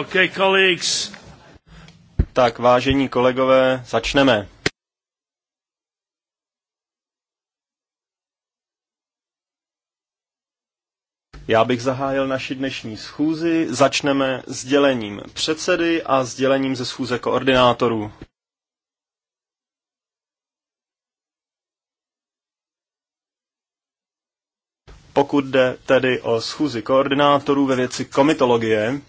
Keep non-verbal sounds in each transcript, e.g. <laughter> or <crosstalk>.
Okay, colleagues. Tak, vážení kolegové, začneme. Já bych zahájil naši dnešní schůzi. Začneme s dělením předsedy a s dělením ze schůze koordinátorů. Pokud jde tedy o schůzi koordinátorů ve věci komitologie,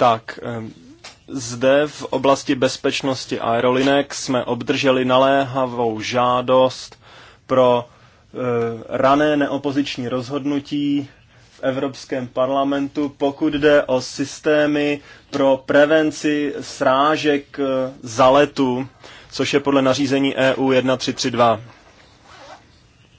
tak, zde v oblasti bezpečnosti aerolinek jsme obdrželi naléhavou žádost pro e, rané neopoziční rozhodnutí v Evropském parlamentu, pokud jde o systémy pro prevenci srážek e, zaletu, což je podle nařízení EU 1332.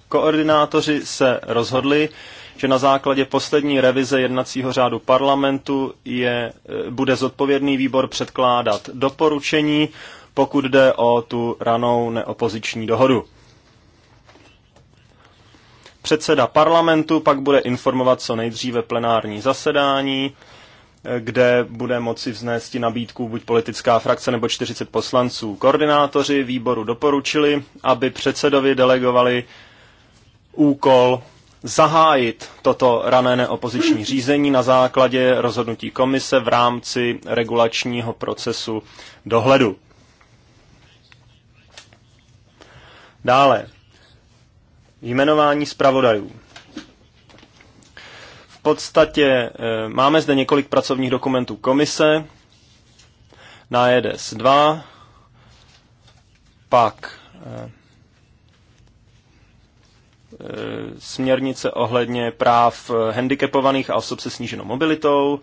Koordinátoři se rozhodli, že na základě poslední revize jednacího řádu parlamentu je, e, bude zodpovědný výbor předkládat doporučení, pokud jde o tu ranou neopoziční dohodu. Předseda parlamentu pak bude informovat co nejdříve plenární zasedání, e, kde bude moci vznést nabídku buď politická frakce nebo 40 poslanců. Koordinátoři výboru doporučili, aby předsedovi delegovali úkol zahájit toto rané opoziční řízení na základě rozhodnutí komise v rámci regulačního procesu dohledu. Dále. Jmenování zpravodajů. V podstatě eh, máme zde několik pracovních dokumentů komise na EDS 2, pak eh, Eh, směrnice ohledně práv eh, handicapovaných a osob se sníženou mobilitou.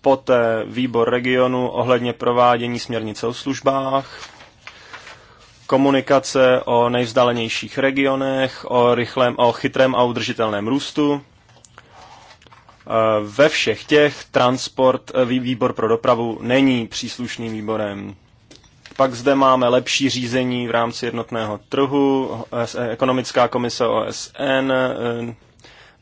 Poté výbor regionu ohledně provádění směrnice o službách. Komunikace o nejvzdálenějších regionech, o, rychlém, o chytrém a udržitelném růstu. Eh, ve všech těch transport výbor pro dopravu není příslušným výborem. Pak zde máme lepší řízení v rámci jednotného trhu, ekonomická komise OSN, eh,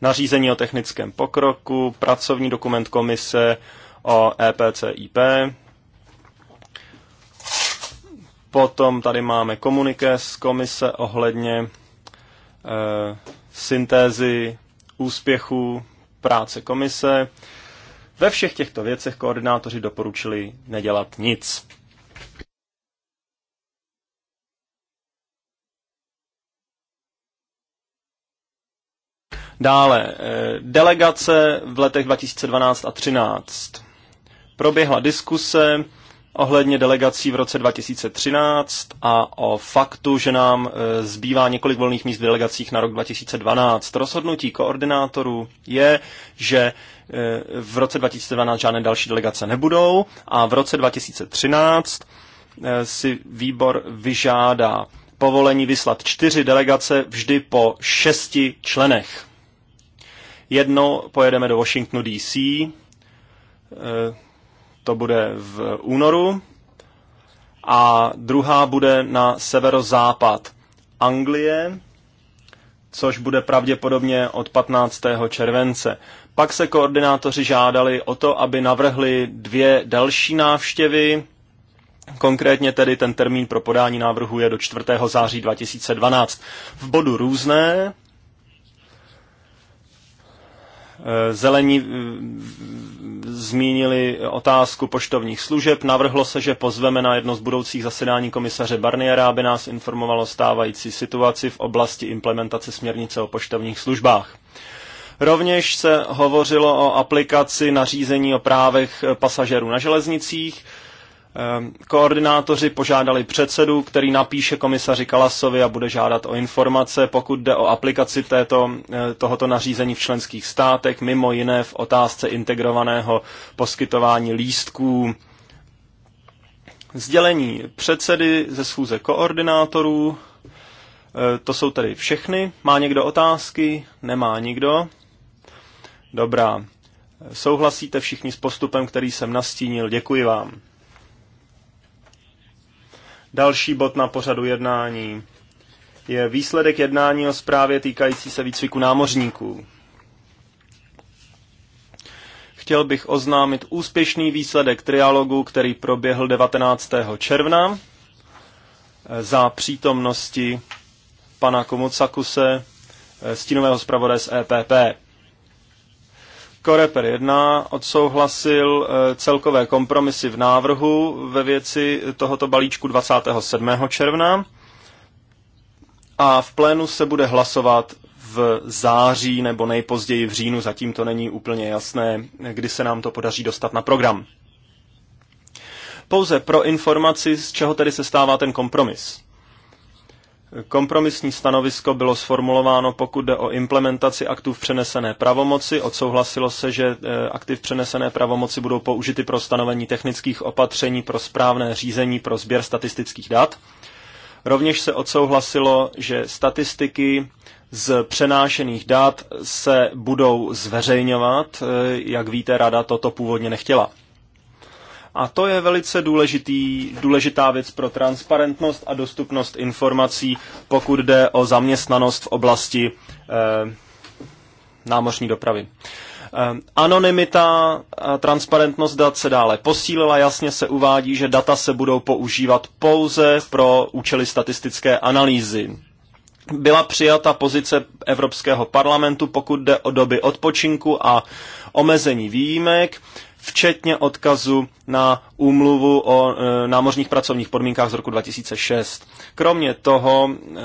nařízení o technickém pokroku, pracovní dokument komise o EPCIP. Potom tady máme komuniké z komise ohledně e, syntézy úspěchů práce komise. Ve všech těchto věcech koordinátoři doporučili nedělat nic. Dále, eh, delegace v letech 2012 a 2013. Proběhla diskuse ohledně delegací v roce 2013 a o faktu, že nám eh, zbývá několik volných míst v delegacích na rok 2012. Rozhodnutí koordinátorů je, že eh, v roce 2012 žádné další delegace nebudou a v roce 2013 si výbor vyžádá povolení vyslat čtyři delegace vždy po šesti členech. Jedno pojedeme do Washingtonu DC, eh, to bude v únoru, a druhá bude na severozápad Anglie, což bude pravděpodobně od 15. července. Pak se koordinátoři žádali o to, aby navrhli dvě další návštěvy, Konkrétně tedy ten termín pro podání návrhu je do 4. září 2012. V bodu různé Eh, zelení eh, zmínili otázku poštovních služeb. Navrhlo se, že pozveme na jedno z budoucích zasedání komisaře Barniera, aby nás informovalo stávající situaci v oblasti implementace směrnice o poštovních službách. Rovněž se hovořilo o aplikaci nařízení o právech pasažerů na železnicích Ehm, koordinátoři požádali předsedu, který napíše komisaři Kalasovi a bude žádat o informace, pokud jde o aplikaci této, eh, tohoto nařízení v členských státech, mimo jiné v otázce integrovaného poskytování lístků. Sdělení předsedy ze schůze koordinátorů, eh, to jsou tedy všechny. Má někdo otázky? Nemá nikdo. Dobrá. Souhlasíte všichni s postupem, který jsem nastínil? Děkuji vám. Další bod na pořadu jednání je výsledek jednání o zprávě týkající se výcviku námořníků. Chtěl bych oznámit úspěšný výsledek trialogu, který proběhl 19. června eh, za přítomnosti pana Komocakuse, eh, stínového zpravodaje z EPP. Koreper 1 odsouhlasil eh, celkové kompromisy v návrhu ve věci tohoto balíčku 27. června a v plénu se bude hlasovat v září nebo nejpozději v říjnu, zatím to není úplně jasné, kdy se nám to podaří dostat na program. Pouze pro informaci, z čeho tedy se stává ten kompromis. Kompromisní stanovisko bylo sformulováno, pokud jde o implementaci aktů v přenesené pravomoci. Odsouhlasilo se, že eh, akty v přenesené pravomoci budou použity pro stanovení technických opatření pro správné řízení pro sběr statistických dat. Rovněž se odsouhlasilo, že statistiky z přenášených dat se budou zveřejňovat. Eh, jak víte, rada toto původně nechtěla. A to je velice důležitý, důležitá věc pro transparentnost a dostupnost informací, pokud jde o zaměstnanost v oblasti eh, námořní dopravy. Eh, anonymita a transparentnost dat se dále posílila, jasně se uvádí, že data se budou používat pouze pro účely statistické analýzy. Byla přijata pozice Evropského parlamentu, pokud jde o doby odpočinku a omezení výjimek včetně odkazu na úmluvu o e, námořních pracovních podmínkách z roku 2006. Kromě toho e,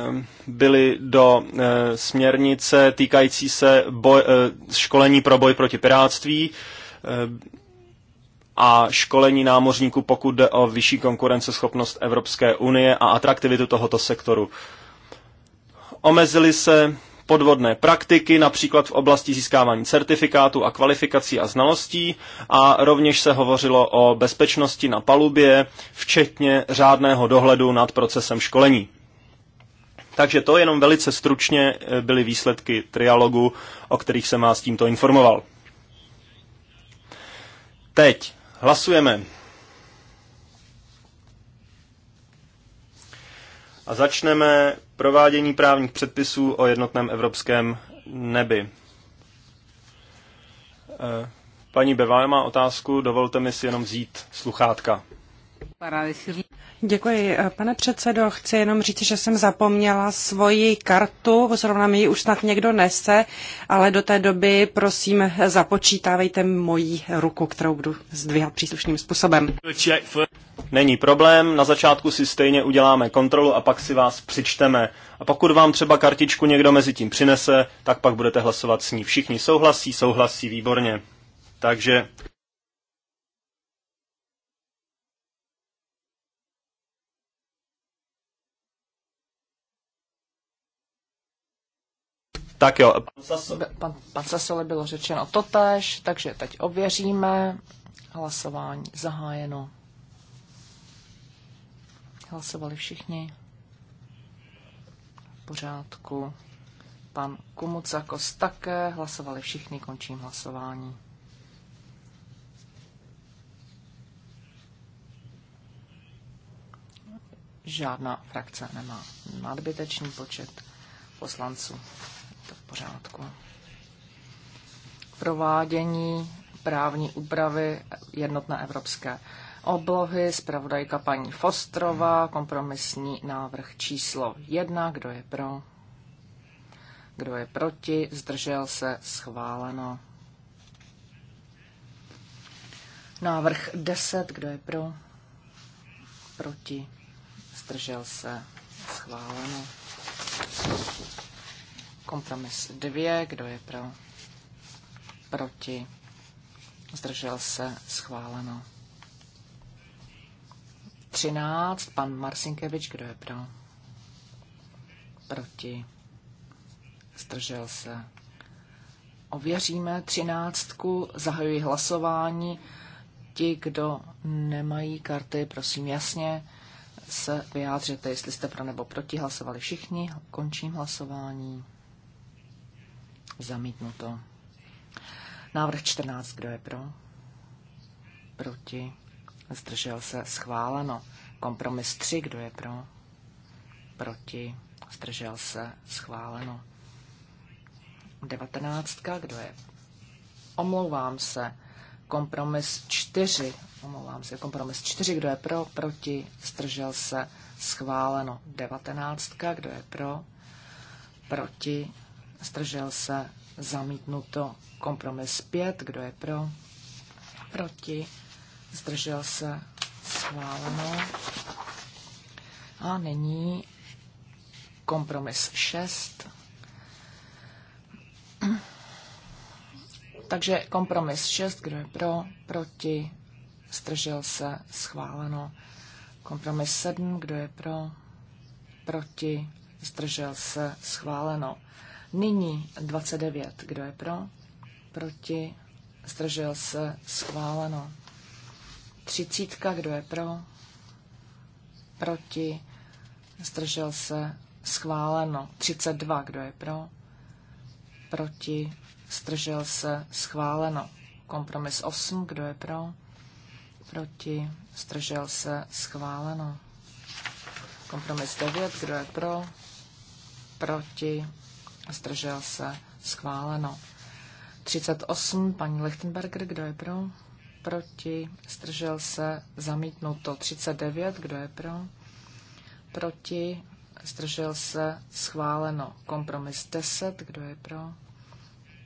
byly do e, směrnice týkající se boj, e, školení pro boj proti piráctví e, a školení námořníků, pokud jde o vyšší konkurenceschopnost Evropské unie a atraktivitu tohoto sektoru. Omezily se podvodné praktiky, například v oblasti získávání certifikátů a kvalifikací a znalostí a rovněž se hovořilo o bezpečnosti na palubě, včetně řádného dohledu nad procesem školení. Takže to jenom velice stručně eh, byly výsledky trialogu, o kterých jsem vás tímto informoval. Teď hlasujeme. a začneme provádění právních předpisů o jednotném evropském nebi. Eh, paní Bevá má otázku, dovolte mi si jenom vzít sluchátka. Děkuji, eh, pane předsedo. Chci jenom říct, že jsem zapomněla svoji kartu, zrovna mi ji už snad někdo nese, ale do té doby prosím započítávejte moji ruku, kterou budu zdvihat příslušným způsobem není problém, na začátku si stejně uděláme kontrolu a pak si vás přičteme. A pokud vám třeba kartičku někdo mezi tím přinese, tak pak budete hlasovat s ní. Všichni souhlasí, souhlasí výborně. Takže Tak jo. Pan, Saso... pan, pan Sasole bylo řečeno totéž, takže teď ověříme. Hlasování zahájeno. Hlasovali všichni. V pořádku. Pan Kumucakos také. Hlasovali všichni. Končím hlasování. Žádná frakce nemá nadbytečný počet poslanců. Je to v pořádku. Provádění právní úpravy jednotné evropské oblohy, zpravodajka paní Fostrova, kompromisní návrh číslo jedna. kdo je pro, kdo je proti, zdržel se, schváleno. Návrh 10, kdo je pro, proti, zdržel se, schváleno. Kompromis 2, kdo je pro, proti, zdržel se, schváleno. 13, pan Marsinkevič, kdo je pro? Proti. Zdržel se. Ověříme třináctku, zahajuji hlasování. Ti, kdo nemají karty, prosím jasně se vyjádřete, jestli jste pro nebo proti. Hlasovali všichni. Končím hlasování. Zamítnuto. Návrh 14. Kdo je pro? Proti zdržel se, schváleno. Kompromis 3, kdo je pro, proti, zdržel se, schváleno. 19, kdo je, omlouvám se, kompromis 4, omlouvám se, kompromis 4, kdo je pro, proti, zdržel se, schváleno. 19, kdo je pro, proti, zdržel se, zamítnuto. Kompromis 5, kdo je pro, proti, zdržel se schváleno. A nyní kompromis 6. Takže kompromis 6, kdo je pro, proti, zdržel se, schváleno. Kompromis 7, kdo je pro, proti, zdržel se, schváleno. Nyní 29, kdo je pro, proti, zdržel se, schváleno. Třicítka, kdo je pro? Proti? Zdržel se? Schváleno. 32, kdo je pro? Proti? Zdržel se? Schváleno. Kompromis 8, kdo je pro? Proti? Zdržel se? Schváleno. Kompromis 9, kdo je pro? Proti? Zdržel se? Schváleno. 38, paní Lichtenberger, kdo je pro? proti, zdržel se, zamítnuto 39, kdo je pro, proti, zdržel se, schváleno kompromis 10, kdo je pro,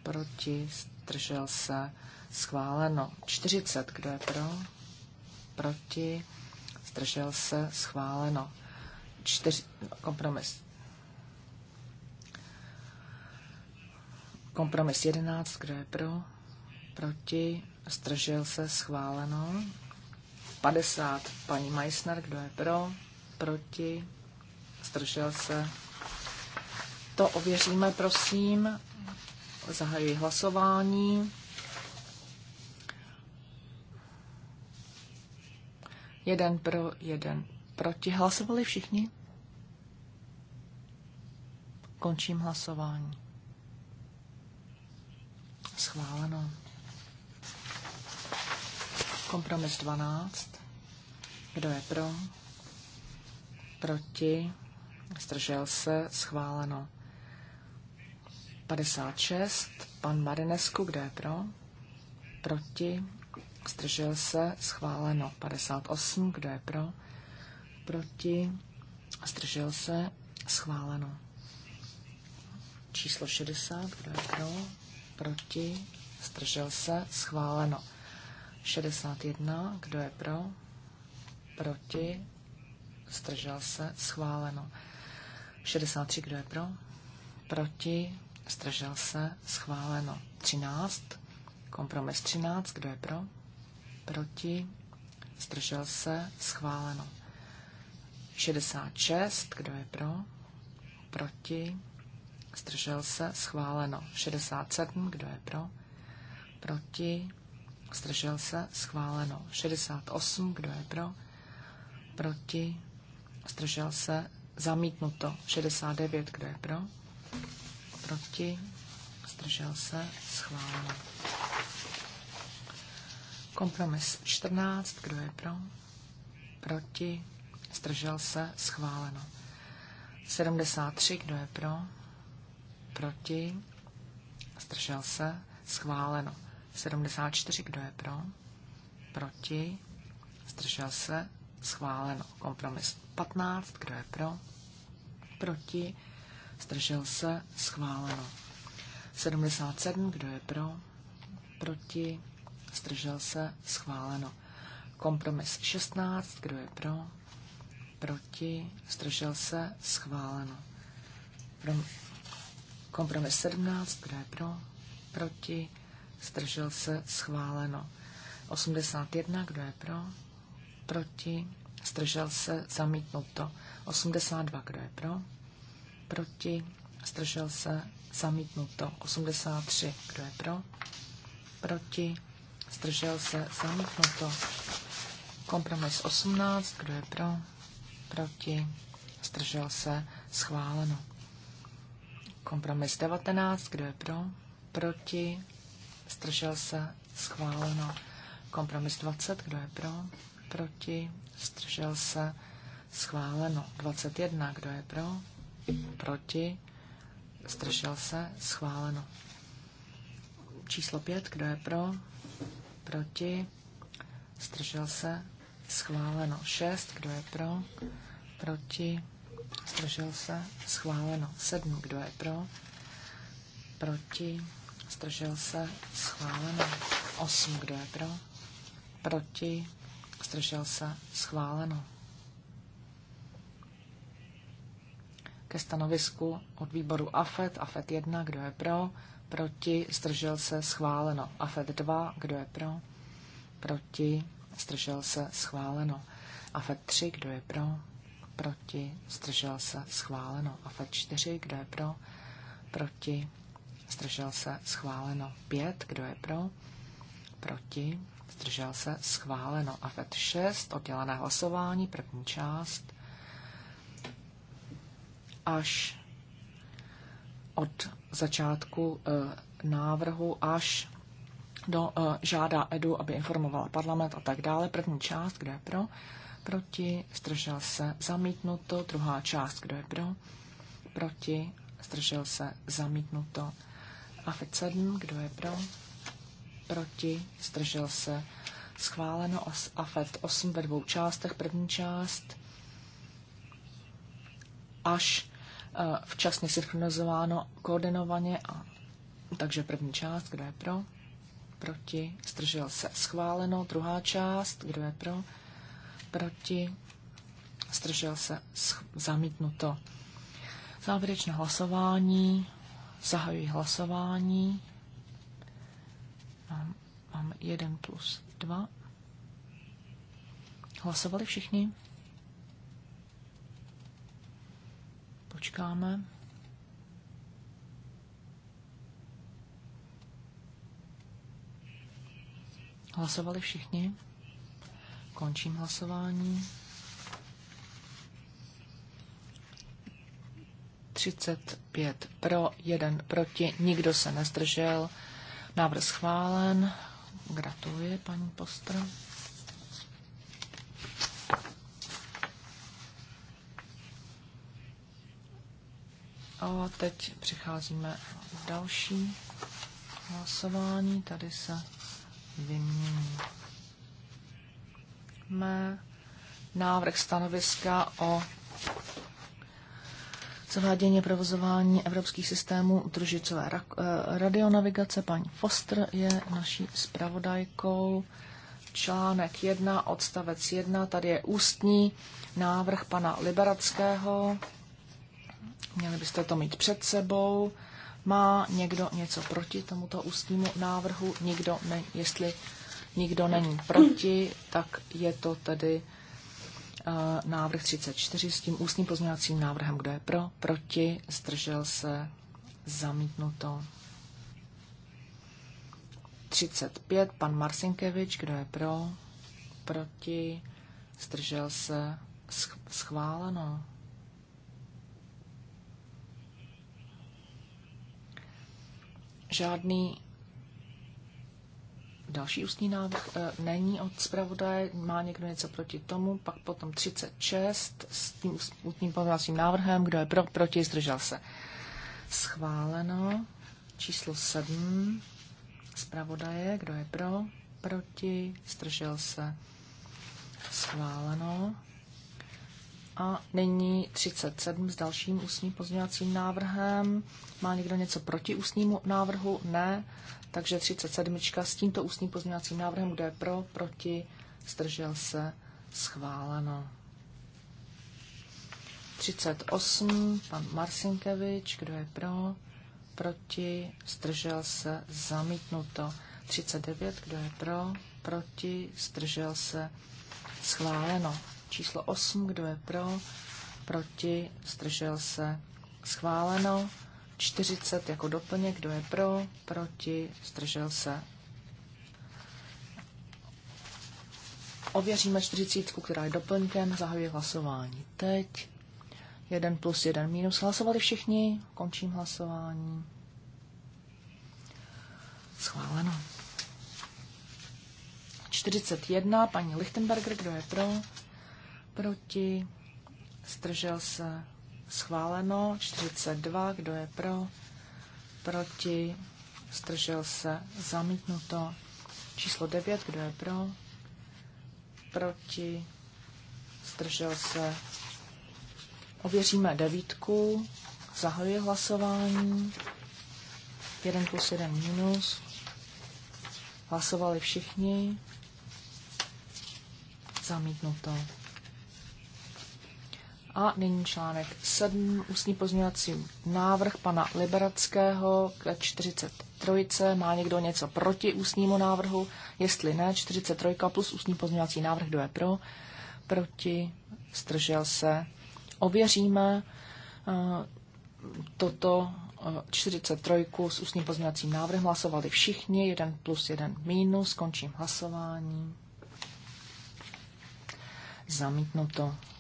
proti, zdržel se, schváleno 40, kdo je pro, proti, zdržel se, schváleno čtyři, kompromis kompromis 11, kdo je pro, proti, zdržel se, schváleno. 50 paní Meissner, kdo je pro, proti, zdržel se. To ověříme, prosím. Zahajuji hlasování. Jeden pro, jeden proti. Hlasovali všichni? Končím hlasování. Schváleno. Kompromis 12. Kdo je pro? Proti? Zdržel se? Schváleno. 56. Pan Marinesku, kde je pro? Proti? Zdržel se? Schváleno. 58. Kdo je pro? Proti? Zdržel se? Schváleno. Číslo 60. Kdo je pro? Proti? Zdržel se? Schváleno. 61. Kdo je pro? Proti? Zdržel se? Schváleno. 63. Kdo je pro? Proti? Zdržel se? Schváleno. 13. Kompromis 13. Kdo je pro? Proti? Zdržel se? Schváleno. 66. Kdo je pro? Proti? Zdržel se? Schváleno. 67. Kdo je pro? Proti? Zdržel se? Schváleno. 68. Kdo je pro? Proti? Zdržel se? Zamítnuto. 69. Kdo je pro? Proti? Zdržel se? Schváleno. Kompromis 14. Kdo je pro? Proti? Zdržel se? Schváleno. 73. Kdo je pro? Proti? Zdržel se? Schváleno. 74, kdo je pro? Proti? Zdržel se? Schváleno. Kompromis 15, kdo je pro? Proti? Zdržel se? Schváleno. 77, kdo je pro? Proti? Zdržel se? Schváleno. Kompromis 16, kdo je pro? Proti? Zdržel se? Schváleno. Kompromis 17, kdo je pro? Proti? zdržel se, schváleno. 81, kdo je pro, proti, zdržel se, zamítnuto. 82, kdo je pro, proti, zdržel se, zamítnuto. 83, kdo je pro, proti, zdržel se, zamítnuto. Kompromis 18, kdo je pro, proti, zdržel se, schváleno. Kompromis 19, kdo je pro, proti, Zdržel se? Schváleno. Kompromis 20. Kdo je pro? Proti? Zdržel se? Schváleno. 21. Kdo je pro? Proti? Zdržel se? Schváleno. Číslo 5. Kdo je pro? Proti? Zdržel se? Schváleno. 6. Kdo je pro? Proti? Zdržel se? Schváleno. 7. Kdo je pro? Proti? Zdržel se? Schváleno. 8. Kdo je pro? Proti? Zdržel se? Schváleno. Ke stanovisku od výboru AFET. AFET 1. Kdo je pro? Proti? Zdržel se? Schváleno. AFET 2. Kdo je pro? Proti? Zdržel se? Schváleno. AFET 3. Kdo je pro? Proti? Zdržel se? Schváleno. AFET 4. Kdo je pro? Proti? zdržel se, schváleno. 5, kdo je pro, proti, zdržel se, schváleno. A FED 6, oddělené hlasování, první část, až od začátku e, návrhu až do, e, žádá Edu, aby informovala parlament a tak dále. První část, kdo je pro, proti, zdržel se, zamítnuto. Druhá část, kdo je pro, proti, zdržel se, zamítnuto. AFED 7, kdo je pro? Proti, zdržel se. Schváleno afet 8 ve dvou částech. První část až eh, včasně synchronizováno koordinovaně. A, takže první část, kdo je pro? Proti, zdržel se. Schváleno. Druhá část, kdo je pro? Proti, zdržel se. zamítnuto. Závěrečné hlasování. Zahajuji hlasování. Mám, mám jeden plus dva. Hlasovali všichni? Počkáme. Hlasovali všichni? Končím hlasování. 35 pro, 1 proti, nikdo se nezdržel. Návrh schválen. Gratuluji, paní Postr. A teď přicházíme k další hlasování. Tady se vyměníme návrh stanoviska o zavádění provozování evropských systémů družicové eh, radionavigace. Paní Foster je naší zpravodajkou. Článek 1, odstavec 1, tady je ústní návrh pana Liberackého. Měli byste to mít před sebou. Má někdo něco proti tomuto ústnímu návrhu? Nikdo ne, jestli nikdo není proti, tak je to tedy Eh, návrh 34 s tím ústním pozměňovacím návrhem, kdo je pro, proti, zdržel se, zamítnuto. 35, pan Marsinkevič, kdo je pro, proti, zdržel se, schváleno. Žádný Další ústní návrh eh, není od zpravodaje, má někdo něco proti tomu, pak potom 36 s tím ústním pozvacím návrhem, kdo je pro, proti, zdržel se. Schváleno. Číslo 7 zpravodaje, kdo je pro, proti, zdržel se. Schváleno. A nyní 37 s dalším ústním pozměňovacím návrhem. Má někdo něco proti ústnímu návrhu? Ne. Takže 37. s tímto ústním pozměňovacím návrhem, kde je pro, proti, zdržel se, schváleno. 38. Pan Marsinkevič, kdo je pro, proti, zdržel se, zamítnuto. 39. Kdo je pro, proti, zdržel se, schváleno. Číslo 8. Kdo je pro, proti, zdržel se, schváleno. 40 jako doplněk, kdo je pro, proti, zdržel se. Ověříme 40, která je doplňkem, zahajuji hlasování. Teď 1 plus 1 minus. Hlasovali všichni, končím hlasování. Schváleno. 41, paní Lichtenberger, kdo je pro? Proti, zdržel se Schváleno 42, kdo je pro, proti, zdržel se, zamítnuto. Číslo 9, kdo je pro, proti, zdržel se. Ověříme devítku, Zahajuje hlasování, 1 plus 1 minus, hlasovali všichni, zamítnuto. A nyní článek 7, ústní pozměňovací návrh pana Liberackého k 43. Má někdo něco proti ústnímu návrhu? Jestli ne, 43 plus ústní pozměňovací návrh, kdo je pro? Proti, stržel se. Ověříme uh, toto 43 eh, s ústním pozměňovacím návrhem. Hlasovali všichni, 1 plus 1 minus, končím hlasování. Zamítnuto. to.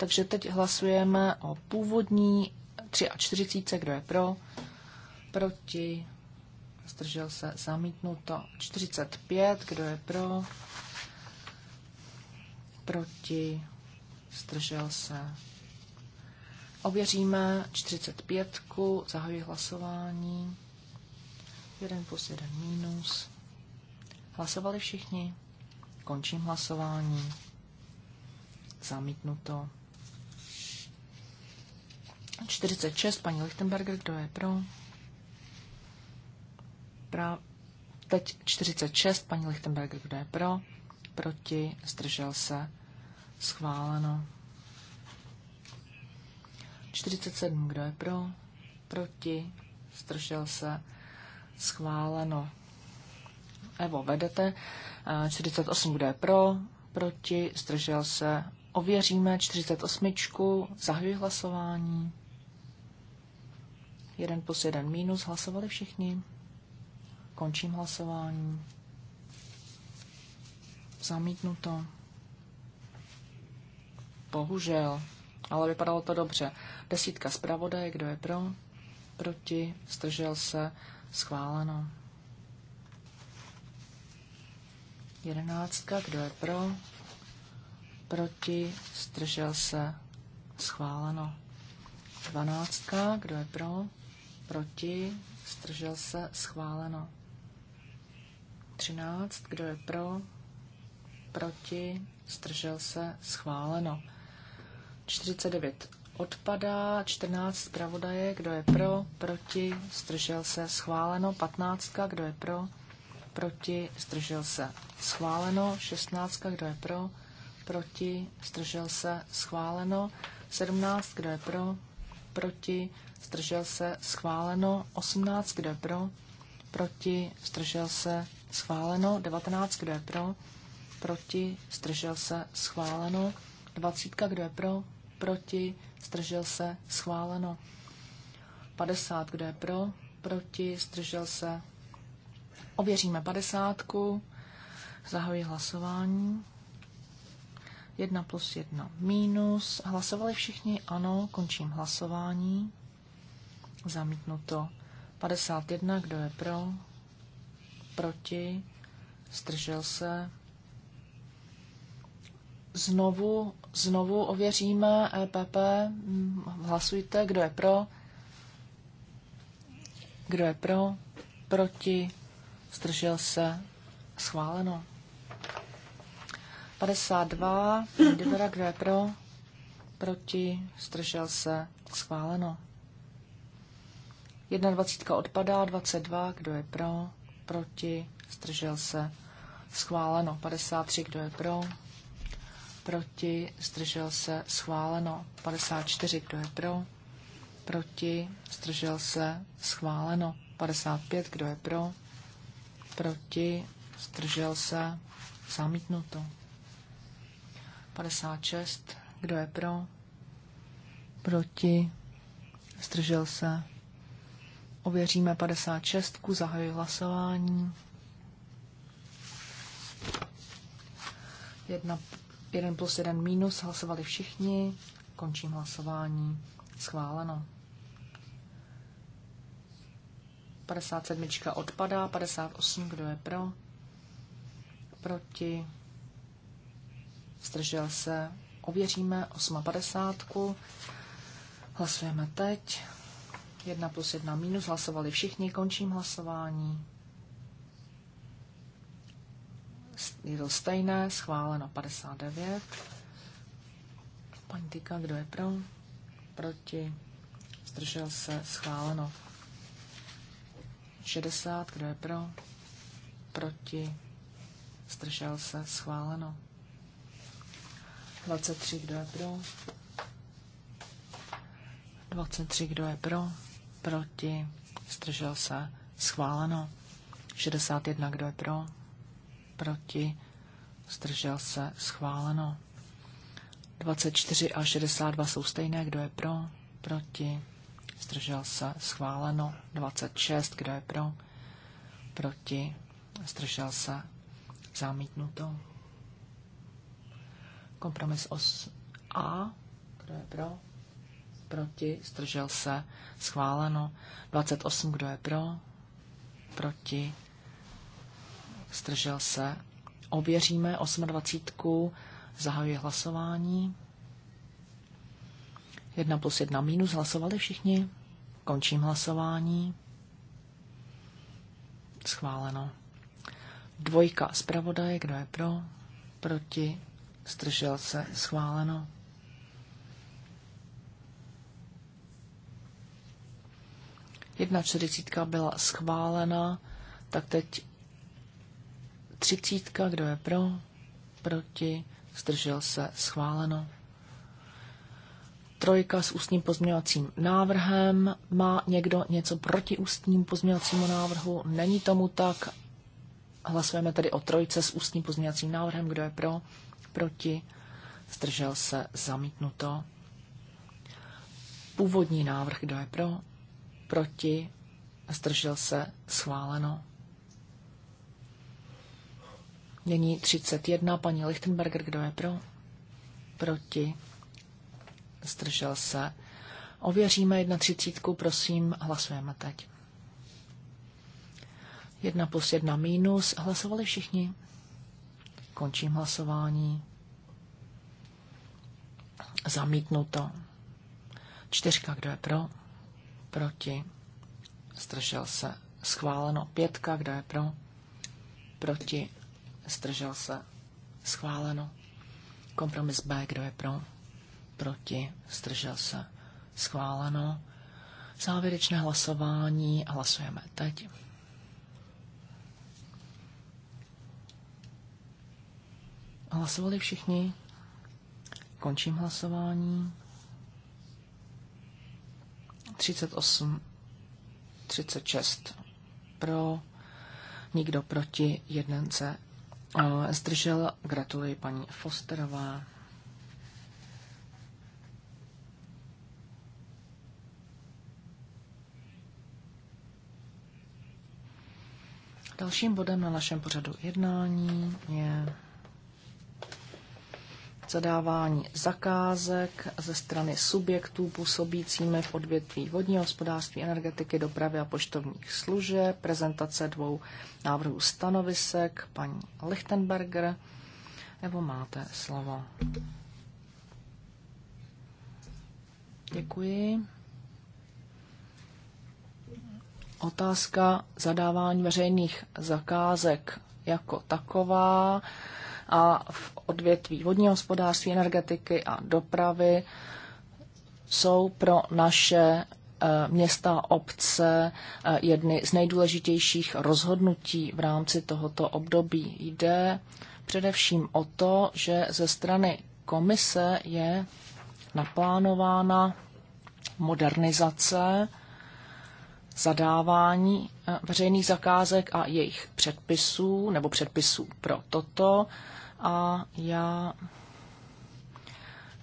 Takže teď hlasujeme o původní 43, kdo je pro, proti, zdržel se, zamítnuto 45, kdo je pro, proti, zdržel se. Ověříme 45, zahajuji hlasování. Jeden plus jeden minus. Hlasovali všichni. Končím hlasování. Zamítnuto. 46, paní Lichtenberger, kdo je pro? Pra... Teď 46, paní Lichtenberger, kdo je pro? Proti, zdržel se, schváleno. 47, kdo je pro? Proti, zdržel se, schváleno. Evo, vedete. 48 eh, kdo je pro, proti, zdržel se. Ověříme 48. Zahajuji hlasování. Jeden plus jeden minus. Hlasovali všichni. Končím hlasování. Zamítnuto. Bohužel, ale vypadalo to dobře. Desítka zpravodaje, kdo je pro? Proti, zdržel se, schváleno. Jedenáctka, kdo je pro? Proti, zdržel se, schváleno. Dvanáctka, kdo je pro? proti, zdržel se, schváleno. 13, kdo je pro, proti, zdržel se, schváleno. 49 odpadá, 14 zpravodaje, kdo je pro, proti, zdržel se, schváleno, 15, kdo je pro, proti, zdržel se, schváleno, 16, kdo je pro, proti, zdržel se, schváleno, 17, kdo je pro, proti, zdržel se, schváleno. 18, kdo je pro, proti, zdržel se, schváleno. 19, kdo je pro, proti, zdržel se, schváleno. 20, kdo je pro, proti, zdržel se, schváleno. 50, kdo je pro, proti, zdržel se. Ověříme 50. zahajuji hlasování. 1 plus 1 minus. Hlasovali všichni? Ano, končím hlasování. Zamítnuto. 51, kdo je pro? Proti? Zdržel se? Znovu, znovu ověříme EPP. Hlasujte, kdo je pro? Kdo je pro? Proti? Zdržel se? Schváleno. 52, Dibera, kdo je pro? Proti, zdržel se, schváleno. 21 odpadá, 22, kdo je pro? Proti, zdržel se, schváleno. 53, kdo je pro? Proti, zdržel se, schváleno. 54, kdo je pro? Proti, zdržel se, schváleno. 55, kdo je pro? Proti, zdržel se, zamítnuto. 56. Kdo je pro? Proti? Zdržel se? Ověříme 56. Zahajuji hlasování. Jedna, jeden plus jeden minus. Hlasovali všichni. Končím hlasování. Schváleno. 57. odpadá. 58. Kdo je pro? Proti? zdržel se, ověříme 8.50. Hlasujeme teď. 1 plus 1 minus, hlasovali všichni, končím hlasování. Je to stejné, schváleno 59. Paní Tyka, kdo je pro? Proti? Zdržel se, schváleno. 60, kdo je pro? Proti? Zdržel se, schváleno. 23, kdo je pro? 23, kdo je pro? Proti? Zdržel se? Schváleno. 61, kdo je pro? Proti? Zdržel se? Schváleno. 24 a 62 jsou stejné, kdo je pro? Proti? Zdržel se? Schváleno. 26, kdo je pro? Proti? Zdržel se? Zamítnuto. Kompromis 8a. Kdo je pro? Proti? Zdržel se? Schváleno. 28. Kdo je pro? Proti? Zdržel se? Ověříme 28. zahajuje hlasování. 1 plus 1 minus hlasovali všichni. Končím hlasování. Schváleno. Dvojka zpravodaje, kdo je pro, proti, zdržel se, schváleno. Jedna čtyřicítka byla schválena, tak teď třicítka, kdo je pro, proti, zdržel se, schváleno. Trojka s ústním pozměňovacím návrhem. Má někdo něco proti ústním pozměňovacímu návrhu? Není tomu tak. Hlasujeme tedy o trojce s ústním pozměňovacím návrhem. Kdo je pro? proti, zdržel se, zamítnuto. Původní návrh, kdo je pro, proti, zdržel se, schváleno. Nyní 31, paní Lichtenberger, kdo je pro, proti, zdržel se. Ověříme 31, prosím, hlasujeme teď. Jedna plus jedna minus. Hlasovali všichni? Končím hlasování. Zamítnuto. Čtyřka, kdo je pro? Proti. Zdržel se. Schváleno. Pětka, kdo je pro? Proti. Zdržel se. Schváleno. Kompromis B, kdo je pro? Proti. Zdržel se. Schváleno. Závěrečné hlasování. Hlasujeme teď. Hlasovali všichni? Končím hlasování. 38, 36 pro, nikdo proti, jeden se eh, zdržel. Gratuluji paní Fosterová. Dalším bodem na našem pořadu jednání je zadávání zakázek ze strany subjektů působícími v odvětví vodního hospodářství, energetiky, dopravy a poštovních služeb, prezentace dvou návrhů stanovisek, paní Lichtenberger, nebo máte slovo. Děkuji. Otázka zadávání veřejných zakázek jako taková a v odvětví vodního hospodářství, energetiky a dopravy jsou pro naše eh, města, obce eh, jedny z nejdůležitějších rozhodnutí v rámci tohoto období. Jde především o to, že ze strany komise je naplánována modernizace zadávání eh, veřejných zakázek a jejich předpisů nebo předpisů pro toto. A já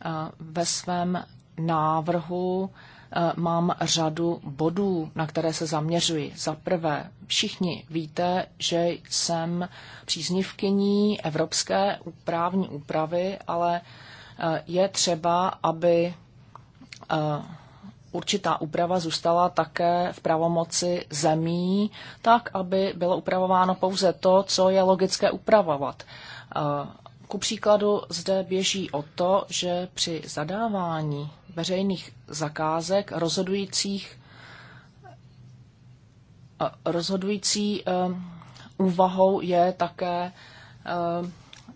eh, ve svém návrhu eh, mám řadu bodů, na které se zaměřuji. Za prvé, všichni víte, že jsem příznivkyní evropské právní úpravy, ale je třeba, aby určitá úprava zůstala také v pravomoci zemí, tak aby bylo upravováno pouze to, co je logické upravovat. Eh, ku příkladu zde běží o to, že při zadávání veřejných zakázek rozhodujících eh, rozhodující eh, úvahou je také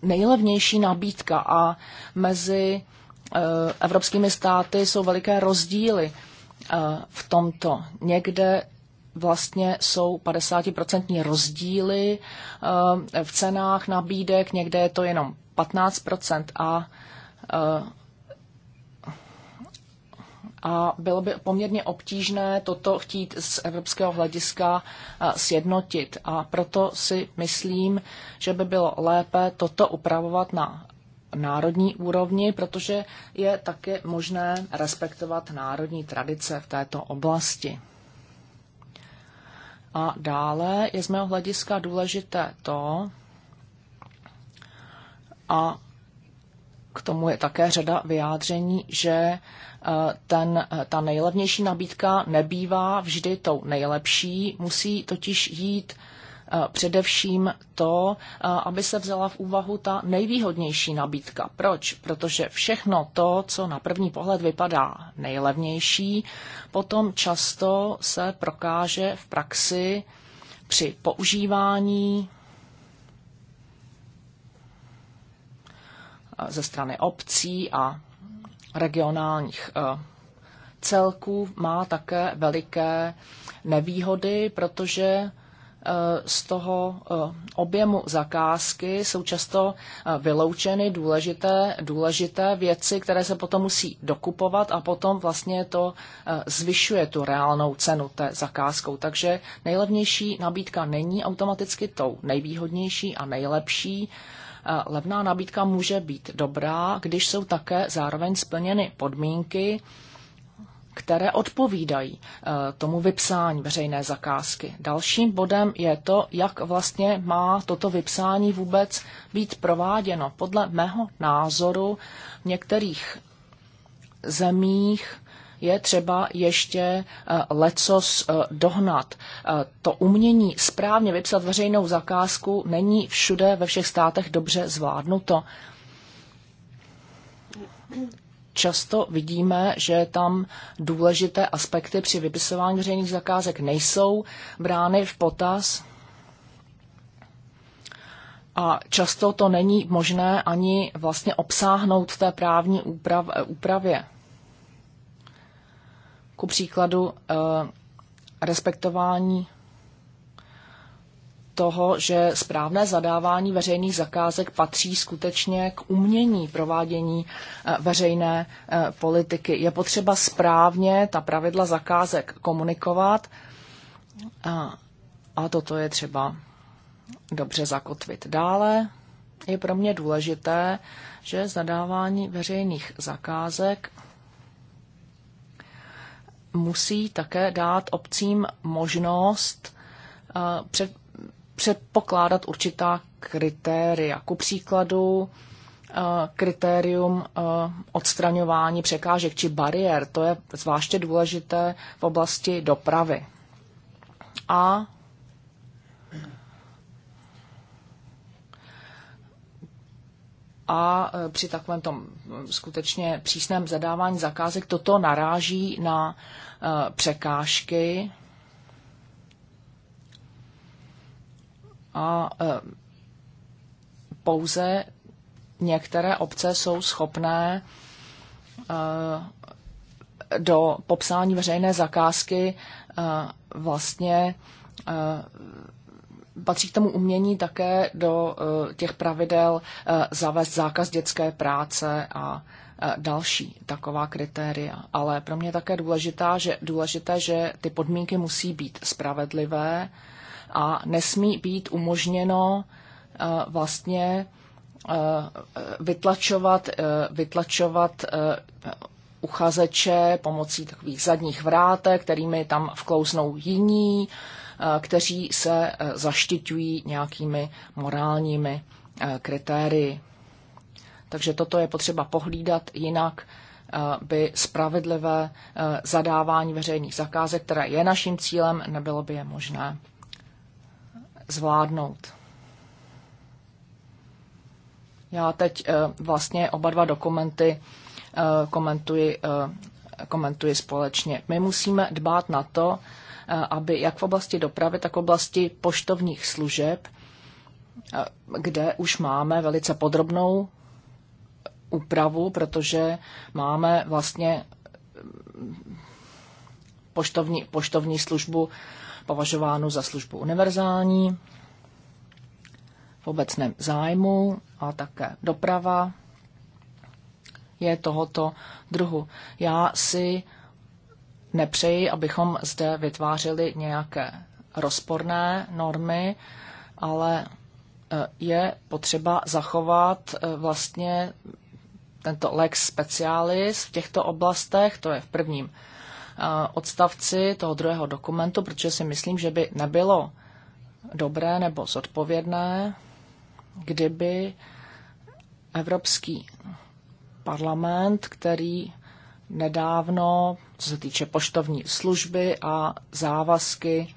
nejlevnější nabídka a mezi Eh, evropskými státy jsou veliké rozdíly eh, v tomto. Někde vlastně jsou 50% rozdíly eh, v cenách nabídek, někde je to jenom 15% a a bylo by poměrně obtížné toto chtít z evropského hlediska sjednotit. A proto si myslím, že by bylo lépe toto upravovat na národní úrovni, protože je také možné respektovat národní tradice v této oblasti. A dále je z mého hlediska důležité to, a k tomu je také řada vyjádření, že e, ten, e, ta nejlevnější nabídka nebývá vždy tou nejlepší, musí totiž jít Eh, především to, eh, aby se vzala v úvahu ta nejvýhodnější nabídka. Proč? Protože všechno to, co na první pohled vypadá nejlevnější, potom často se prokáže v praxi při používání eh, ze strany obcí a regionálních celků má také veliké nevýhody, protože Eh, z toho eh, objemu zakázky jsou často eh, vyloučeny důležité, důležité věci, které se potom musí dokupovat a potom vlastně to zvyšuje tu reálnou cenu té zakázkou. Takže nejlevnější nabídka není automaticky tou nejvýhodnější a nejlepší. Levná nabídka může být dobrá, když jsou také zároveň splněny podmínky, které odpovídají eh, tomu vypsání veřejné zakázky. Dalším bodem je to, jak vlastně má toto vypsání vůbec být prováděno. Podle mého názoru v některých zemích je třeba ještě eh, lecos eh, dohnat. To umění správně vypsat veřejnou zakázku není všude ve všech státech dobře zvládnuto často vidíme, že tam důležité aspekty při vypisování veřejných zakázek nejsou brány v potaz. A často to není možné ani vlastně obsáhnout v té právní úprav, eh, úpravě. Ku příkladu eh, respektování toho, že správné zadávání veřejných zakázek patří skutečně k umění provádění eh, veřejné eh, politiky. Je potřeba správně ta pravidla zakázek komunikovat a, eh, a toto je třeba dobře zakotvit. Dále je pro mě důležité, že zadávání veřejných zakázek musí také dát obcím možnost před, předpokládat určitá kritéria. Ku příkladu eh, kritérium eh, odstraňování překážek či bariér. To je zvláště důležité v oblasti dopravy. A a eh, při takovém tom hm, skutečně přísném zadávání zakázek toto naráží na překážky a e, pouze některé obce jsou schopné e, do popsání veřejné zakázky e, vlastně patří k tomu umění také do těch pravidel zavést zákaz dětské práce a další taková kritéria. Ale pro mě také důležitá, že, důležité, že ty podmínky musí být spravedlivé a nesmí být umožněno eh, vlastně eh, vytlačovat, eh, vytlačovat uchazeče pomocí takových zadních vrátek, kterými tam vklouznou jiní, kteří se zaštiťují nějakými morálními kritérii. Takže toto je potřeba pohlídat, jinak by spravedlivé zadávání veřejných zakázek, které je naším cílem, nebylo by je možné zvládnout. Já teď eh, vlastně oba dva dokumenty eh, komentuji, eh, komentuji společně. My musíme dbát na to, aby jak v oblasti dopravy, tak v oblasti poštovních služeb, kde už máme velice podrobnou úpravu, protože máme vlastně mm, poštovní, poštovní službu považováno za službu univerzální v obecném zájmu a také doprava je tohoto druhu. Já si nepřeji, abychom zde vytvářeli nějaké rozporné normy, ale e, je potřeba zachovat e, vlastně tento lex specialis v těchto oblastech, to je v prvním Eh, odstavci toho druhého dokumentu, protože si myslím, že by nebylo dobré nebo zodpovědné, kdyby Evropský parlament, který nedávno, co se týče poštovní služby a závazky,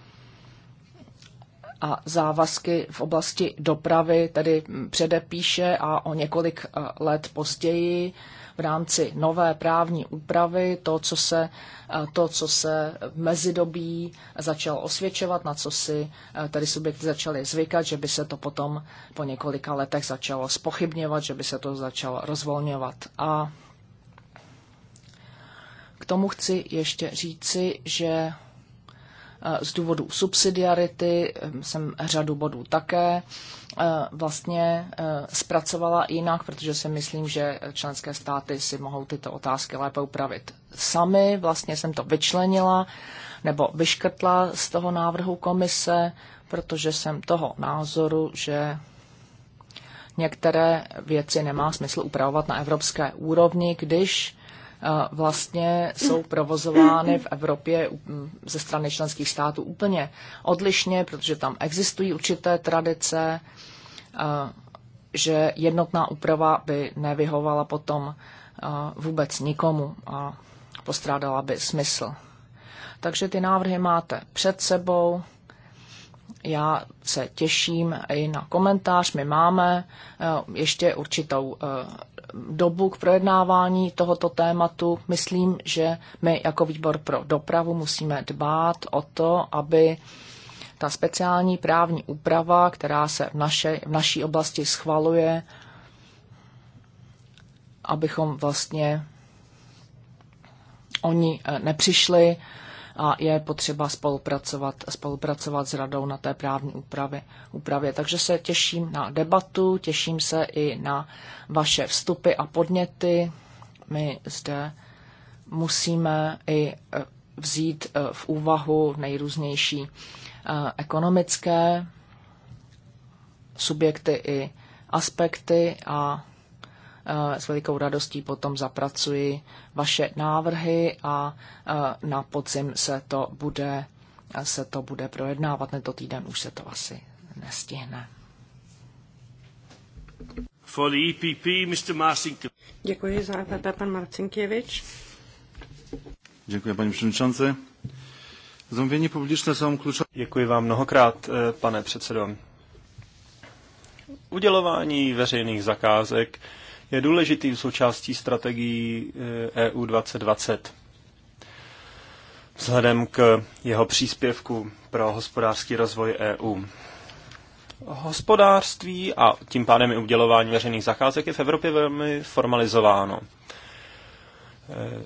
a závazky v oblasti dopravy tedy předepíše a o několik eh, let později v rámci nové právní úpravy, to, co se, eh, to, co se v mezidobí začalo osvědčovat, na co si eh, tedy subjekty začaly zvykat, že by se to potom po několika letech začalo spochybňovat, že by se to začalo rozvolňovat. A k tomu chci ještě říci, že z důvodu subsidiarity, ehm, jsem řadu bodů také eh, vlastně eh, zpracovala jinak, protože si myslím, že členské státy si mohou tyto otázky lépe upravit sami. Vlastně jsem to vyčlenila nebo vyškrtla z toho návrhu komise, protože jsem toho názoru, že některé věci nemá smysl upravovat na evropské úrovni, když vlastně jsou provozovány v Evropě ze strany členských států úplně odlišně, protože tam existují určité tradice, že jednotná úprava by nevyhovala potom vůbec nikomu a postrádala by smysl. Takže ty návrhy máte před sebou. Já se těším i na komentář. My máme ještě určitou dobu k projednávání tohoto tématu. Myslím, že my jako výbor pro dopravu musíme dbát o to, aby ta speciální právní úprava, která se v, naše, v naší oblasti schvaluje, abychom vlastně oni eh, nepřišli a je potřeba spolupracovat, spolupracovat s radou na té právní úpravě, úpravě. Takže se těším na debatu, těším se i na vaše vstupy a podněty. My zde musíme i e, vzít e, v úvahu nejrůznější e, ekonomické subjekty i aspekty a Eh, s velikou radostí potom zapracuji vaše návrhy a eh, na podzim se to bude, se to bude projednávat. Tento týden už se to asi nestihne. For the EPP, Mr. Děkuji za EPP, pan Marcinkiewicz. Děkuji, paní předsedající. Zamvění publiczne jsou klučové. Děkuji vám mnohokrát, eh, pane předsedo. Udělování veřejných zakázek je důležitým součástí strategií EU eh, e 2020. Vzhledem k jeho příspěvku pro hospodářský rozvoj EU. Hospodářství a tím pádem i udělování veřejných zakázek je v Evropě velmi formalizováno. Eh,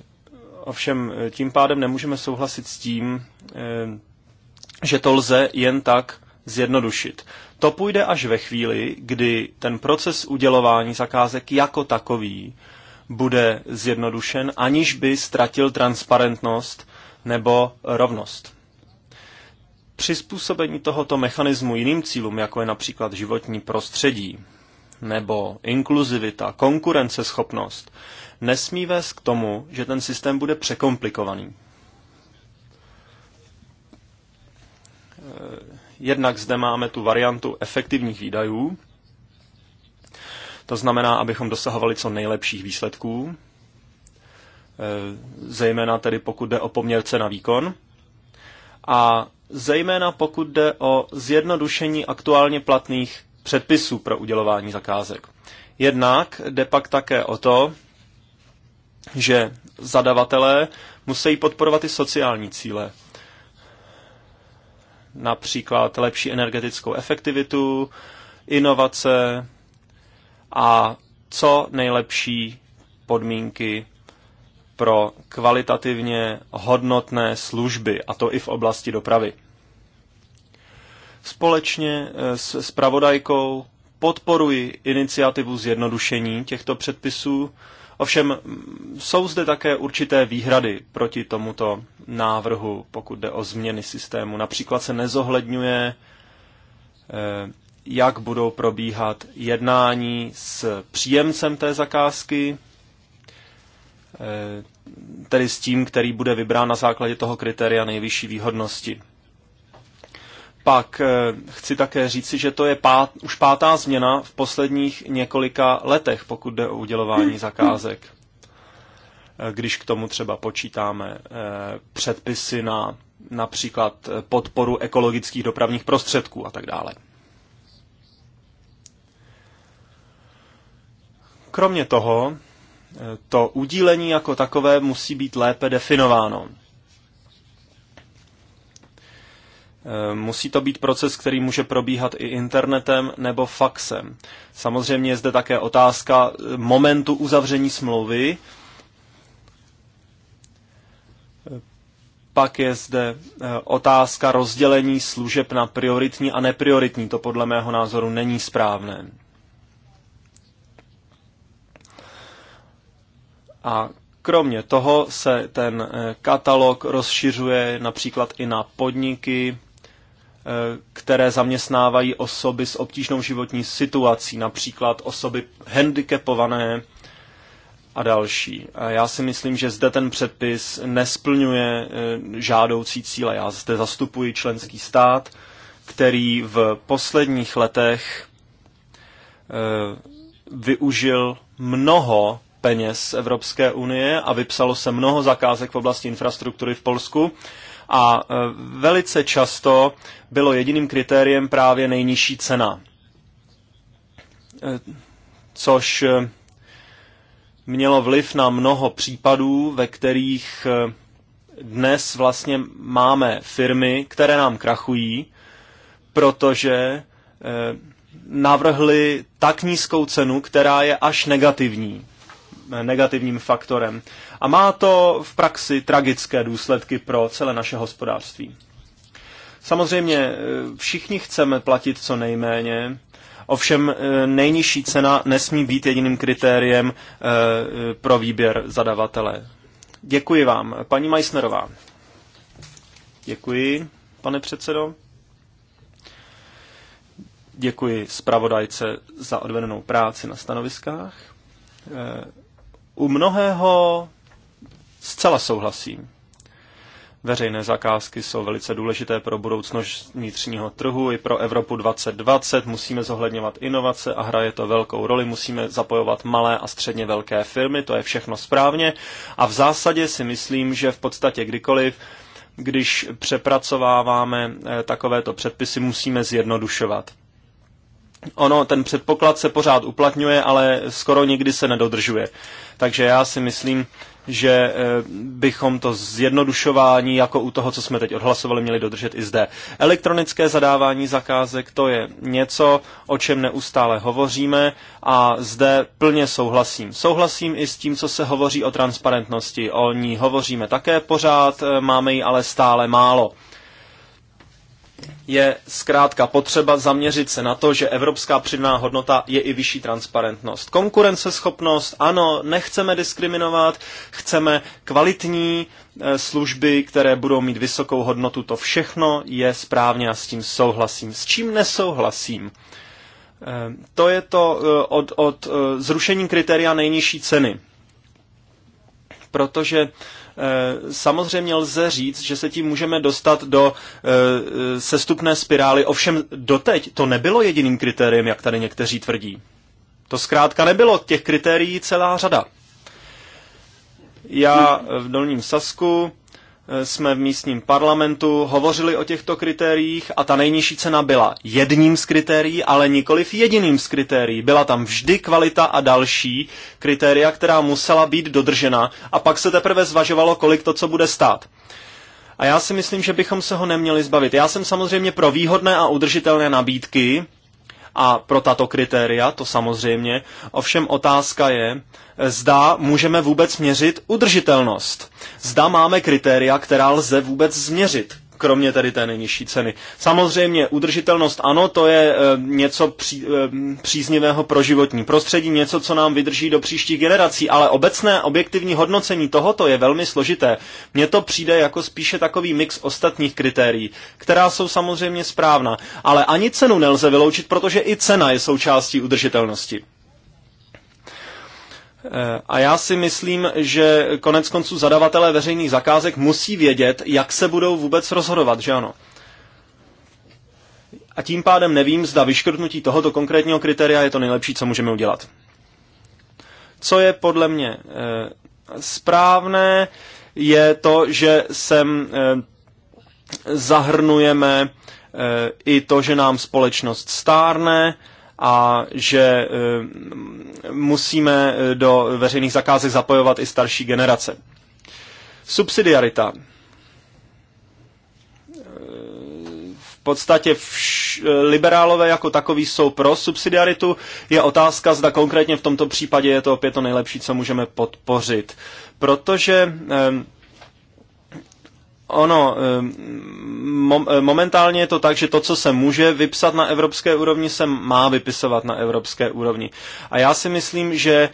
ovšem eh, tím pádem nemůžeme souhlasit s tím, že to lze jen tak zjednodušit. To půjde až ve chvíli, kdy ten proces udělování zakázek jako takový bude zjednodušen, aniž by ztratil transparentnost nebo rovnost. Přizpůsobení tohoto mechanismu jiným cílům, jako je například životní prostředí nebo inkluzivita, konkurenceschopnost, nesmí vést k tomu, že ten systém bude překomplikovaný. Jednak zde máme tu variantu efektivních výdajů, to znamená, abychom dosahovali co nejlepších výsledků, e, zejména tedy pokud jde o poměrce na výkon. A zejména pokud jde o zjednodušení aktuálně platných předpisů pro udělování zakázek. Jednak jde pak také o to, že zadavatelé musí podporovat i sociální cíle například lepší energetickou efektivitu, inovace a co nejlepší podmínky pro kvalitativně hodnotné služby, a to i v oblasti dopravy. Společně eh, s spravodajkou podporuji iniciativu zjednodušení těchto předpisů, Ovšem jsou zde také určité výhrady proti tomuto návrhu, pokud jde o změny systému. Například se nezohledňuje, eh, jak budou probíhat jednání s příjemcem té zakázky, eh, tedy s tím, který bude vybrán na základě toho kritéria nejvyšší výhodnosti. Pak eh, chci také říci, že to je pát, už pátá změna v posledních několika letech, pokud jde o udělování zakázek. Eh, když k tomu třeba počítáme eh, předpisy na například podporu ekologických dopravních prostředků a tak dále. Kromě toho, to udílení jako takové musí být lépe definováno. Eh, musí to být proces, který může probíhat i internetem nebo faxem. Samozřejmě je zde také otázka eh, momentu uzavření smlouvy. Eh, pak je zde otázka rozdělení služeb na prioritní a neprioritní. To podle mého názoru není správné. A kromě toho se ten katalog rozšiřuje například i na podniky, Eh, které zaměstnávají osoby s obtížnou životní situací, například osoby handicapované a další. A já si myslím, že zde ten předpis nesplňuje eh, žádoucí cíle. Já zde zastupuji členský stát, který v posledních letech eh, využil mnoho peněz Evropské unie a vypsalo se mnoho zakázek v oblasti infrastruktury v Polsku a e, velice často bylo jediným kritériem právě nejnižší cena. E, což e, mělo vliv na mnoho případů, ve kterých dnes vlastně máme firmy, které nám krachují, protože navrhli tak nízkou cenu, která je až negativní negativním faktorem. A má to v praxi tragické důsledky pro celé naše hospodářství. Samozřejmě eh, všichni chceme platit co nejméně, ovšem eh, nejnižší cena nesmí být jediným kritériem eh, pro výběr zadavatele. Děkuji vám. Paní Majsnerová. Děkuji, pane předsedo. Děkuji zpravodajce za odvedenou práci na stanoviskách. U mnohého zcela souhlasím. Veřejné zakázky jsou velice důležité pro budoucnost vnitřního trhu i pro Evropu 2020. Musíme zohledňovat inovace a hraje to velkou roli. Musíme zapojovat malé a středně velké firmy, to je všechno správně. A v zásadě si myslím, že v podstatě kdykoliv, když přepracováváme eh, takovéto předpisy, musíme zjednodušovat ono, ten předpoklad se pořád uplatňuje, ale skoro nikdy se nedodržuje. Takže já si myslím, že eh, bychom to zjednodušování, jako u toho, co jsme teď odhlasovali, měli dodržet i zde. Elektronické zadávání zakázek, to je něco, o čem neustále hovoříme a zde plně souhlasím. Souhlasím i s tím, co se hovoří o transparentnosti. O ní hovoříme také pořád, eh, máme ji ale stále málo je zkrátka potřeba zaměřit se na to, že evropská přidaná hodnota je i vyšší transparentnost. Konkurenceschopnost, ano, nechceme diskriminovat, chceme kvalitní eh, služby, které budou mít vysokou hodnotu, to všechno je správně a s tím souhlasím. S čím nesouhlasím? Eh, to je to eh, od, od zrušení kritéria nejnižší ceny. Protože Eh, samozřejmě lze říct, že se tím můžeme dostat do eh, sestupné spirály, ovšem doteď to nebylo jediným kritériem, jak tady někteří tvrdí. To zkrátka nebylo, těch kritérií celá řada. Já eh, v Dolním Sasku jsme v místním parlamentu hovořili o těchto kritériích a ta nejnižší cena byla jedním z kritérií, ale nikoliv jediným z kritérií. Byla tam vždy kvalita a další kritéria, která musela být dodržena a pak se teprve zvažovalo, kolik to co bude stát. A já si myslím, že bychom se ho neměli zbavit. Já jsem samozřejmě pro výhodné a udržitelné nabídky, a pro tato kritéria, to samozřejmě. Ovšem otázka je, zda můžeme vůbec měřit udržitelnost. Zda máme kritéria, která lze vůbec změřit kromě tady té nejnižší ceny. Samozřejmě udržitelnost ano, to je eh, něco pří, eh, příznivého pro životní prostředí, něco, co nám vydrží do příštích generací, ale obecné objektivní hodnocení tohoto je velmi složité. Mně to přijde jako spíše takový mix ostatních kritérií, která jsou samozřejmě správná, ale ani cenu nelze vyloučit, protože i cena je součástí udržitelnosti. Eh, a já si myslím, že konec konců zadavatelé veřejných zakázek musí vědět, jak se budou vůbec rozhodovat, že ano? A tím pádem nevím, zda vyškrtnutí tohoto konkrétního kritéria je to nejlepší, co můžeme udělat. Co je podle mě eh, správné, je to, že sem eh, zahrnujeme i to, že nám společnost stárne, a že eh, musíme eh, do veřejných zakázek zapojovat i starší generace. Subsidiarita. Eh, v podstatě vš- liberálové jako takový jsou pro subsidiaritu. Je otázka, zda konkrétně v tomto případě je to opět to nejlepší, co můžeme podpořit. Protože eh, Ono, ehm, eh, momentálně je to tak, že to, co se může vypsat na evropské úrovni, se má vypisovat na evropské úrovni. A já si myslím, že eh,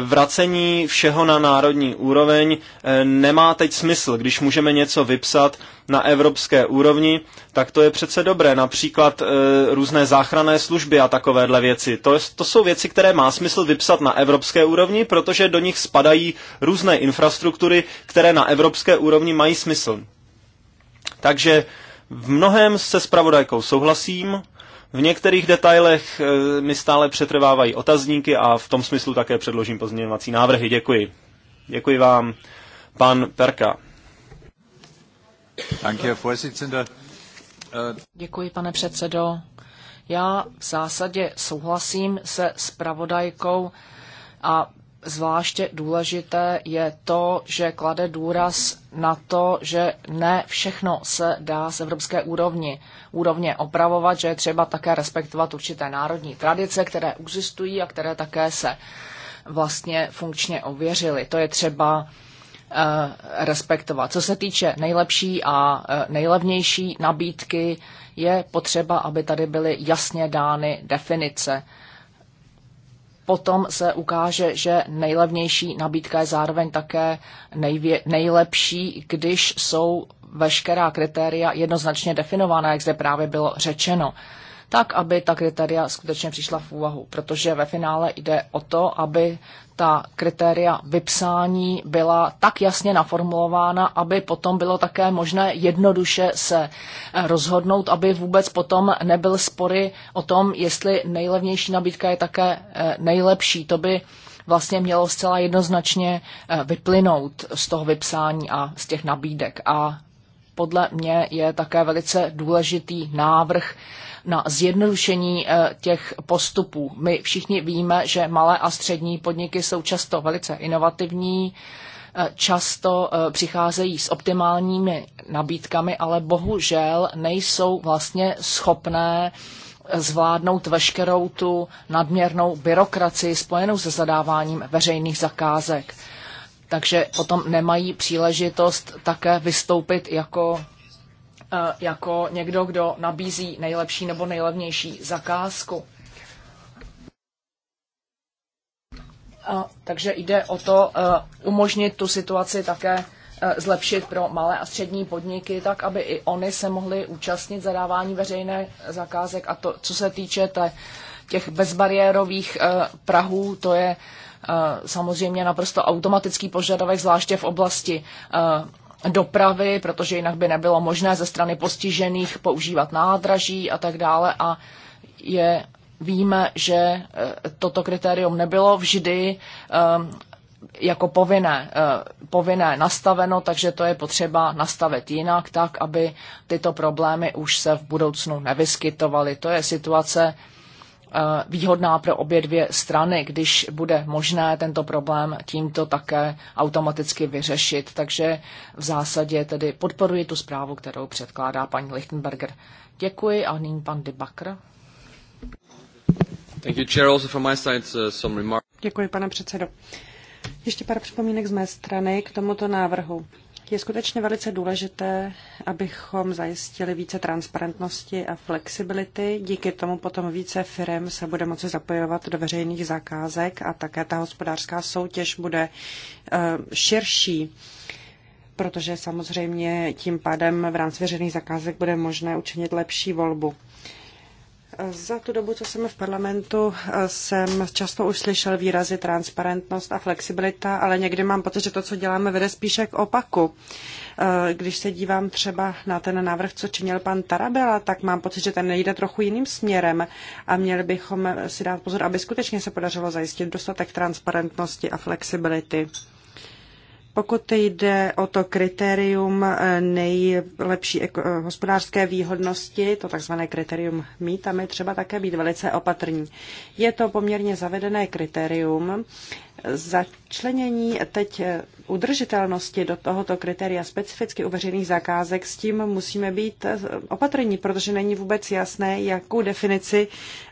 vracení všeho na národní úroveň eh, nemá teď smysl. Když můžeme něco vypsat na evropské úrovni, tak to je přece dobré. Například různé záchranné služby a takovéhle věci. To, to jsou věci, které má smysl vypsat na evropské úrovni, protože do nich spadají různé infrastruktury, které na evropské úrovni mají smysl. Takže v mnohem se spravodajkou souhlasím, v některých detailech eh, mi stále přetrvávají otazníky a v tom smyslu také předložím pozměňovací návrhy. Děkuji. Děkuji vám, pan Perka. Äh, Děkuji, pane předsedo. Já v zásadě souhlasím se spravodajkou a Zvláště důležité je to, že klade důraz na to, že ne všechno se dá z evropské úrovni, úrovně opravovat, že je třeba také respektovat určité národní tradice, které existují a které také se vlastně funkčně ověřily. To je třeba eh, respektovat. Co se týče nejlepší a eh, nejlevnější nabídky, je potřeba, aby tady byly jasně dány definice potom se ukáže, že nejlevnější nabídka je zároveň také nejvě, nejlepší, když jsou veškerá kritéria jednoznačně definovaná, jak zde právě bylo řečeno tak, aby ta kritéria skutečně přišla v úvahu, protože ve finále jde o to, aby ta kritéria vypsání byla tak jasně naformulována, aby potom bylo také možné jednoduše se eh, rozhodnout, aby vůbec potom nebyl spory o tom, jestli nejlevnější nabídka je také eh, nejlepší. To by vlastně mělo zcela jednoznačně eh, vyplynout z toho vypsání a z těch nabídek. A podle mě je také velice důležitý návrh na zjednodušení eh, těch postupů. My všichni víme, že malé a střední podniky jsou často velice inovativní, eh, často eh, přicházejí s optimálními nabídkami, ale bohužel nejsou vlastně schopné zvládnout veškerou tu nadměrnou byrokracii spojenou se zadáváním veřejných zakázek. Takže potom nemají příležitost také vystoupit jako Eh, jako někdo, kdo nabízí nejlepší nebo nejlevnější zakázku. A, takže jde o to eh, umožnit tu situaci také eh, zlepšit pro malé a střední podniky, tak aby i oni se mohli účastnit zadávání veřejné zakázek. A to, co se týče té, těch bezbariérových Prahů, to je samozřejmě naprosto automatický požadavek, zvláště v oblasti dopravy, protože jinak by nebylo možné ze strany postižených používat nádraží a tak dále. A je, víme, že eh, toto kritérium nebylo vždy ehm, jako povinné, eh, povinné nastaveno, takže to je potřeba nastavit jinak, tak aby tyto problémy už se v budoucnu nevyskytovaly. To je situace, Eh, výhodná pro obě dvě strany, když bude možné tento problém tímto také automaticky vyřešit. Takže v zásadě tedy podporuji tu zprávu, kterou předkládá paní Lichtenberger. Děkuji a nyní pan Debakr. Uh, Děkuji, pane předsedo. Ještě pár připomínek z mé strany k tomuto návrhu. Je skutečně velice důležité, abychom zajistili více transparentnosti a flexibility. Díky tomu potom více firm se bude moci zapojovat do veřejných zakázek a také ta hospodářská soutěž bude eh, širší protože samozřejmě tím pádem v rámci veřejných zakázek bude možné učinit lepší volbu. Za tu dobu, co jsem v parlamentu, jsem často už slyšel výrazy transparentnost a flexibilita, ale někdy mám pocit, že to, co děláme, vede spíše k opaku. Eh, když se dívám třeba na ten návrh, co činil pan Tarabela, tak mám pocit, že ten nejde trochu jiným směrem a měli bychom si dát pozor, aby skutečně se podařilo zajistit dostatek transparentnosti a flexibility. Pokud jde o to kritérium eh, nejlepší eh, hospodářské výhodnosti, to takzvané kritérium mít, tam je třeba také být velice opatrní. Je to poměrně zavedené kritérium. Začlenění teď eh, udržitelnosti do tohoto kritéria specificky u veřejných zakázek, s tím musíme být opatrní, protože není vůbec jasné, jakou definici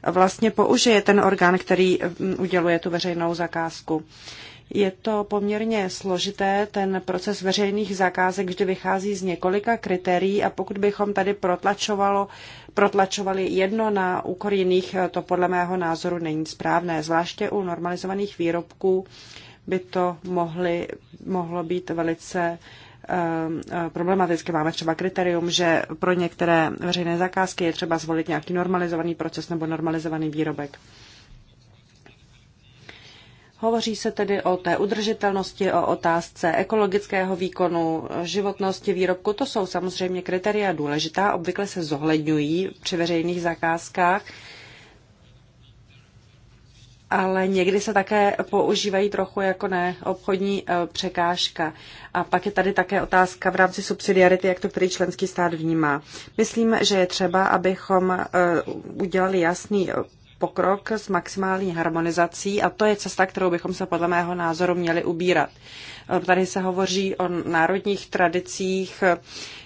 vlastně použije ten orgán, který uděluje tu veřejnou zakázku. Je to poměrně složité, ten proces veřejných zakázek vždy vychází z několika kritérií a pokud bychom tady protlačovalo, protlačovali jedno na úkor jiných, to podle mého názoru není správné, zvláště u normalizovaných výrobků by to mohly, mohlo být velice ehm, eh, problematické. Máme třeba kritérium, že pro některé veřejné zakázky je třeba zvolit nějaký normalizovaný proces nebo normalizovaný výrobek. Hovoří se tedy o té udržitelnosti, o otázce ekologického výkonu, životnosti výrobku. To jsou samozřejmě kritéria důležitá, obvykle se zohledňují při veřejných zakázkách, ale někdy se také používají trochu jako neobchodní eh, překážka. A pak je tady také otázka v rámci subsidiarity, jak to který členský stát vnímá. Myslím, že je třeba, abychom eh, udělali jasný pokrok s maximální harmonizací a to je cesta, kterou bychom se podle mého názoru měli ubírat. E, Tady se hovoří o národních tradicích.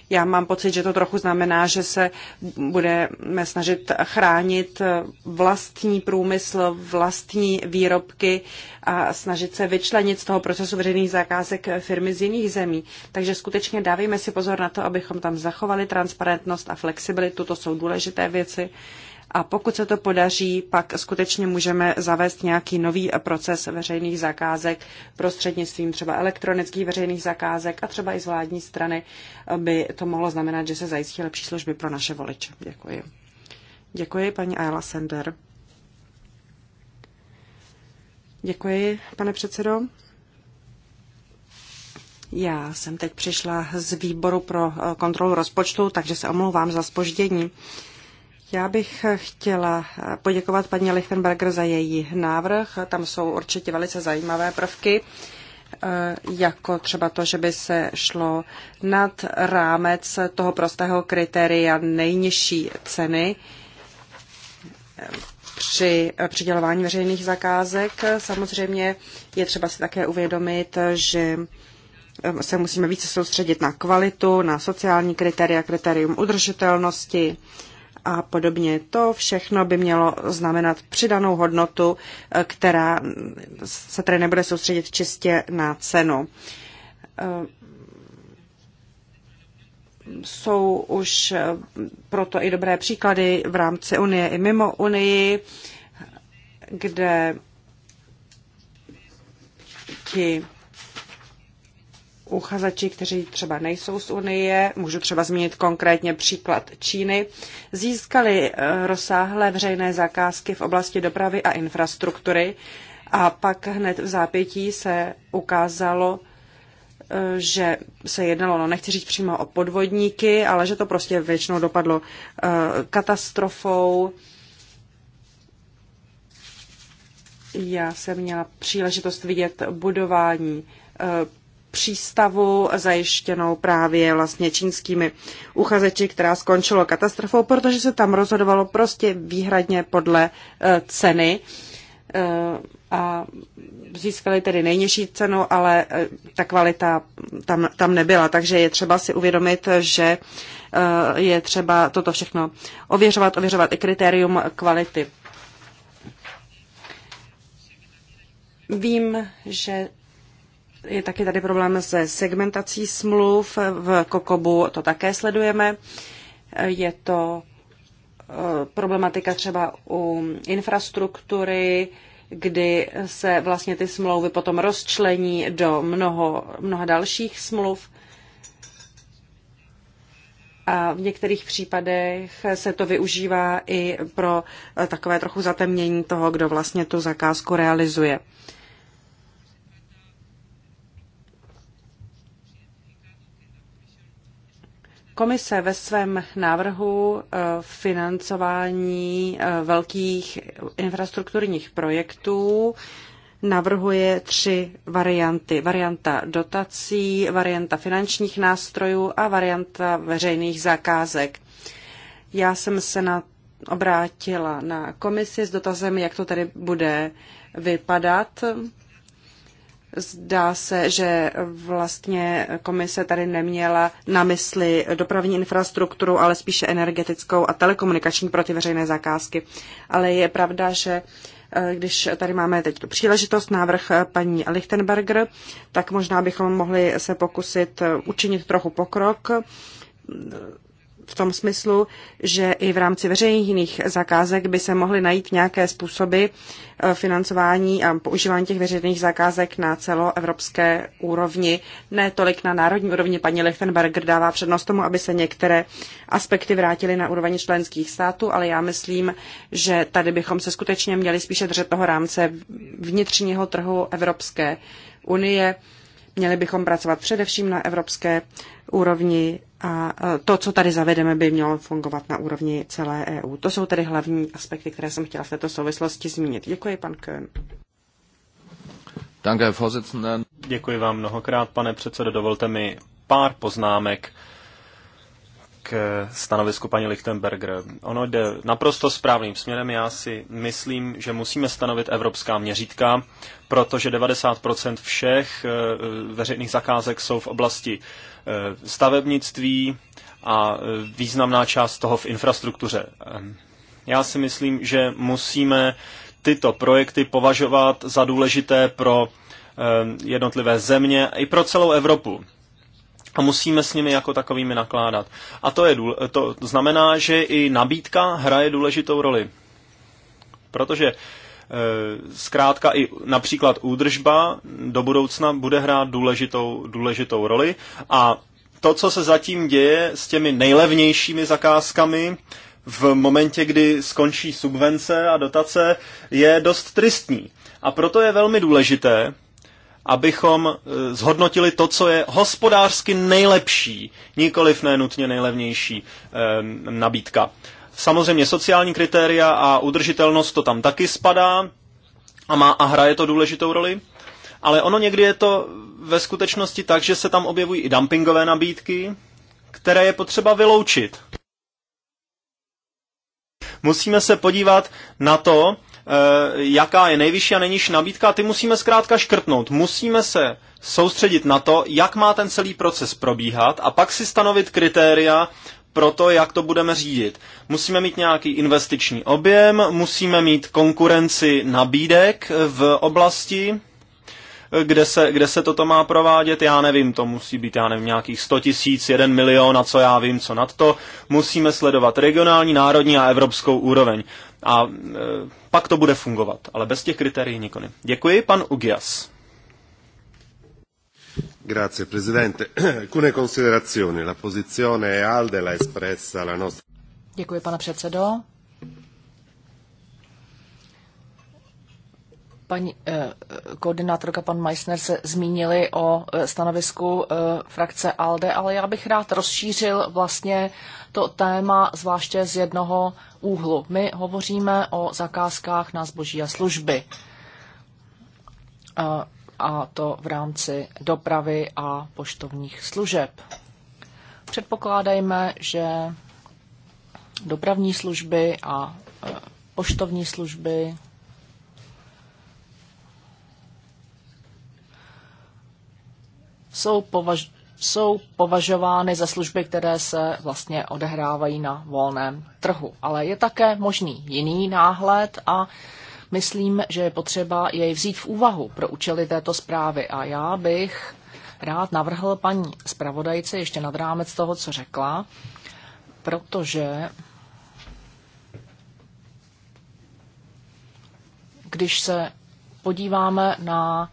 Já mám pocit, že to trochu znamená, že se budeme snažit chránit vlastní průmysl, vlastní výrobky a snažit se vyčlenit z toho procesu veřejných zakázek firmy z jiných zemí. Takže skutečně dávejme si pozor na to, abychom tam zachovali transparentnost a flexibilitu. To jsou důležité věci a pokud se to podaří, pak skutečně můžeme zavést nějaký nový proces veřejných zakázek prostřednictvím třeba elektronických veřejných zakázek a třeba i z vládní strany by to mohlo znamenat, že se zajistí lepší služby pro naše voliče. Děkuji. Děkuji, paní Ayla Sender. Děkuji, pane předsedo. Já jsem teď přišla z výboru pro eh, kontrolu rozpočtu, takže se omlouvám za spoždění. Já bych chtěla poděkovat paní Lichtenberger za její návrh. Tam jsou určitě velice zajímavé prvky, eh, jako třeba to, že by se šlo nad rámec toho prostého kritéria nejnižší ceny eh, při přidělování veřejných zakázek. Samozřejmě je třeba si také uvědomit, že eh, se musíme více soustředit na kvalitu, na sociální kritéria, kritérium udržitelnosti a podobně. To všechno by mělo znamenat přidanou hodnotu, eh, která se tedy nebude soustředit čistě na cenu. Eh, jsou už eh, proto i dobré příklady v rámci Unie i mimo Unii, kde ti uchazeči, kteří třeba nejsou z Unie, můžu třeba zmínit konkrétně příklad Číny, získali eh, rozsáhlé veřejné zakázky v oblasti dopravy a infrastruktury a pak hned v zápětí se ukázalo, eh, že se jednalo, no nechci říct přímo o podvodníky, ale že to prostě většinou dopadlo eh, katastrofou. Já jsem měla příležitost vidět budování přístavu zajištěnou právě vlastně čínskými uchazeči, která skončila katastrofou, protože se tam rozhodovalo prostě výhradně podle eh, ceny eh, a získali tedy nejnižší cenu, ale eh, ta kvalita tam, tam nebyla. Takže je třeba si uvědomit, že je třeba toto všechno ověřovat, ověřovat i kritérium kvality. Vím, že je taky tady problém se segmentací smluv. V Kokobu to také sledujeme. Je to eh, problematika třeba u infrastruktury, kdy se vlastně ty smlouvy potom rozčlení do mnoho, mnoha dalších smluv. A v některých případech se to využívá i pro eh, takové trochu zatemnění toho, kdo vlastně tu zakázku realizuje. Komise ve svém návrhu eh, financování eh, velkých infrastrukturních projektů navrhuje tři varianty. Varianta dotací, varianta finančních nástrojů a varianta veřejných zakázek. Já jsem se na, obrátila na komisi s dotazem, jak to tedy bude vypadat Zdá se, že vlastně komise tady neměla na mysli dopravní infrastrukturu, ale spíše energetickou a telekomunikační pro ty veřejné zakázky. Ale je pravda, že eh, když tady máme teď tu příležitost, návrh eh, paní Lichtenberger, tak možná bychom mohli se pokusit eh, učinit trochu pokrok v tom smyslu, že i v rámci veřejných zakázek by se mohly najít nějaké způsoby eh, financování a používání těch veřejných zakázek na celoevropské úrovni, ne tolik na národní úrovni. Paní Lichtenberger dává přednost tomu, aby se některé aspekty vrátily na úroveň členských států, ale já myslím, že tady bychom se skutečně měli spíše držet toho rámce vnitřního trhu Evropské unie Měli bychom pracovat především na evropské úrovni a e, to, co tady zavedeme, by mělo fungovat na úrovni celé EU. To jsou tedy hlavní aspekty, které jsem chtěla v této souvislosti zmínit. Děkuji, pan Köhn. Děkuji vám mnohokrát, pane předsedo. Dovolte mi pár poznámek k stanovisku paní Lichtenberger. Ono jde naprosto správným směrem. Já si myslím, že musíme stanovit evropská měřítka, protože 90% všech eh, veřejných zakázek jsou v oblasti eh, stavebnictví a eh, významná část toho v infrastruktuře. Ehm, já si myslím, že musíme tyto projekty považovat za důležité pro jednotlivé země i pro celou Evropu a musíme s nimi jako takovými nakládat. A to, je, to znamená, že i nabídka hraje důležitou roli. Protože e, zkrátka i například údržba do budoucna bude hrát důležitou, důležitou roli a to, co se zatím děje s těmi nejlevnějšími zakázkami, v momentě, kdy skončí subvence a dotace, je dost tristní. A proto je velmi důležité, abychom eh, zhodnotili to, co je hospodářsky nejlepší, nikoliv nenutně nejlevnější eh, nabídka. Samozřejmě sociální kritéria a udržitelnost to tam taky spadá a, má, a hraje to důležitou roli, ale ono někdy je to ve skutečnosti tak, že se tam objevují i dumpingové nabídky, které je potřeba vyloučit. Musíme se podívat na to, Eh, jaká je nejvyšší a nejnižší nabídka, ty musíme zkrátka škrtnout. Musíme se soustředit na to, jak má ten celý proces probíhat a pak si stanovit kritéria pro to, jak to budeme řídit. Musíme mít nějaký investiční objem, musíme mít konkurenci nabídek v oblasti, kde se, kde se toto má provádět, já nevím, to musí být, já nevím, nějakých 100 tisíc, 1 milion a co já vím, co nad to. Musíme sledovat regionální, národní a evropskou úroveň. A e, pak to bude fungovat, ale bez těch kritérií nikony. Děkuji, pan Ugias. Grazie Presidente. <clears throat> Alcune considerazioni. La posizione ALDE l'ha espressa la nostra... Děkuji, pane předsedo. paní eh, koordinátorka, pan Meissner se zmínili o eh, stanovisku eh, frakce ALDE, ale já bych rád rozšířil vlastně to téma zvláště z jednoho úhlu. My hovoříme o zakázkách na zboží a služby. Eh, a to v rámci dopravy a poštovních služeb. Předpokládejme, že dopravní služby a eh, poštovní služby jsou, považ- jsou považovány za služby, které se vlastně odehrávají na volném trhu. Ale je také možný jiný náhled a myslím, že je potřeba jej vzít v úvahu pro účely této zprávy. A já bych rád navrhl paní zpravodajce ještě nad rámec toho, co řekla, protože když se podíváme na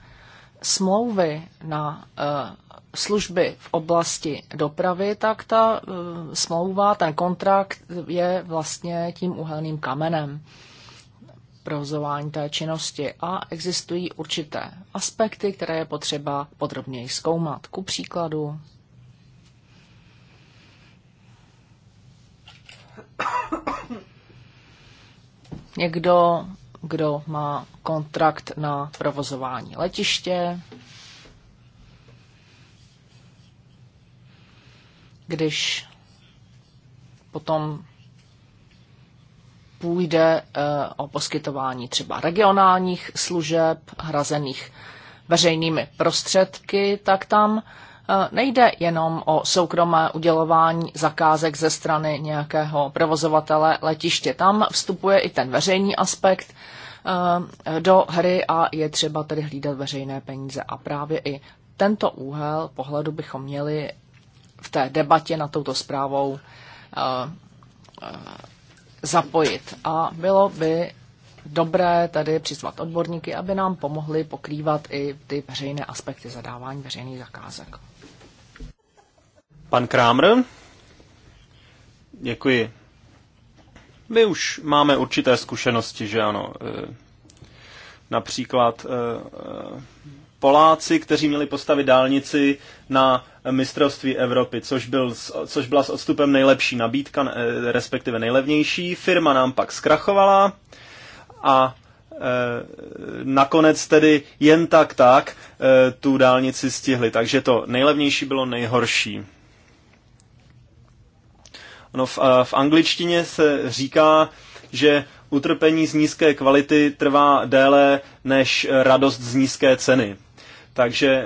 smlouvy na eh, služby v oblasti dopravy, tak ta eh, smlouva, ten kontrakt je vlastně tím uhelným kamenem provozování té činnosti a existují určité aspekty, které je potřeba podrobněji zkoumat. Ku příkladu <coughs> někdo kdo má kontrakt na provozování letiště, když potom půjde eh, o poskytování třeba regionálních služeb hrazených veřejnými prostředky, tak tam Eh, nejde jenom o soukromé udělování zakázek ze strany nějakého provozovatele letiště. Tam vstupuje i ten veřejný aspekt eh, do hry a je třeba tedy hlídat veřejné peníze. A právě i tento úhel pohledu bychom měli v té debatě na touto zprávou eh, zapojit. A bylo by dobré tady přizvat odborníky, aby nám pomohli pokrývat i ty veřejné aspekty zadávání veřejných zakázek. Pan Krámr? Děkuji. My už máme určité zkušenosti, že ano. Eh, například eh, Poláci, kteří měli postavit dálnici na mistrovství Evropy, což, byl, což byla s odstupem nejlepší nabídka, eh, respektive nejlevnější. Firma nám pak zkrachovala a nakonec tedy jen tak tak tu dálnici stihli. Takže to nejlevnější bylo nejhorší. Ono v, eh, v angličtině se říká, že utrpení z nízké kvality trvá déle než radost z nízké ceny. Takže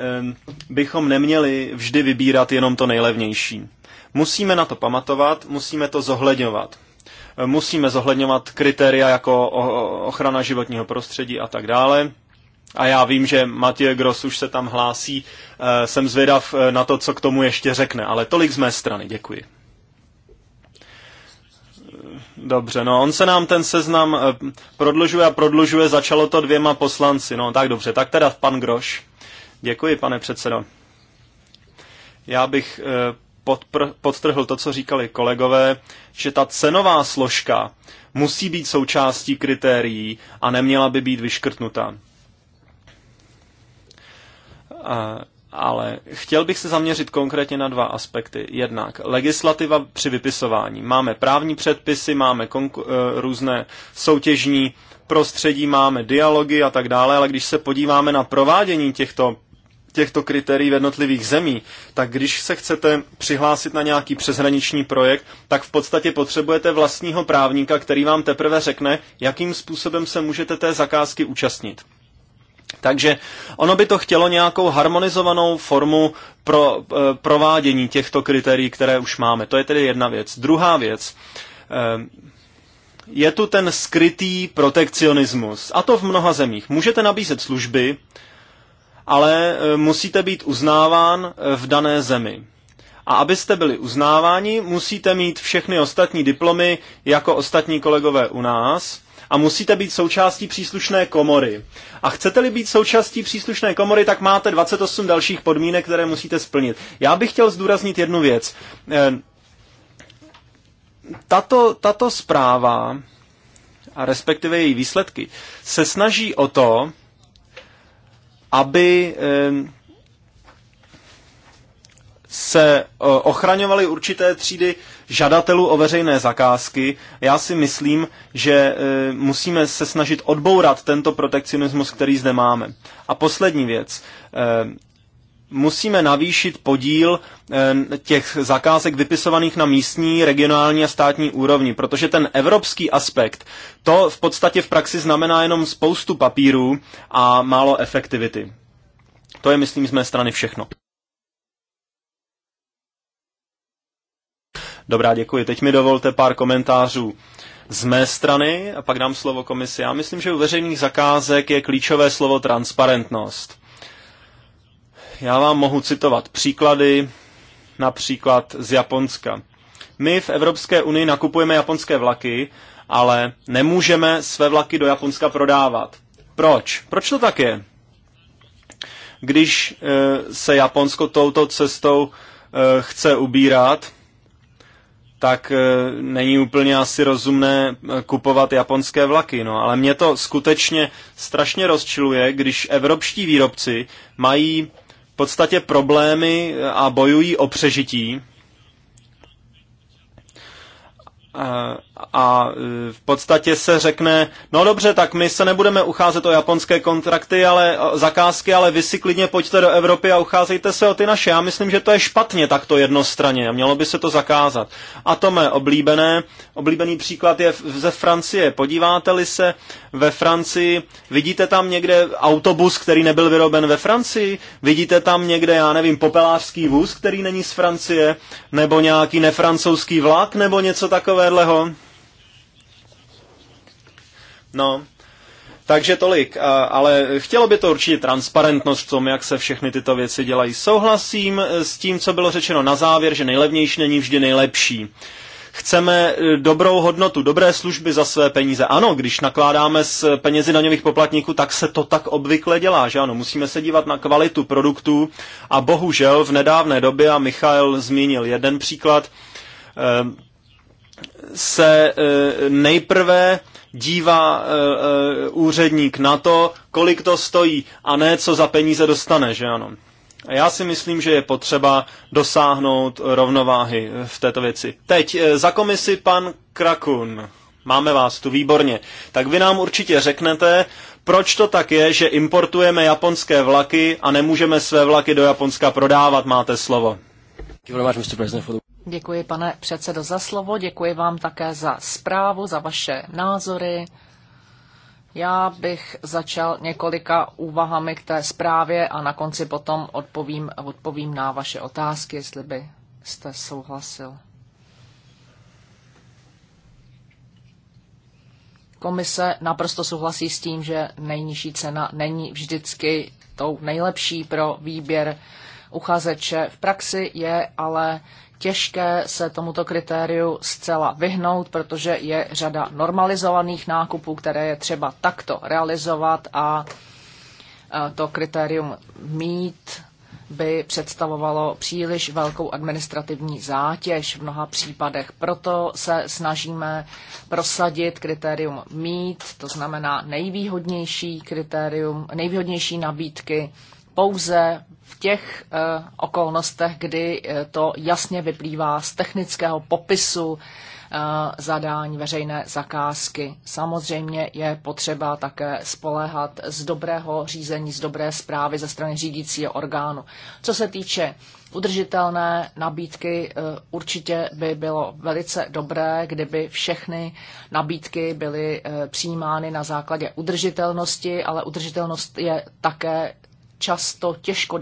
bychom neměli vždy vybírat jenom to nejlevnější. Musíme na to pamatovat, musíme to zohledňovat. Eh, musíme zohledňovat kritéria jako ochrana životního prostředí a tak dále. A já vím, že Matěj Gross už se tam hlásí. Eh, jsem zvědav na to, co k tomu ještě řekne, ale tolik z mé strany. Děkuji. Dobře, no on se nám ten seznam eh, prodlužuje a prodlužuje, začalo to dvěma poslanci. No tak dobře, tak teda pan Groš. Děkuji, pane předsedo. Já bych eh, podpr- podtrhl to, co říkali kolegové, že ta cenová složka musí být součástí kritérií a neměla by být vyškrtnutá ale chtěl bych se zaměřit konkrétně na dva aspekty. Jednak legislativa při vypisování. Máme právní předpisy, máme eh, různé soutěžní prostředí, máme dialogy a tak dále, ale když se podíváme na provádění těchto těchto kritérií v jednotlivých zemí, tak když se chcete přihlásit na nějaký přeshraniční projekt, tak v podstatě potřebujete vlastního právníka, který vám teprve řekne, jakým způsobem se můžete té zakázky účastnit. Takže ono by to chtělo nějakou harmonizovanou formu pro e, provádění těchto kritérií, které už máme. To je tedy jedna věc. Druhá věc. E, je tu ten skrytý protekcionismus. A to v mnoha zemích. Můžete nabízet služby, ale eh, musíte být uznáván v dané zemi. A abyste byli uznáváni, musíte mít všechny ostatní diplomy jako ostatní kolegové u nás a musíte být součástí příslušné komory. A chcete-li být součástí příslušné komory, tak máte 28 dalších podmínek, které musíte splnit. Já bych chtěl zdůraznit jednu věc. Eh, tato, tato zpráva, a respektive její výsledky, se snaží o to, aby eh, se eh, ochraňovaly určité třídy žadatelů o veřejné zakázky. Já si myslím, že e, musíme se snažit odbourat tento protekcionismus, který zde máme. A poslední věc e, musíme navýšit podíl e, těch zakázek vypisovaných na místní, regionální a státní úrovni, protože ten evropský aspekt, to v podstatě v praxi znamená jenom spoustu papírů a málo efektivity. To je, myslím, z mé strany všechno. Dobrá, děkuji. Teď mi dovolte pár komentářů z mé strany a pak dám slovo komisi. Já myslím, že u veřejných zakázek je klíčové slovo transparentnost. Já vám mohu citovat příklady, například z Japonska. My v Evropské unii nakupujeme japonské vlaky, ale nemůžeme své vlaky do Japonska prodávat. Proč? Proč to tak je? Když eh, se Japonsko touto cestou eh, chce ubírat, tak eh, není úplně asi rozumné eh, kupovat japonské vlaky. No, ale mě to skutečně strašně rozčiluje, když evropští výrobci mají v podstatě problémy eh, a bojují o přežití a e, v podstatě se řekne, no dobře, tak my se nebudeme ucházet o japonské kontrakty, ale o zakázky, ale vy si klidně pojďte do Evropy a ucházejte se o ty naše. Já myslím, že to je špatně takto jednostranně a mělo by se to zakázat. A to mé oblíbené, oblíbený příklad je ze Francie. Podíváte-li se ve Francii, vidíte tam někde autobus, který nebyl vyroben ve Francii, vidíte tam někde, já nevím, popelářský vůz, který není z Francie, nebo nějaký nefrancouzský vlak, nebo něco takové takovéhleho. No, takže tolik, ale chtělo by to určitě transparentnost v tom, jak se všechny tyto věci dělají. Souhlasím s tím, co bylo řečeno na závěr, že nejlevnější není vždy nejlepší. Chceme e, dobrou hodnotu, dobré služby za své peníze. Ano, když nakládáme s penězi něvých poplatníků, tak se to tak obvykle dělá, že ano, musíme se dívat na kvalitu produktů a bohužel v nedávné době, a Michal zmínil jeden příklad, e, se e, nejprve dívá e, e, úředník na to, kolik to stojí a ne co za peníze dostane, že ano. A já si myslím, že je potřeba dosáhnout rovnováhy v této věci. Teď za komisi pan Krakun. Máme vás tu, výborně. Tak vy nám určitě řeknete, proč to tak je, že importujeme japonské vlaky a nemůžeme své vlaky do Japonska prodávat, máte slovo. Děkuji, pane předsedo, za slovo. Děkuji vám také za zprávu, za vaše názory. Já bych začal několika úvahami k té zprávě a na konci potom odpovím, odpovím na vaše otázky, jestli by jste souhlasil. Komise naprosto souhlasí s tím, že nejnižší cena není vždycky tou nejlepší pro výběr uchazeče. V praxi je ale těžké se tomuto kritériu zcela vyhnout, protože je řada normalizovaných nákupů, které je třeba takto realizovat a to kritérium mít by představovalo příliš velkou administrativní zátěž v mnoha případech. Proto se snažíme prosadit kritérium mít, to znamená nejvýhodnější kritérium, nejvýhodnější nabídky pouze v těch eh, okolnostech, kdy eh, to jasně vyplývá z technického popisu eh, zadání veřejné zakázky. Samozřejmě je potřeba také spoléhat z dobrého řízení, z dobré zprávy ze strany řídícího orgánu. Co se týče udržitelné nabídky, určitě by bylo velice dobré, kdyby všechny nabídky byly přijímány na základě udržitelnosti, ale udržitelnost je také často těžko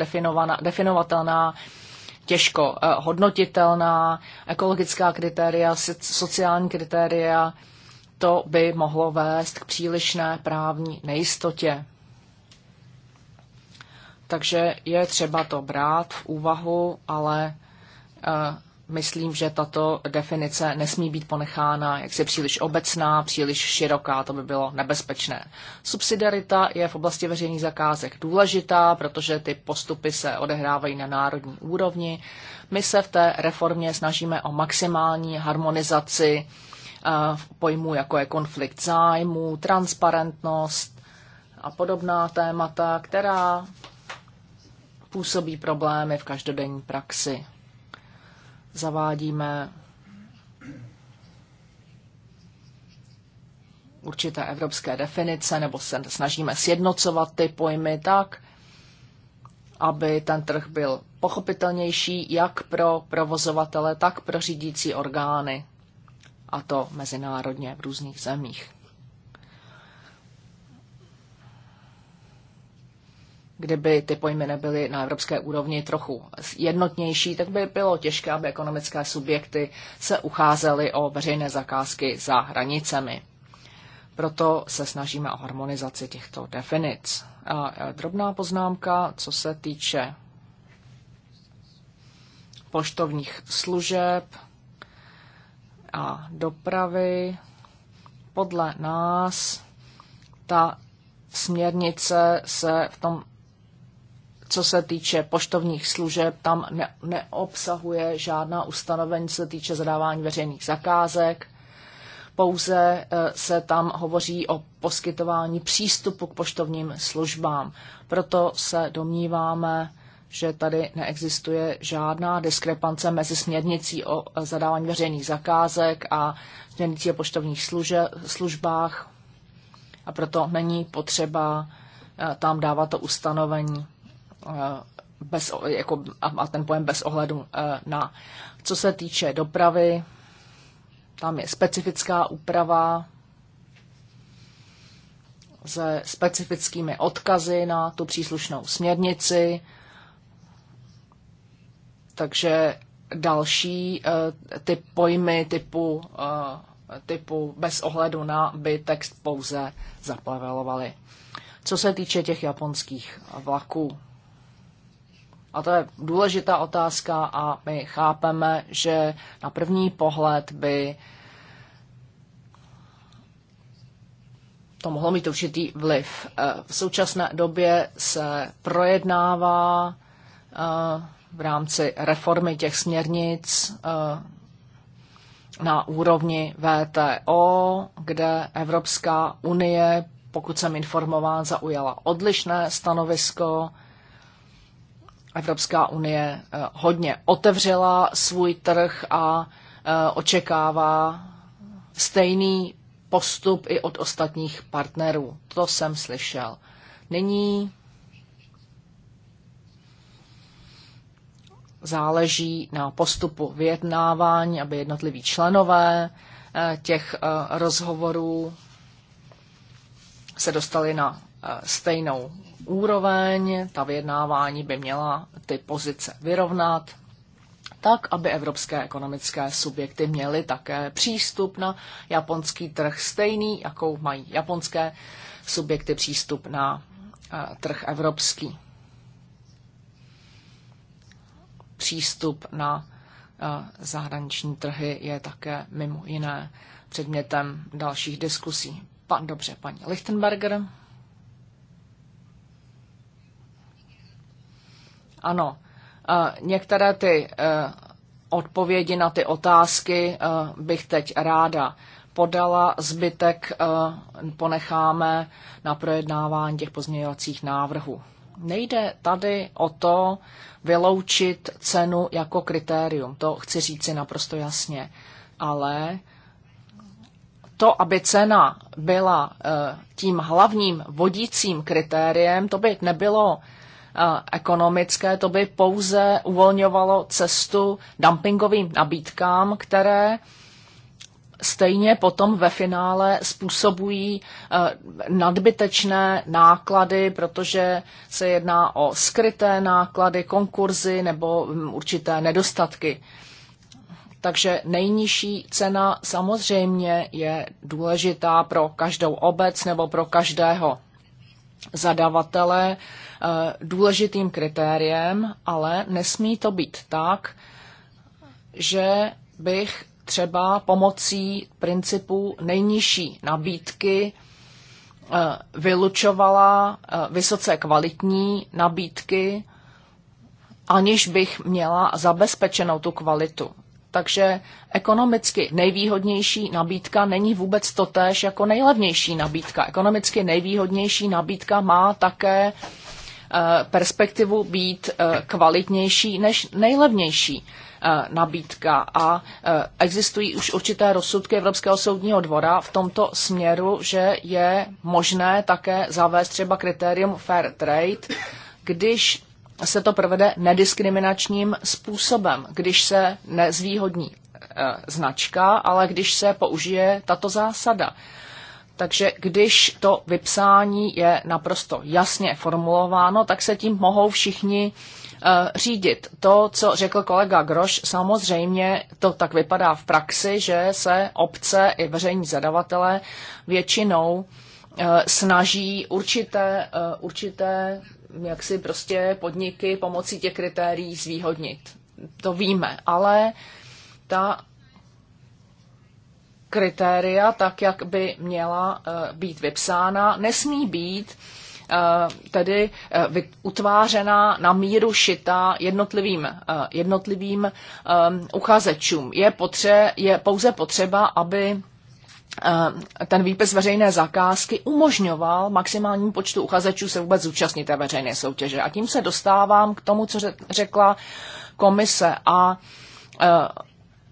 definovatelná, těžko eh, hodnotitelná, ekologická kritéria, sociální kritéria, to by mohlo vést k přílišné právní nejistotě. Takže je třeba to brát v úvahu, ale eh, myslím, že tato definice nesmí být ponechána jaksi příliš obecná, příliš široká, to by bylo nebezpečné. Subsidiarita je v oblasti veřejných zakázek důležitá, protože ty postupy se odehrávají na národní úrovni. My se v té reformě snažíme o maximální harmonizaci eh, pojmu jako je konflikt zájmů, transparentnost a podobná témata, která působí problémy v každodenní praxi zavádíme určité evropské definice, nebo se snažíme sjednocovat ty pojmy tak, aby ten trh byl pochopitelnější jak pro provozovatele, tak pro řídící orgány, a to mezinárodně v různých zemích. kdyby ty pojmy nebyly na evropské úrovni trochu jednotnější, tak by bylo těžké, aby ekonomické subjekty se ucházely o veřejné zakázky za hranicemi. Proto se snažíme o harmonizaci těchto definic. A e, drobná poznámka, co se týče poštovních služeb a dopravy. Podle nás ta směrnice se v tom co se týče poštovních služeb, tam ne, neobsahuje žádná ustanovení, co se týče zadávání veřejných zakázek. Pouze eh, se tam hovoří o poskytování přístupu k poštovním službám. Proto se domníváme, že tady neexistuje žádná diskrepance mezi směrnicí o eh, zadávání veřejných zakázek a směrnicí o poštovních služe, službách a proto není potřeba eh, tam dávat to ustanovení. Eh, bez, jako, a ten pojem bez ohledu eh, na. Co se týče dopravy, tam je specifická úprava se specifickými odkazy na tu příslušnou směrnici. Takže další eh, ty pojmy typu, typu bez ohledu na by text pouze zaplavelovaly. Co se týče těch japonských vlaků, a to je důležitá otázka a my chápeme, že na první pohled by to mohlo mít určitý vliv. Eh, v současné době se projednává eh, v rámci reformy těch směrnic eh, na úrovni VTO, kde Evropská unie, pokud jsem informován, zaujala odlišné stanovisko Evropská unie eh, hodně otevřela svůj trh a eh, očekává stejný postup i od ostatních partnerů. To jsem slyšel. Nyní záleží na postupu vyjednávání, aby jednotliví členové eh, těch rozhovorů se dostali na stejnou úroveň, ta vyjednávání by měla ty pozice vyrovnat, tak, aby evropské ekonomické subjekty měly také přístup na japonský trh stejný, jakou mají japonské subjekty přístup na eh, trh evropský. Přístup na eh, zahraniční trhy je také mimo jiné předmětem dalších diskusí. Pan, dobře, paní Lichtenberger. Ano, eh, některé ty eh, odpovědi na ty otázky eh, bych teď ráda podala. Zbytek ponecháme na projednávání těch pozměňovacích návrhů. Nejde tady o to vyloučit cenu jako kritérium, to chci říci naprosto jasně, ale to, aby cena byla tím hlavním vodícím kritériem, to by nebylo Eh, ekonomické, to by pouze uvolňovalo cestu dumpingovým nabídkám, které stejně potom ve finále způsobují eh, nadbytečné náklady, protože se jedná o skryté náklady, konkurzy nebo mm, určité nedostatky. Takže nejnižší cena samozřejmě je důležitá pro každou obec nebo pro každého zadavatele eh, důležitým kritériem, ale nesmí to být tak, že bych třeba pomocí principu nejnižší nabídky eh, vylučovala eh, vysoce kvalitní nabídky, aniž bych měla zabezpečenou tu kvalitu. Takže ekonomicky nejvýhodnější nabídka není vůbec totéž jako nejlevnější nabídka. Ekonomicky nejvýhodnější nabídka má také eh, perspektivu být eh, kvalitnější než nejlevnější eh, nabídka a existují už určité rozsudky Evropského soudního dvora v tomto směru, že je možné také zavést třeba kritérium fair trade, když se to provede nediskriminačním způsobem, když se nezvýhodní e, značka, ale když se použije tato zásada. Takže když to vypsání je naprosto jasně formulováno, tak se tím mohou všichni e, řídit. To, co řekl kolega Groš, samozřejmě to tak vypadá v praxi, že se obce i veřejní zadavatelé většinou e, snaží určité, určité jak si prostě podniky pomocí těch kritérií zvýhodnit. To víme, ale ta kritéria, tak jak by měla eh, být vypsána, nesmí být eh, tedy eh, utvářená na míru šita jednotlivým, jednotlivým uchazečům. Je, potře, je pouze potřeba, aby Eh, ten výpis veřejné zakázky umožňoval maximálnímu počtu uchazečů se vůbec zúčastnit té veřejné soutěže. A tím se dostávám k tomu, co řekla komise a eh,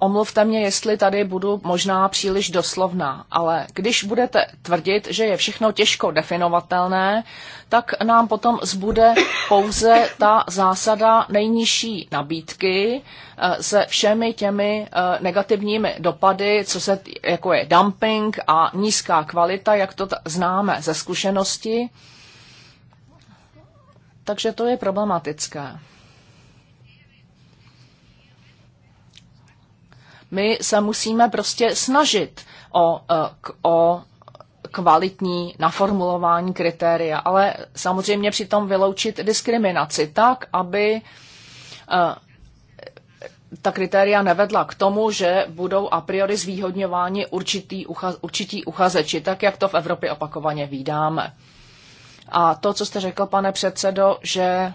Omluvte mě, jestli tady budu možná příliš doslovná, ale když budete tvrdit, že je všechno těžko definovatelné, tak nám potom zbude pouze ta zásada nejnižší nabídky eh, se všemi těmi eh, negativními dopady, co se, jako je dumping a nízká kvalita, jak to známe ze zkušenosti. Takže to je problematické. My se musíme prostě snažit o, eh, o kvalitní naformulování kritéria, ale samozřejmě přitom vyloučit diskriminaci tak, aby eh, ta kritéria nevedla k tomu, že budou a priori zvýhodňováni určitý, ucha, určití uchazeči, tak jak to v Evropě opakovaně výdáme. A to, co jste řekl, pane předsedo, že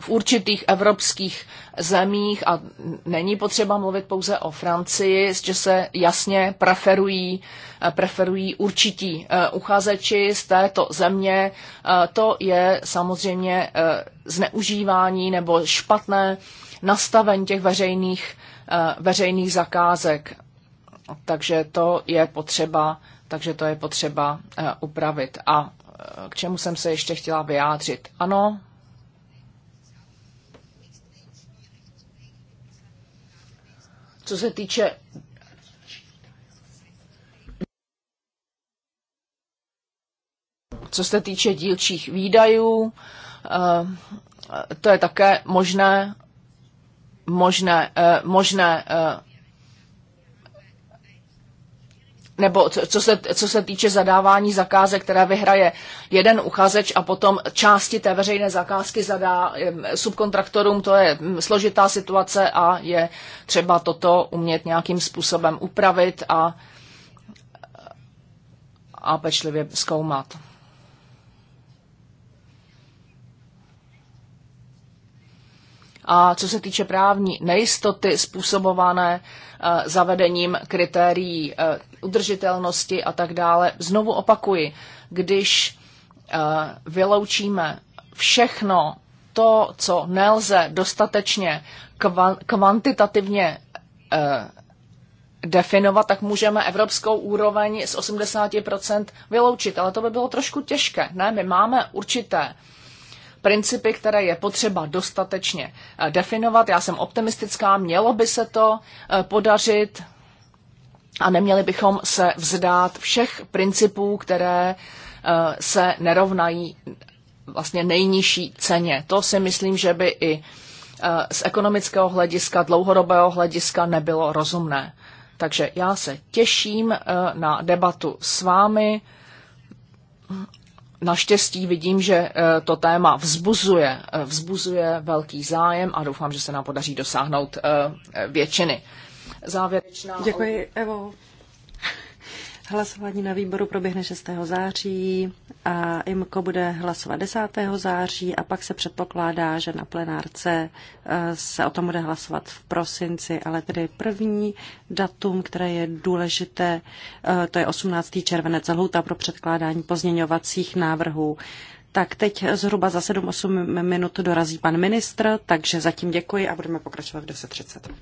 v určitých evropských zemích, a není potřeba mluvit pouze o Francii, že se jasně preferují, eh, preferují určití eh, uchazeči z této země. Eh, to je samozřejmě zneužívání nebo špatné nastavení těch veřejných, veřejných zakázek. Takže to je potřeba, takže to je potřeba upravit. A k čemu jsem se ještě chtěla vyjádřit. Ano, co se týče co se týče dílčích výdajů, eh, to je také možné, možné, eh, možné eh, nebo co se, co se týče zadávání zakázek, které vyhraje jeden uchazeč a potom části té veřejné zakázky zadá subkontraktorům, to je mm, složitá situace a je třeba toto umět nějakým způsobem upravit a, a pečlivě zkoumat. A co se týče právní nejistoty způsobované eh, zavedením kritérií eh, udržitelnosti a tak dále. Znovu opakuji, když eh, vyloučíme všechno to, co nelze dostatečně kvantitativně eh, definovat, tak můžeme evropskou úroveň z 80% vyloučit. Ale to by bylo trošku těžké. Ne, my máme určité principy, které je potřeba dostatečně eh, definovat. Já jsem optimistická, mělo by se to podařit a neměli bychom se vzdát všech principů, které eh, se nerovnají vlastně nejnižší ceně. To si myslím, že by i eh, z ekonomického hlediska, dlouhodobého hlediska nebylo rozumné. Takže já se těším eh, na debatu s vámi. Naštěstí vidím, že to téma vzbuzuje, vzbuzuje velký zájem a doufám, že se nám podaří dosáhnout většiny závěrečná... Děkuji, Evo. Hlasování na výboru proběhne 6. září a IMKO bude hlasovat 10. září a pak se předpokládá, že na plenárce eh, se o tom bude hlasovat v prosinci, ale tedy první datum, které je důležité, eh, to je 18. červenec, lhůta pro předkládání pozměňovacích návrhů. Tak teď zhruba za 7-8 minut dorazí pan ministr, takže zatím děkuji a budeme pokračovat v 10.30.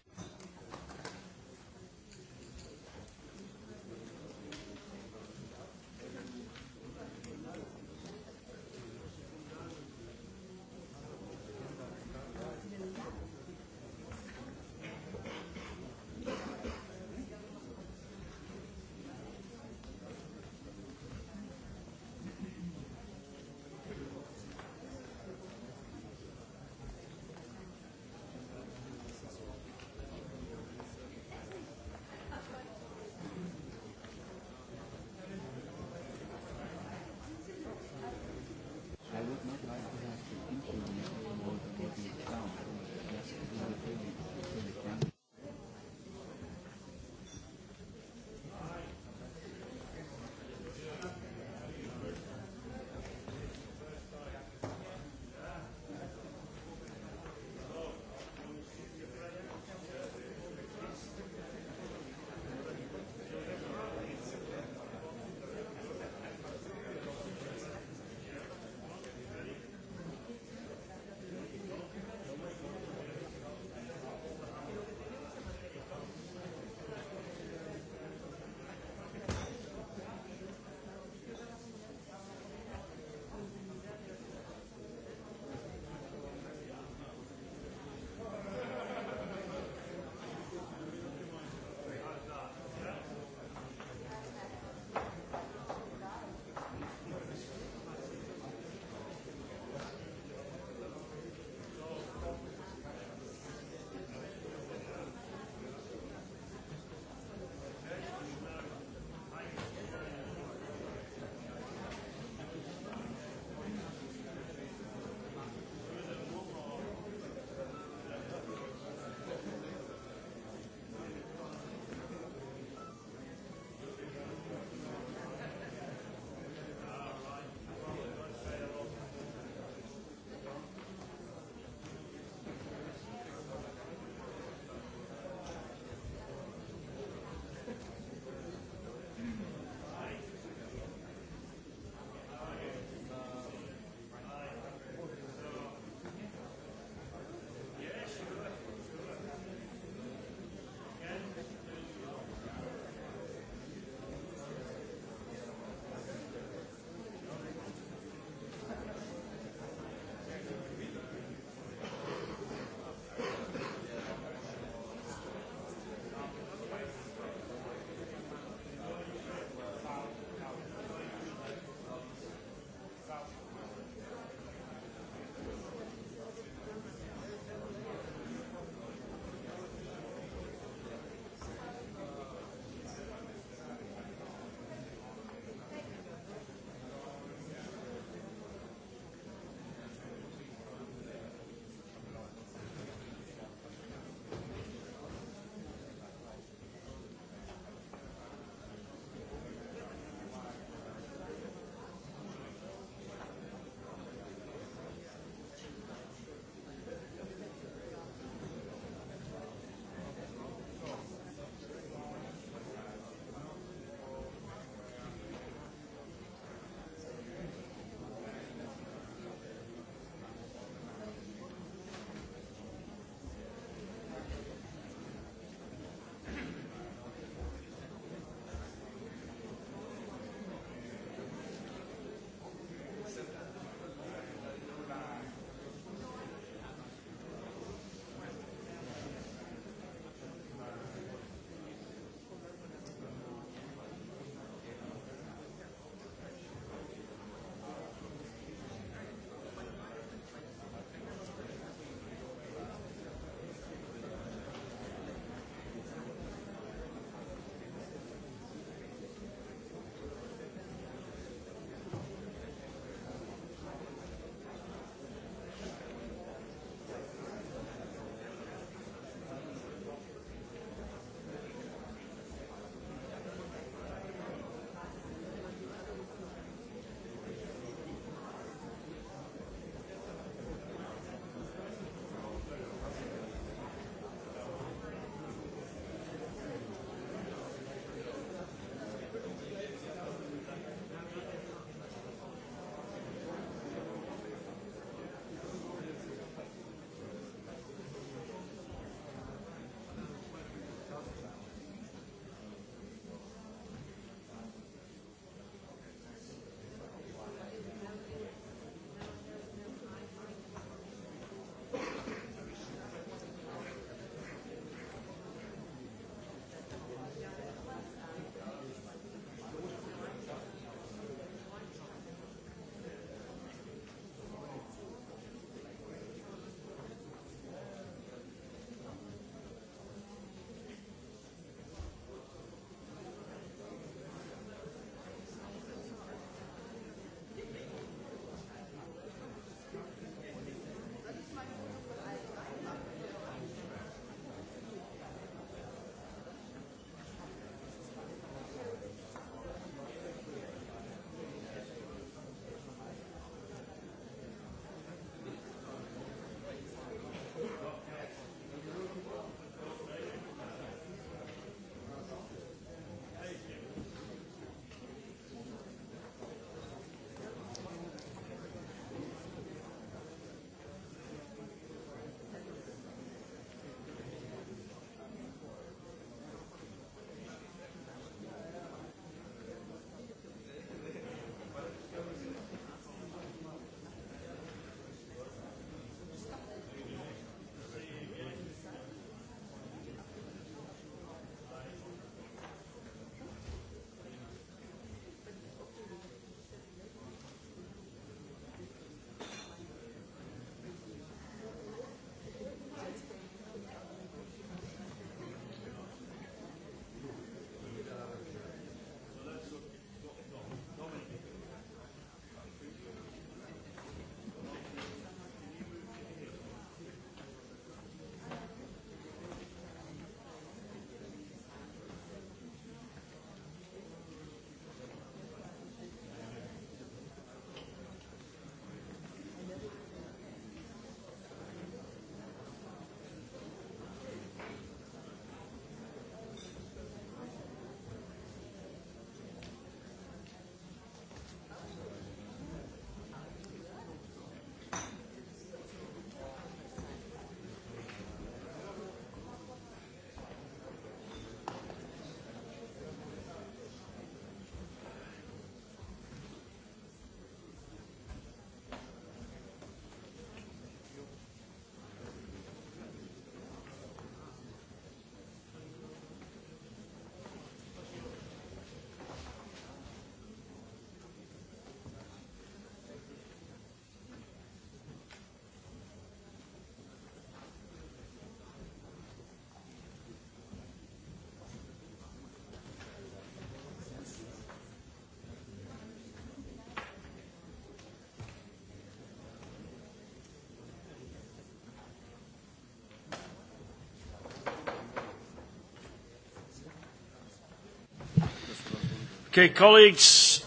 Okay, colleagues.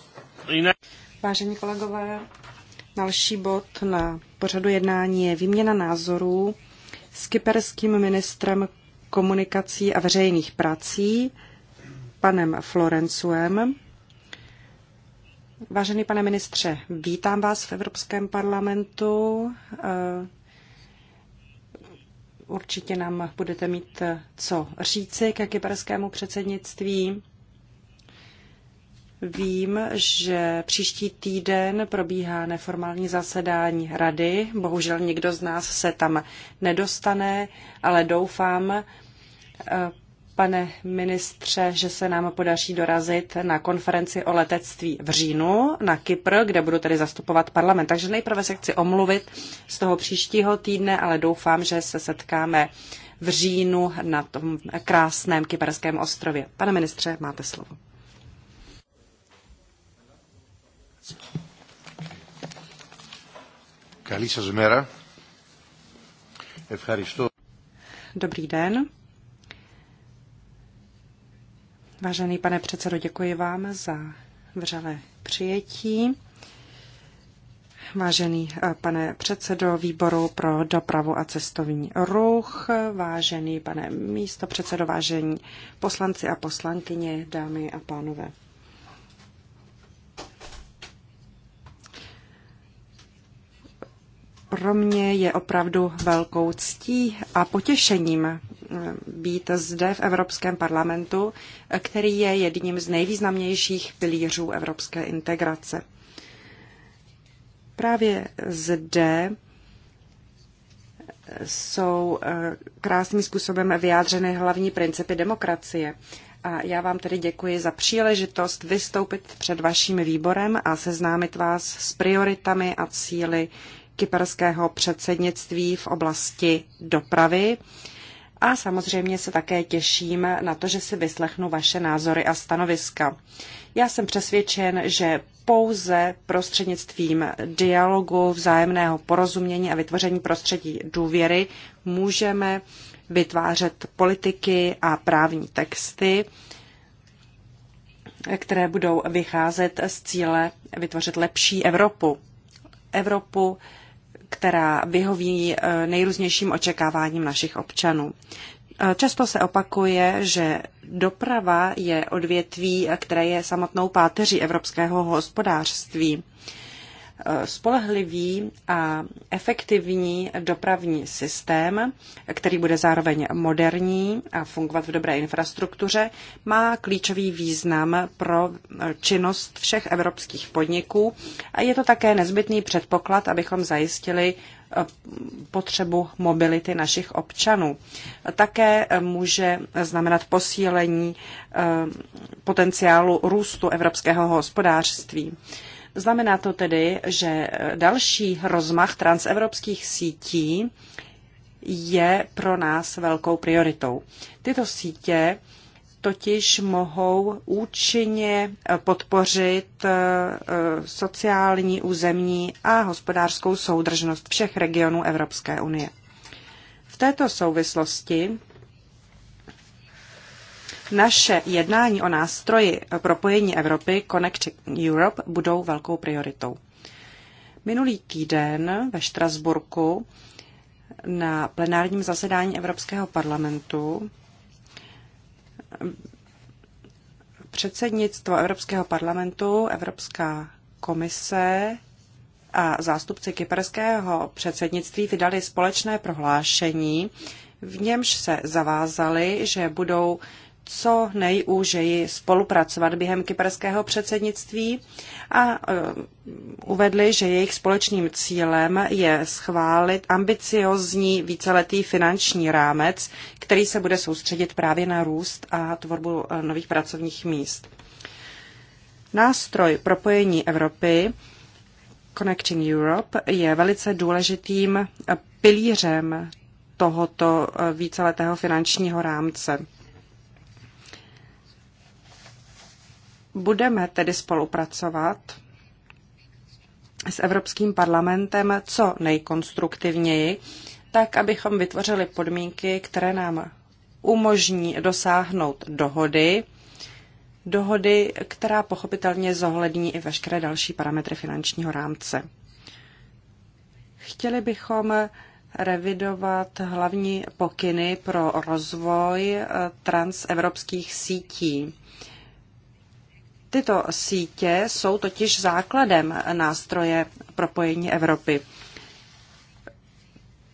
Vážení kolegové, další bod na pořadu jednání je výměna názorů s kyperským ministrem komunikací a veřejných prací, panem Florencuem. Vážený pane ministře, vítám vás v Evropském parlamentu. Určitě nám budete mít co říci ke kyperskému předsednictví. Vím, že příští týden probíhá neformální zasedání rady. Bohužel nikdo z nás se tam nedostane, ale doufám, eh, pane ministře, že se nám podaří dorazit na konferenci o letectví v říjnu na Kypr, kde budu tedy zastupovat parlament. Takže nejprve se chci omluvit z toho příštího týdne, ale doufám, že se setkáme v říjnu na tom krásném kyperském ostrově. Pane ministře, máte slovo. Καλή σας μέρα. Ευχαριστώ. Dobrý den. Vážený pane předsedo, děkuji vám za vřelé přijetí. Vážený eh, pane předsedo výboru pro dopravu a cestovní ruch, vážený pane místo předsedo, vážení poslanci a poslankyně, dámy a pánové. Pro mě je opravdu velkou ctí a potěšením eh, být zde v Evropském parlamentu, eh, který je jedním z nejvýznamnějších pilířů evropské integrace. Právě zde eh, jsou krásným způsobem vyjádřeny hlavní principy demokracie. A já vám tedy děkuji za příležitost vystoupit před vaším výborem a seznámit vás s prioritami a cíly kyperského předsednictví v oblasti dopravy. A samozřejmě se také těším na to, že si vyslechnu vaše názory a stanoviska. Já jsem přesvědčen, že pouze prostřednictvím dialogu, vzájemného porozumění a vytvoření prostředí důvěry můžeme vytvářet politiky a právní texty, které budou vycházet z cíle vytvořit lepší Evropu. Evropu, která vyhoví eh, nejrůznějším očekáváním našich občanů. Eh, často se opakuje, že doprava je odvětví, eh, které je samotnou páteří evropského hospodářství spolehlivý a efektivní dopravní systém, který bude zároveň moderní a fungovat v dobré infrastruktuře, má klíčový význam pro činnost všech evropských podniků a je to také nezbytný předpoklad, abychom zajistili eh, potřebu mobility našich občanů. Také eh, může znamenat posílení eh, potenciálu růstu evropského hospodářství. Znamená to tedy, že další rozmach transevropských sítí je pro nás velkou prioritou. Tyto sítě totiž mohou účinně podpořit eh, sociální, územní a hospodářskou soudržnost všech regionů Evropské unie. V této souvislosti naše jednání o nástroji propojení Evropy Connect Europe budou velkou prioritou. Minulý týden ve Štrasburku na plenárním zasedání Evropského parlamentu předsednictvo Evropského parlamentu, Evropská komise a zástupci kyperského předsednictví vydali společné prohlášení, v němž se zavázali, že budou co nejúžeji spolupracovat během kyperského předsednictví a e, uvedli, že jejich společným cílem je schválit ambiciozní víceletý finanční rámec, který se bude soustředit právě na růst a tvorbu e, nových pracovních míst. Nástroj propojení Evropy Connecting Europe je velice důležitým pilířem tohoto e, víceletého finančního rámce. Budeme tedy spolupracovat s Evropským parlamentem co nejkonstruktivněji, tak abychom vytvořili podmínky, které nám umožní dosáhnout dohody, dohody, která pochopitelně zohlední i veškeré další parametry finančního rámce. Chtěli bychom revidovat hlavní pokyny pro rozvoj eh, transevropských sítí. Tyto sítě jsou totiž základem nástroje propojení Evropy.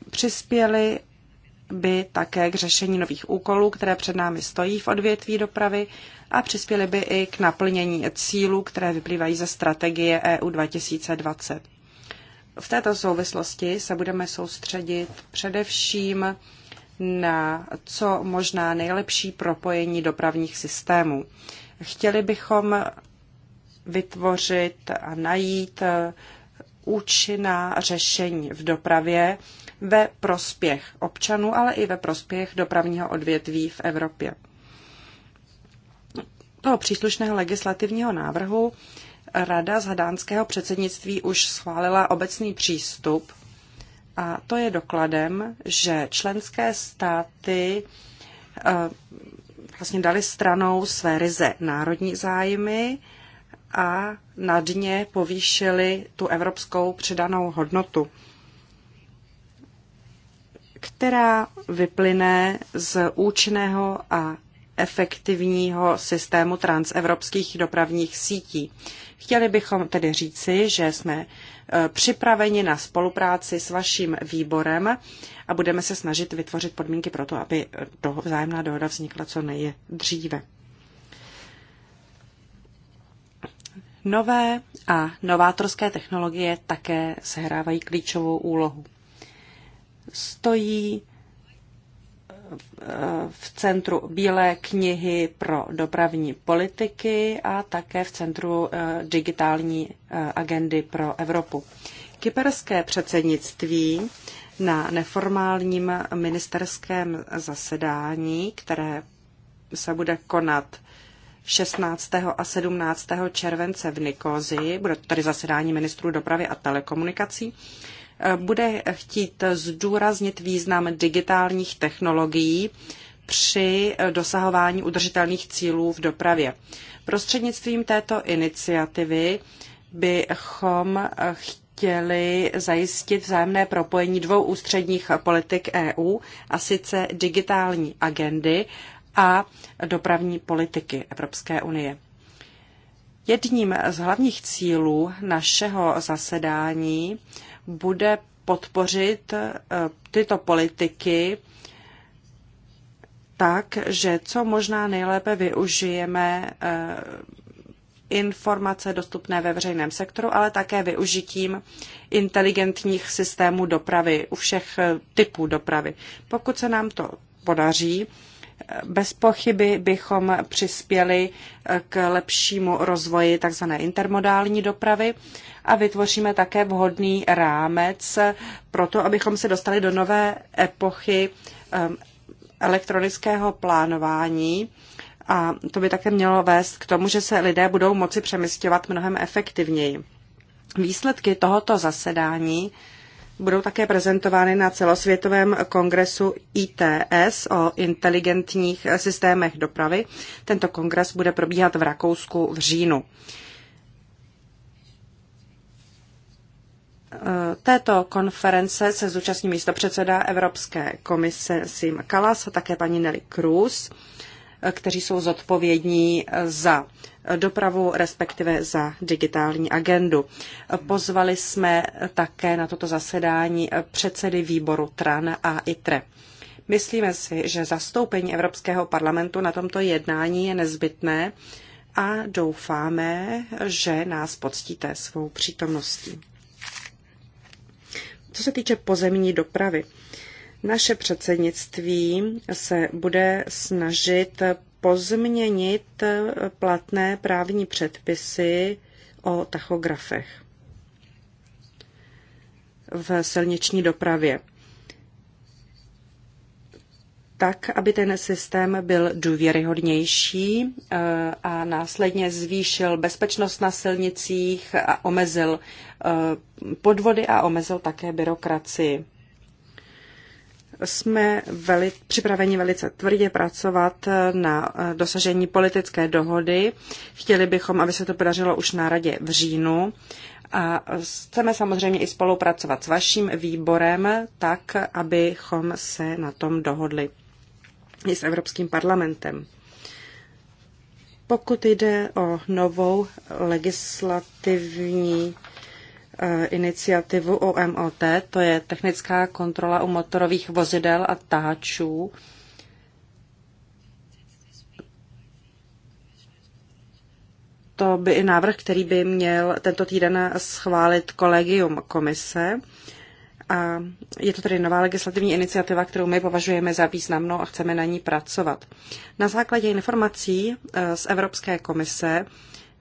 Přispěly by také k řešení nových úkolů, které před námi stojí v odvětví dopravy a přispěly by i k naplnění cílů, které vyplývají ze strategie EU 2020. V této souvislosti se budeme soustředit především na co možná nejlepší propojení dopravních systémů. Chtěli bychom vytvořit a najít eh, účinná řešení v dopravě ve prospěch občanů, ale i ve prospěch dopravního odvětví v Evropě. Toho příslušného legislativního návrhu Rada z hadánského předsednictví už schválila obecný přístup a to je dokladem, že členské státy eh, vlastně dali stranou své ryze národní zájmy a na dně povýšili tu evropskou přidanou hodnotu, která vyplyne z účinného a efektivního systému transevropských dopravních sítí. Chtěli bychom tedy říci, že jsme Eh, připraveni na spolupráci s vaším výborem a budeme se snažit vytvořit podmínky pro to, aby toho vzájemná dohoda vznikla co nejdříve. Nové a novátorské technologie také sehrávají klíčovou úlohu. Stojí v centru Bílé knihy pro dopravní politiky a také v centru eh, digitální eh, agendy pro Evropu. Kyperské předsednictví na neformálním ministerském zasedání, které se bude konat 16. a 17. července v Nikozi, bude to tady zasedání ministrů dopravy a telekomunikací, bude chtít zdůraznit význam digitálních technologií při dosahování udržitelných cílů v dopravě. Prostřednictvím této iniciativy bychom chtěli zajistit vzájemné propojení dvou ústředních politik EU, a sice digitální agendy a dopravní politiky Evropské unie. Jedním z hlavních cílů našeho zasedání bude podpořit eh, tyto politiky tak, že co možná nejlépe využijeme eh, informace dostupné ve veřejném sektoru, ale také využitím inteligentních systémů dopravy u všech eh, typů dopravy. Pokud se nám to podaří, bez pochyby bychom přispěli eh, k lepšímu rozvoji tzv. intermodální dopravy a vytvoříme také vhodný rámec eh, pro to, abychom se dostali do nové epochy eh, elektronického plánování. A to by také mělo vést k tomu, že se lidé budou moci přemysťovat mnohem efektivněji. Výsledky tohoto zasedání budou také prezentovány na celosvětovém kongresu ITS o inteligentních systémech dopravy. Tento kongres bude probíhat v Rakousku v říjnu. E, této konference se zúčastní místopředseda Evropské komise Sim Kalas a také paní Nelly Cruz, e, kteří jsou zodpovědní za dopravu, respektive za digitální agendu. Pozvali jsme také na toto zasedání předsedy výboru TRAN a ITRE. Myslíme si, že zastoupení Evropského parlamentu na tomto jednání je nezbytné a doufáme, že nás poctíte svou přítomností. Co se týče pozemní dopravy, naše předsednictví se bude snažit pozměnit eh, platné právní předpisy o tachografech v silniční dopravě tak, aby ten systém byl důvěryhodnější eh, a následně zvýšil bezpečnost na silnicích a omezil eh, podvody a omezil také byrokracii jsme veli, připraveni velice tvrdě pracovat eh, na eh, dosažení politické dohody. Chtěli bychom, aby se to podařilo už na radě v říjnu. A chceme samozřejmě i spolupracovat s vaším výborem, tak, abychom se na tom dohodli i s Evropským parlamentem. Pokud jde o novou legislativní E, iniciativu OMOT, to je technická kontrola u motorových vozidel a táčů. To by i návrh, který by měl tento týden schválit kolegium komise. A je to tedy nová legislativní iniciativa, kterou my považujeme za významnou a chceme na ní pracovat. Na základě informací e, z Evropské komise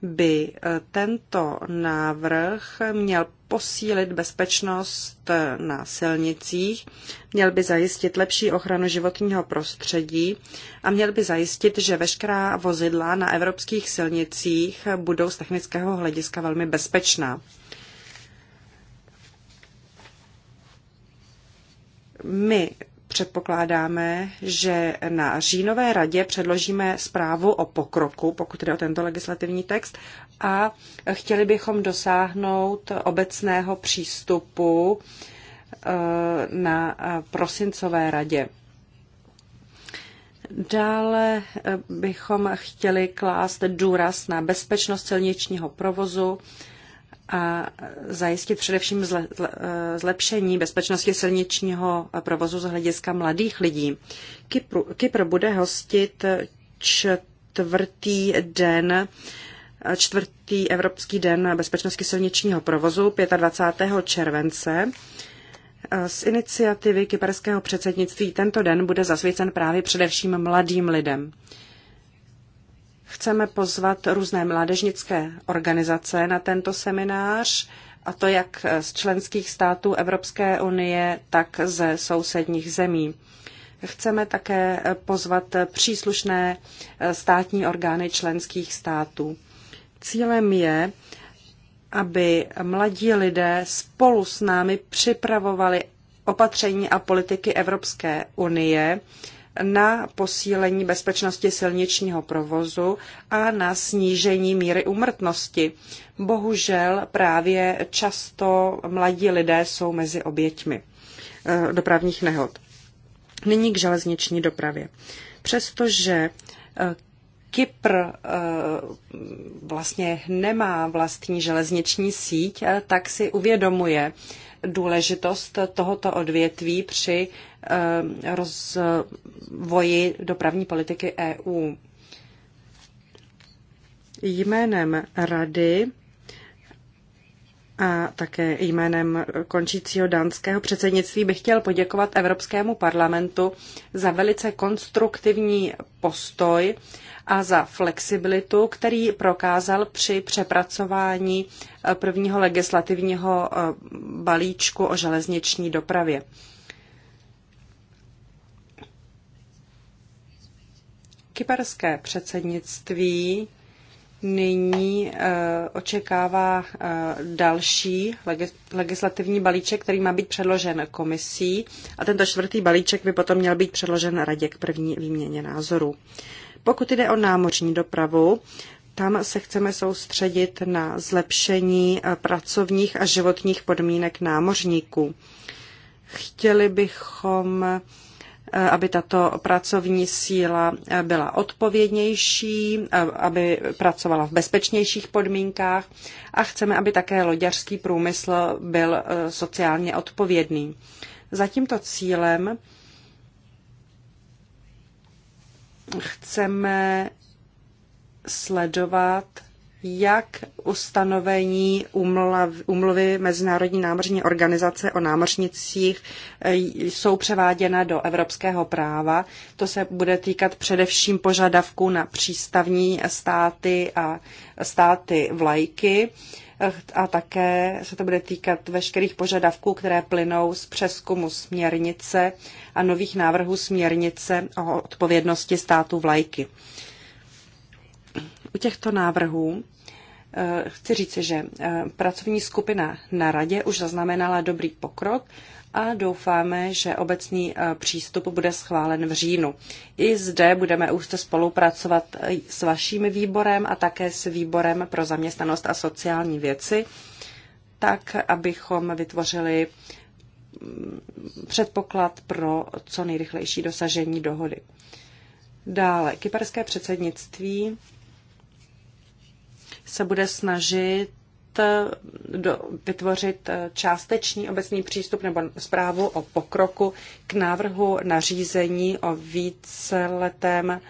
by eh, tento návrh měl posílit bezpečnost eh, na silnicích, měl by zajistit lepší ochranu životního prostředí a měl by zajistit, že veškerá vozidla na evropských silnicích budou z technického hlediska velmi bezpečná. My předpokládáme, že na říjnové radě předložíme zprávu o pokroku, pokud jde o tento legislativní text, a chtěli bychom dosáhnout obecného přístupu eh, na eh, prosincové radě. Dále eh, bychom chtěli klást důraz na bezpečnost silničního provozu, a zajistit především eh, zlepšení bezpečnosti silničního provozu z hlediska mladých lidí. Kypr, Kypr bude hostit čtvrtý den čtvrtý Evropský den bezpečnosti silničního provozu 25. července. Eh, z iniciativy kyperského předsednictví tento den bude zasvěcen právě především mladým lidem. Chceme pozvat různé mládežnické organizace na tento seminář, a to jak z členských států Evropské unie, tak ze sousedních zemí. Chceme také pozvat příslušné státní orgány členských států. Cílem je, aby mladí lidé spolu s námi připravovali opatření a politiky Evropské unie, na posílení bezpečnosti silničního provozu a na snížení míry umrtnosti. Bohužel právě často mladí lidé jsou mezi oběťmi eh, dopravních nehod. Nyní k železniční dopravě. Přestože eh, Kypr eh, vlastně nemá vlastní železniční síť, tak si uvědomuje, důležitost tohoto odvětví při eh, rozvoji dopravní politiky EU. Jménem Rady a také jménem končícího dánského předsednictví bych chtěl poděkovat Evropskému parlamentu za velice konstruktivní postoj a za flexibilitu, který prokázal při přepracování prvního legislativního eh, balíčku o železniční dopravě. Kyperské předsednictví nyní eh, očekává eh, další legislativní balíček, který má být předložen komisí a tento čtvrtý balíček by potom měl být předložen radě k první výměně názorů. Pokud jde o námořní dopravu, tam se chceme soustředit na zlepšení eh, pracovních a životních podmínek námořníků. Chtěli bychom aby tato pracovní síla byla odpovědnější, aby pracovala v bezpečnějších podmínkách a chceme, aby také loďařský průmysl byl e, sociálně odpovědný. Za tímto cílem chceme sledovat jak ustanovení umluvy Mezinárodní námořní organizace o námořnicích eh, jsou převáděna do evropského práva. To se bude týkat především požadavků na přístavní státy a státy vlajky eh, a také se to bude týkat veškerých požadavků, které plynou z přeskumu směrnice a nových návrhů směrnice o odpovědnosti státu vlajky. U těchto návrhů Eh, chci říci, že eh, pracovní skupina na radě už zaznamenala dobrý pokrok a doufáme, že obecný eh, přístup bude schválen v říjnu. I zde budeme úzce spolupracovat s vaším výborem a také s výborem pro zaměstnanost a sociální věci, tak abychom vytvořili mm, předpoklad pro co nejrychlejší dosažení dohody. Dále, kyperské předsednictví se bude snažit eh, do, vytvořit eh, částečný obecný přístup nebo zprávu o pokroku k návrhu nařízení o víceletém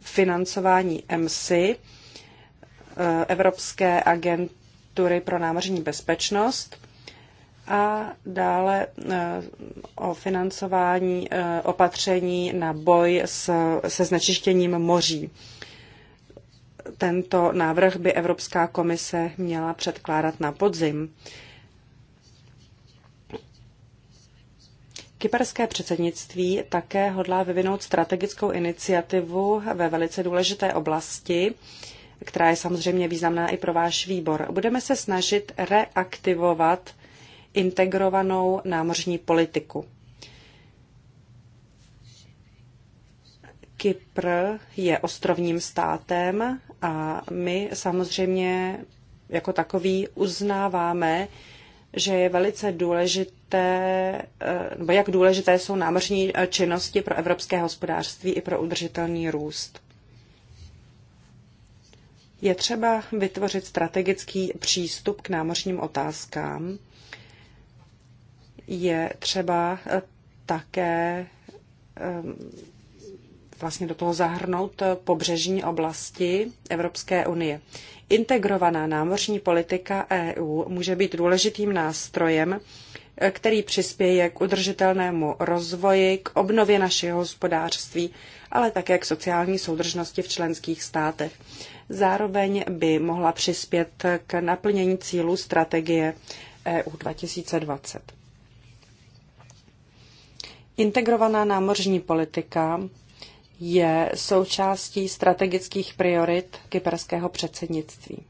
financování EMSI, eh, Evropské agentury pro námořní bezpečnost a dále o financování opatření na boj s, se znečištěním moří tento návrh by Evropská komise měla předkládat na podzim. Kyperské předsednictví také hodlá vyvinout strategickou iniciativu ve velice důležité oblasti, která je samozřejmě významná i pro váš výbor. Budeme se snažit reaktivovat integrovanou námořní politiku. Kypr je ostrovním státem a my samozřejmě jako takový uznáváme, že je velice důležité, eh, nebo jak důležité jsou námořní eh, činnosti pro evropské hospodářství i pro udržitelný růst. Je třeba vytvořit strategický přístup k námořním otázkám. Je třeba eh, také vlastně do toho zahrnout pobřežní oblasti Evropské unie. Integrovaná námořní politika EU může být důležitým nástrojem, který přispěje k udržitelnému rozvoji, k obnově našeho hospodářství, ale také k sociální soudržnosti v členských státech. Zároveň by mohla přispět k naplnění cílů strategie EU 2020. Integrovaná námořní politika je součástí strategických priorit kyperského předsednictví.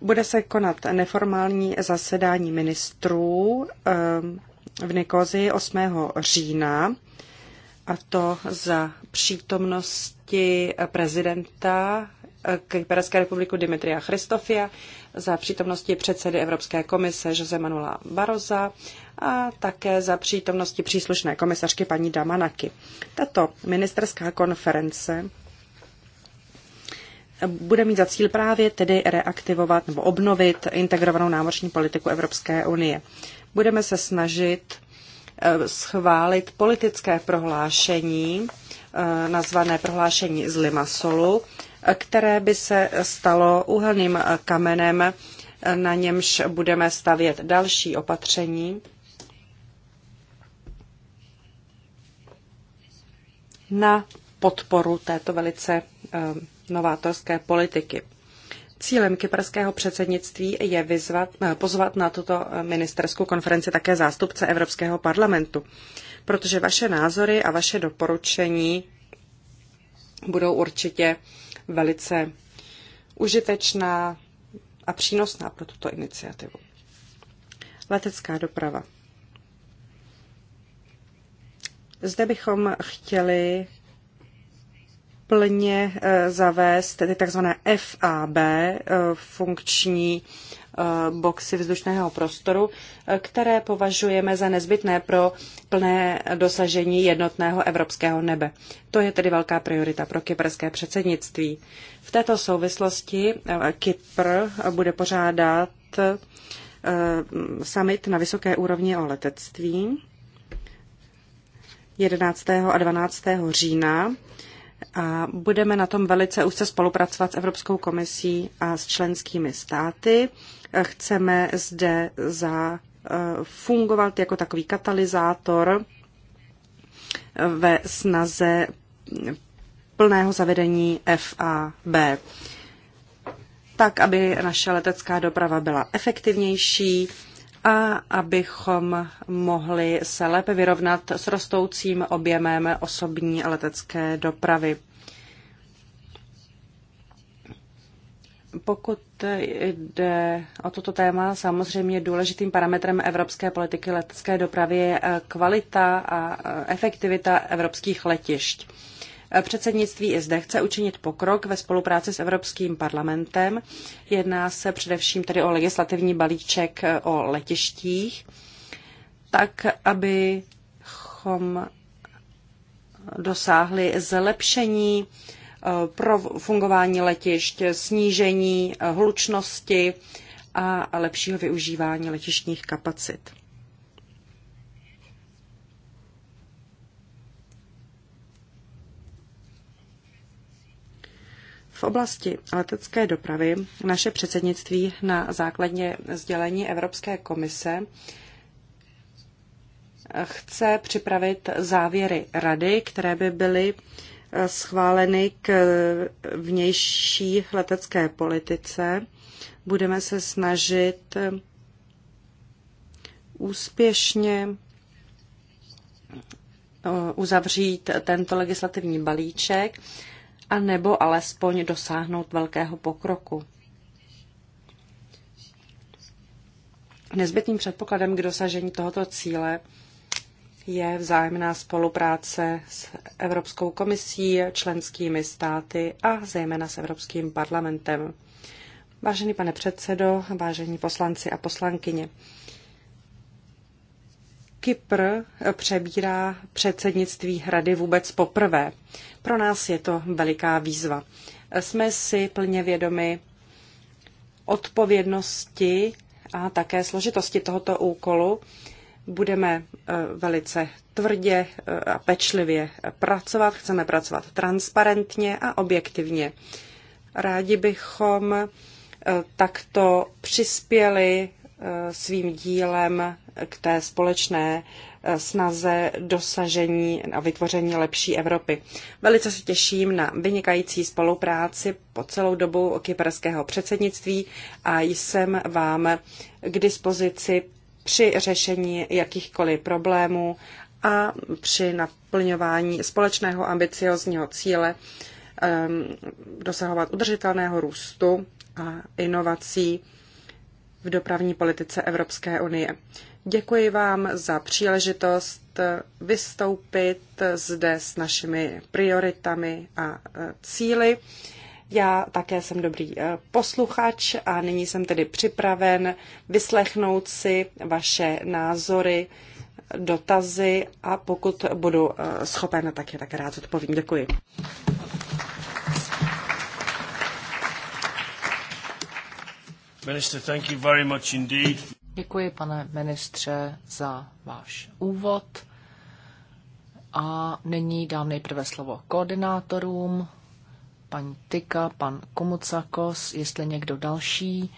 Bude se konat neformální zasedání ministrů ehm, v Nikozi 8. října, a to za přítomnosti prezidenta eh, Kyperské republiky Dimitria Christofia, za přítomnosti předsedy Evropské komise Jose Manuela Baroza a také za přítomnosti příslušné komisařky paní Damanaky. Tato ministerská konference bude mít za cíl právě tedy reaktivovat nebo obnovit integrovanou námořní politiku Evropské unie. Budeme se snažit eh, schválit politické prohlášení, eh, nazvané prohlášení z Limasolu, eh, které by se stalo úhelným kamenem, na němž budeme stavět další opatření na podporu této velice eh, novátorské politiky. Cílem kyperského předsednictví je vyzvat, eh, pozvat na tuto eh, ministerskou konferenci také zástupce Evropského parlamentu, protože vaše názory a vaše doporučení budou určitě velice užitečná a přínosná pro tuto iniciativu. Letecká doprava. Zde bychom chtěli plně eh, zavést tedy takzvané FAB, eh, funkční eh, boxy vzdušného prostoru, které považujeme za nezbytné pro plné dosažení jednotného evropského nebe. To je tedy velká priorita pro kyperské předsednictví. V této souvislosti Kypr bude pořádat summit na vysoké úrovni o letectví 11. a 12. října a budeme na tom velice úzce spolupracovat s Evropskou komisí a s členskými státy. Chceme zde za eh, fungovat jako takový katalyzátor eh, ve snaze plného zavedení FAB, tak aby naše letecká doprava byla efektivnější, a abychom mohli se lépe vyrovnat s rostoucím objemem osobní letecké dopravy. Pokud jde o toto téma, samozřejmě důležitým parametrem evropské politiky letecké dopravy je kvalita a efektivita evropských letišť. Předsednictví i zde chce učinit pokrok ve spolupráci s Evropským parlamentem. Jedná se především tedy o legislativní balíček eh, o letištích, tak abychom eh, dosáhli zlepšení eh, pro fungování letišť, snížení hlučnosti a lepšího využívání letištních kapacit. V oblasti letecké dopravy naše předsednictví na základě sdělení Evropské komise chce připravit závěry rady, které by byly eh, schváleny k eh, vnější letecké politice. Budeme se snažit eh, úspěšně uzavřít tento legislativní balíček a nebo alespoň dosáhnout velkého pokroku. Nezbytným předpokladem k dosažení tohoto cíle je vzájemná spolupráce s Evropskou komisí, členskými státy a zejména s Evropským parlamentem. Vážený pane předsedo, vážení poslanci a poslankyně, Kypr přebírá předsednictví hrady vůbec poprvé. Pro nás je to veliká výzva. Jsme si plně vědomi odpovědnosti a také složitosti tohoto úkolu. Budeme eh, velice tvrdě eh, a pečlivě pracovat. Chceme pracovat transparentně a objektivně. Rádi bychom eh, takto přispěli Eh, svým dílem k té společné eh, snaze dosažení a vytvoření lepší Evropy. Velice se těším na vynikající spolupráci po celou dobu kyperského předsednictví a jsem vám k dispozici při řešení jakýchkoliv problémů a při naplňování společného ambiciozního cíle ehm, dosahovat udržitelného růstu a inovací v dopravní politice Evropské unie. Děkuji vám za příležitost vystoupit zde s našimi prioritami a e, cíly. Já také jsem dobrý e, posluchač a nyní jsem tedy připraven vyslechnout si vaše názory, dotazy a pokud budu e, schopen, tak je také rád odpovím. Děkuji. Minister, thank you very much indeed. Děkuji, pane ministře, za váš úvod. A nyní dám nejprve slovo koordinátorům, paní Tyka, pan Komucakos, jestli někdo další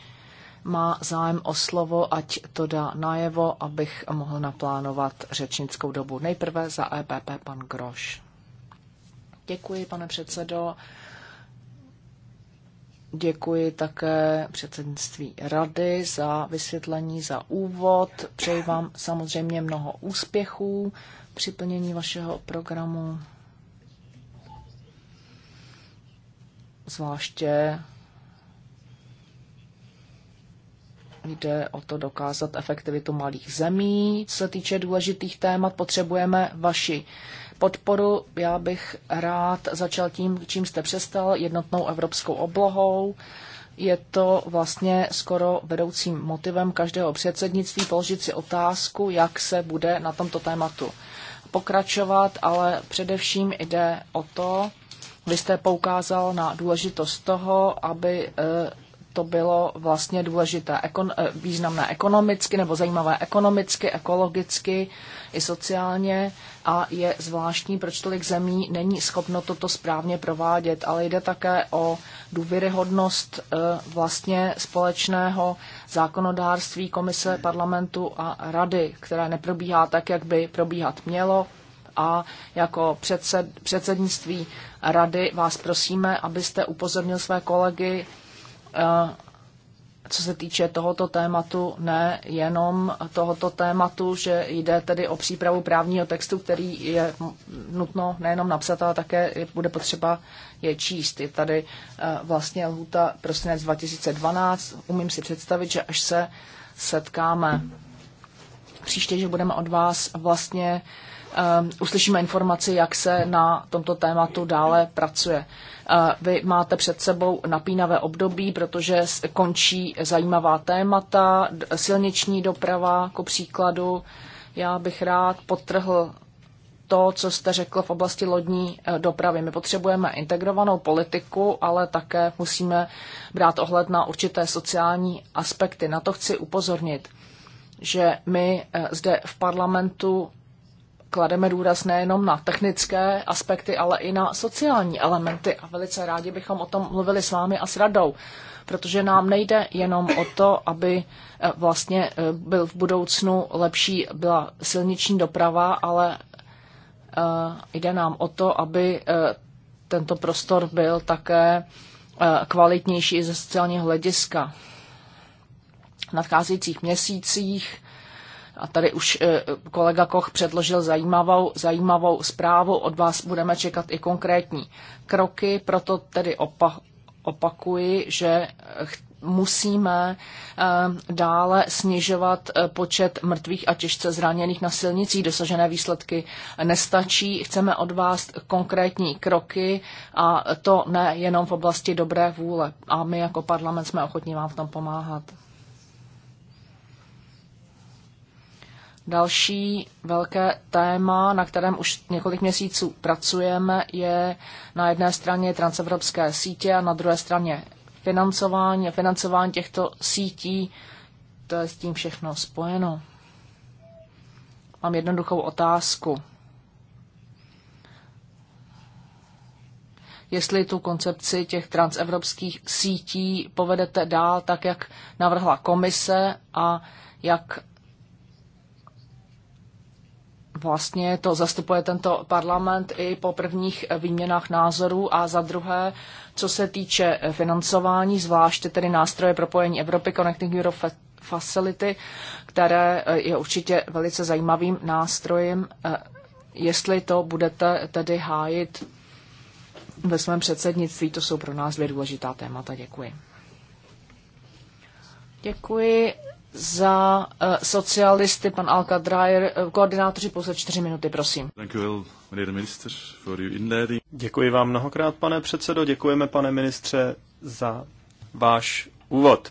má zájem o slovo, ať to dá najevo, abych mohl naplánovat řečnickou dobu. Nejprve za EPP pan Groš. Děkuji, pane předsedo. Děkuji také předsednictví rady za vysvětlení, za úvod. Přeji vám samozřejmě mnoho úspěchů při plnění vašeho programu. Zvláště jde o to dokázat efektivitu malých zemí. Co se týče důležitých témat, potřebujeme vaši podporu. Já bych rád začal tím, čím jste přestal, jednotnou evropskou oblohou. Je to vlastně skoro vedoucím motivem každého předsednictví položit si otázku, jak se bude na tomto tématu pokračovat, ale především jde o to, vy jste poukázal na důležitost toho, aby eh, to bylo vlastně důležité, ekon, eh, významné ekonomicky nebo zajímavé ekonomicky, ekologicky i sociálně a je zvláštní, proč tolik zemí není schopno toto správně provádět, ale jde také o důvěryhodnost eh, vlastně společného zákonodárství komise parlamentu a rady, které neprobíhá tak, jak by probíhat mělo a jako předsed, předsednictví rady vás prosíme, abyste upozornil své kolegy Eh, co se týče tohoto tématu, ne jenom tohoto tématu, že jde tedy o přípravu právního textu, který je nutno nejenom napsat, ale také bude potřeba je číst. Je tady eh, vlastně lhuta prosinec 2012. Umím si představit, že až se setkáme příště, že budeme od vás vlastně uh, Ehm, uslyšíme informaci, jak se na tomto tématu dále pracuje. Ehm, vy máte před sebou napínavé období, protože končí zajímavá témata, silniční doprava, jako příkladu. Já bych rád potrhl to, co jste řekl v oblasti lodní eh, dopravy. My potřebujeme integrovanou politiku, ale také musíme brát ohled na určité sociální aspekty. Na to chci upozornit, že my eh, zde v parlamentu klademe důraz nejenom na technické aspekty, ale i na sociální elementy a velice rádi bychom o tom mluvili s vámi a s radou, protože nám nejde jenom o to, aby eh, vlastně eh, byl v budoucnu lepší, byla silniční doprava, ale eh, jde nám o to, aby tento prostor byl také kvalitnější i ze sociálního hlediska. V nadcházejících měsících a tady už eh, kolega Koch předložil zajímavou, zajímavou zprávu. Od vás budeme čekat i konkrétní kroky, proto tedy opa- opakuji, že eh, musíme eh, dále snižovat počet mrtvých a těžce zraněných na silnicích. Dosažené výsledky nestačí. Chceme od vás konkrétní kroky a to ne jenom v oblasti dobré vůle. A my jako parlament jsme ochotní vám v tom pomáhat. Další velké téma, na kterém už několik měsíců pracujeme, je na jedné straně transevropské sítě a na druhé straně financování a financování těchto sítí. To je s tím všechno spojeno. Mám jednoduchou otázku. Jestli tu koncepci těch transevropských sítí povedete dál tak, jak navrhla komise a jak vlastně to zastupuje tento parlament i po prvních výměnách názorů a za druhé, co se týče financování, zvláště tedy nástroje propojení Evropy Connecting Europe Facility, které eh, je určitě velice zajímavým nástrojem, eh, jestli to budete tedy hájit ve svém předsednictví, to jsou pro nás dvě důležitá témata. Děkuji. Děkuji za eh, socialisty, pan Alka Dreyer, eh, koordinátoři pouze čtyři minuty, prosím. Děkuji vám mnohokrát, pane předsedo, děkujeme, pane ministře, za váš úvod.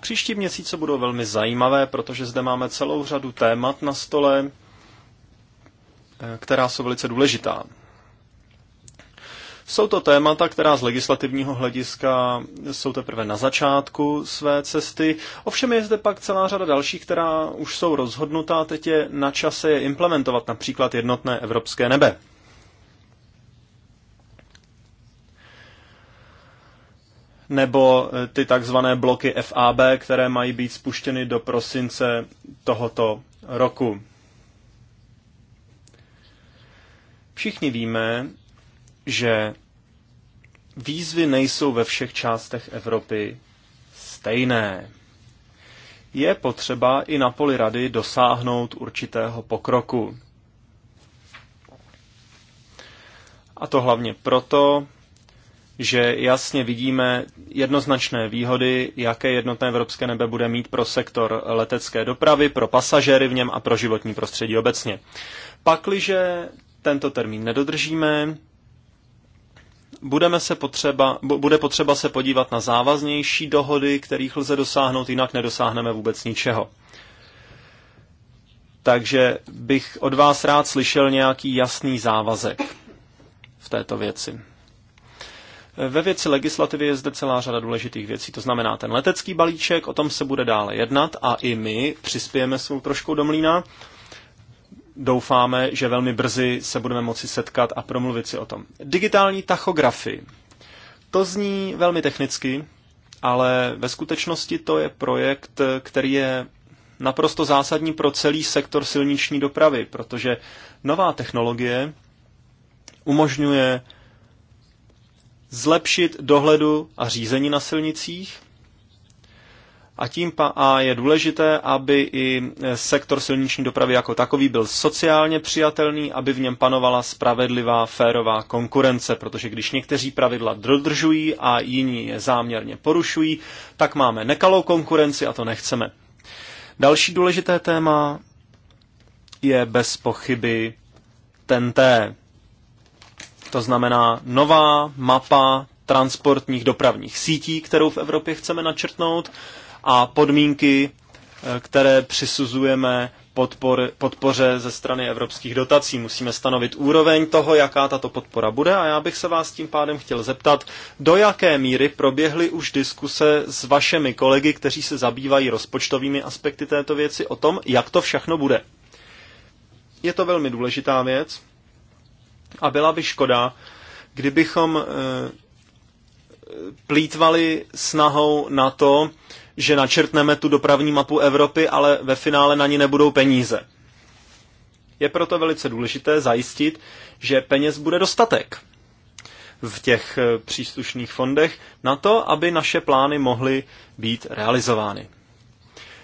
Příští měsíce budou velmi zajímavé, protože zde máme celou řadu témat na stole, eh, která jsou velice důležitá. Jsou to témata, která z legislativního hlediska jsou teprve na začátku své cesty. Ovšem je zde pak celá řada dalších, která už jsou rozhodnutá, teď je na čase je implementovat, například jednotné evropské nebe. nebo eh, ty takzvané bloky FAB, které mají být spuštěny do prosince tohoto roku. Všichni víme, že výzvy nejsou ve všech částech Evropy stejné. Je potřeba i na poli rady dosáhnout určitého pokroku. A to hlavně proto, že jasně vidíme jednoznačné výhody, jaké jednotné evropské nebe bude mít pro sektor letecké dopravy, pro pasažéry v něm a pro životní prostředí obecně. Pakliže tento termín nedodržíme, budeme se potřeba, bude potřeba se podívat na závaznější dohody, kterých lze dosáhnout, jinak nedosáhneme vůbec ničeho. Takže bych od vás rád slyšel nějaký jasný závazek v této věci. Ve věci legislativy je zde celá řada důležitých věcí, to znamená ten letecký balíček, o tom se bude dále jednat a i my přispějeme svou troškou do mlína doufáme, že velmi brzy se budeme moci setkat a promluvit si o tom. Digitální tachografy. To zní velmi technicky, ale ve skutečnosti to je projekt, který je naprosto zásadní pro celý sektor silniční dopravy, protože nová technologie umožňuje zlepšit dohledu a řízení na silnicích a tím pa, a je důležité, aby i e, sektor silniční dopravy jako takový byl sociálně přijatelný, aby v něm panovala spravedlivá, férová konkurence, protože když někteří pravidla dodržují a jiní je záměrně porušují, tak máme nekalou konkurenci a to nechceme. Další důležité téma je bez pochyby TNT. To znamená nová mapa transportních dopravních sítí, kterou v Evropě chceme načrtnout a podmínky, eh, které přisuzujeme podpor, podpoře ze strany evropských dotací. Musíme stanovit úroveň toho, jaká tato podpora bude a já bych se vás tím pádem chtěl zeptat, do jaké míry proběhly už diskuse s vašemi kolegy, kteří se zabývají rozpočtovými aspekty této věci, o tom, jak to všechno bude. Je to velmi důležitá věc a byla by škoda, kdybychom eh, plítvali snahou na to, že načrtneme tu dopravní mapu Evropy, ale ve finále na ní nebudou peníze. Je proto velice důležité zajistit, že peněz bude dostatek v těch eh, příslušných fondech na to, aby naše plány mohly být realizovány.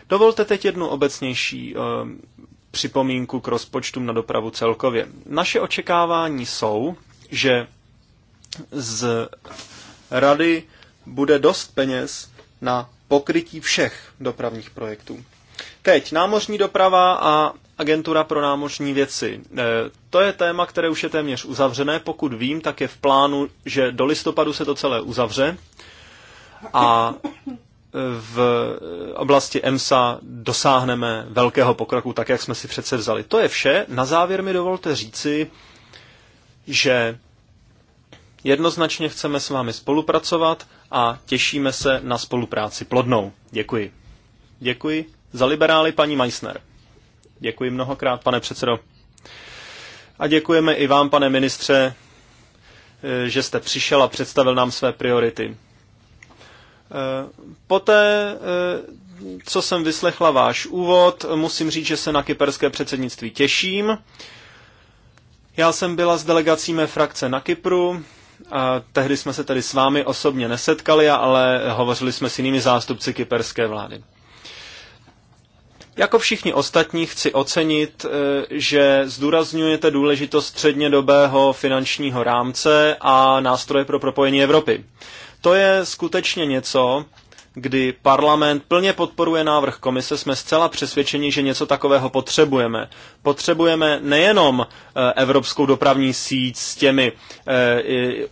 Dovolte teď jednu obecnější eh, připomínku k rozpočtům na dopravu celkově. Naše očekávání jsou, že z rady bude dost peněz na pokrytí všech dopravních projektů. Teď námořní doprava a agentura pro námořní věci. Eh, to je téma, které už je téměř uzavřené. Pokud vím, tak je v plánu, že do listopadu se to celé uzavře a eh, v oblasti EMSA dosáhneme velkého pokroku, tak jak jsme si přece vzali. To je vše. Na závěr mi dovolte říci, že jednoznačně chceme s vámi spolupracovat a těšíme se na spolupráci plodnou. Děkuji. Děkuji. Za liberály paní Meissner. Děkuji mnohokrát, pane předsedo. A děkujeme i vám, pane ministře, e, že jste přišel a představil nám své priority. E, poté, e, co jsem vyslechla váš úvod, musím říct, že se na kyperské předsednictví těším. Já jsem byla s delegací mé frakce na Kypru, a tehdy jsme se tedy s vámi osobně nesetkali, ale hovořili jsme s jinými zástupci kyperské vlády. Jako všichni ostatní chci ocenit, eh, že zdůrazňujete důležitost střednědobého finančního rámce a nástroje pro propojení Evropy. To je skutečně něco, kdy parlament plně podporuje návrh komise, jsme zcela přesvědčeni, že něco takového potřebujeme. Potřebujeme nejenom eh, evropskou dopravní síť s těmi eh,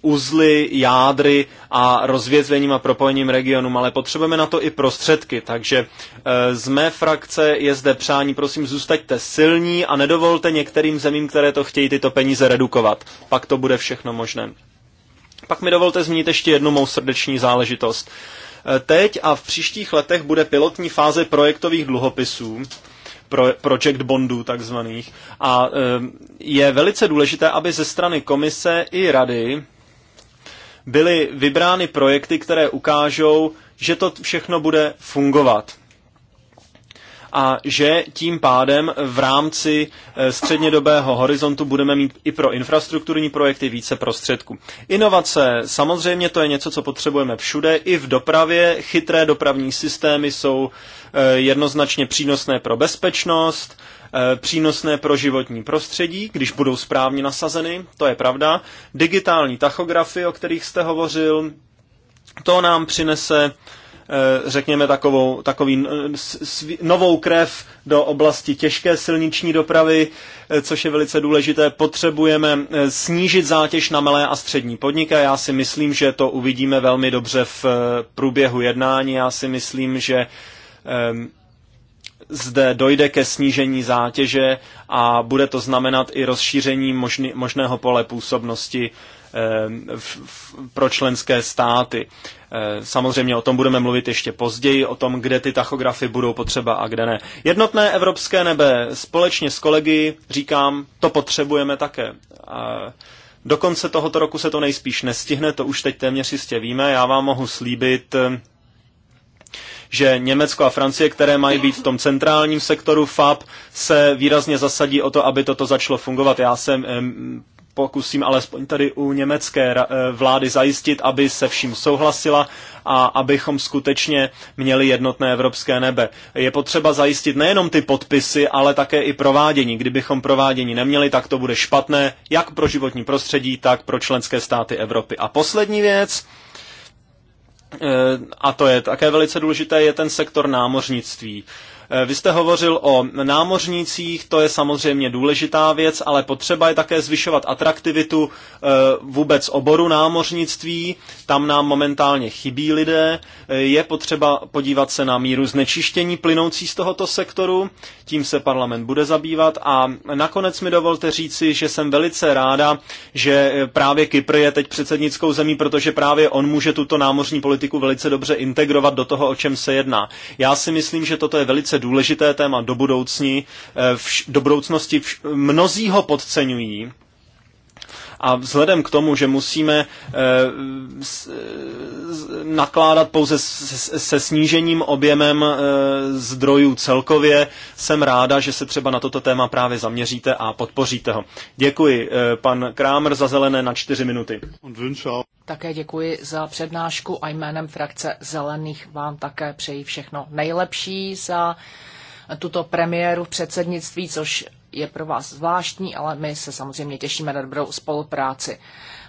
uzly, jádry a rozvězvením a propojením regionů, ale potřebujeme na to i prostředky. Takže eh, z mé frakce je zde přání, prosím, zůstaňte silní a nedovolte některým zemím, které to chtějí, tyto peníze redukovat. Pak to bude všechno možné. Pak mi dovolte zmínit ještě jednu mou srdeční záležitost. Teď a v příštích letech bude pilotní fáze projektových dluhopisů, pro, project bondů takzvaných. A eh, je velice důležité, aby ze strany komise i rady byly vybrány projekty, které ukážou, že to všechno bude fungovat a že tím pádem v rámci eh, střednědobého horizontu budeme mít i pro infrastrukturní projekty více prostředků. Inovace, samozřejmě to je něco, co potřebujeme všude, i v dopravě. Chytré dopravní systémy jsou eh, jednoznačně přínosné pro bezpečnost, eh, přínosné pro životní prostředí, když budou správně nasazeny, to je pravda. Digitální tachografy, o kterých jste hovořil, to nám přinese Eh, řekněme, takovou, takový eh, novou krev do oblasti těžké silniční dopravy, eh, což je velice důležité. Potřebujeme snížit zátěž na malé a střední podniky. Já si myslím, že to uvidíme velmi dobře v průběhu jednání. Já si myslím, že ehm, zde dojde ke snížení zátěže a bude to znamenat i rozšíření možný, možného pole působnosti Ehm, pro členské státy. Ehm, samozřejmě o tom budeme mluvit ještě později, o tom, kde ty tachografy budou potřeba a kde ne. Jednotné evropské nebe společně s kolegy, říkám, to potřebujeme také. Do konce tohoto roku se to nejspíš nestihne, to už teď téměř jistě víme. Já vám mohu slíbit, ehm, že Německo a Francie, které mají být v tom centrálním sektoru FAP, se výrazně zasadí o to, aby toto začalo fungovat. Já jsem pokusím alespoň tady u německé eh, vlády zajistit, aby se vším souhlasila a abychom skutečně měli jednotné evropské nebe. Je potřeba zajistit nejenom ty podpisy, ale také i provádění. Kdybychom provádění neměli, tak to bude špatné, jak pro životní prostředí, tak pro členské státy Evropy. A poslední věc, eh, a to je také velice důležité, je ten sektor námořnictví. Eh, vy jste hovořil o námořnících, to je samozřejmě důležitá věc, ale potřeba je také zvyšovat atraktivitu eh, vůbec oboru námořnictví. Tam nám momentálně chybí lidé. Eh, je potřeba podívat se na míru znečištění plynoucí z tohoto sektoru. Tím se parlament bude zabývat. A nakonec mi dovolte říci, že jsem velice ráda, že právě Kypr je teď předsednickou zemí, protože právě on může tuto námořní politiku velice dobře integrovat do toho, o čem se jedná. Já si myslím, že toto je velice důležité téma do, budoucní, eh, vš, do budoucnosti. Vš, mnozí ho podceňují a vzhledem k tomu, že musíme eh, eh, nakládat pouze se snížením objemem eh, zdrojů celkově, jsem ráda, že se třeba na toto téma právě zaměříte a podpoříte ho. Děkuji, pan Krámer za zelené na čtyři minuty. Také děkuji za přednášku a jménem frakce Zelených vám také přeji všechno nejlepší za tuto premiéru v předsednictví, což je pro vás zvláštní, ale my se samozřejmě těšíme na dobrou spolupráci.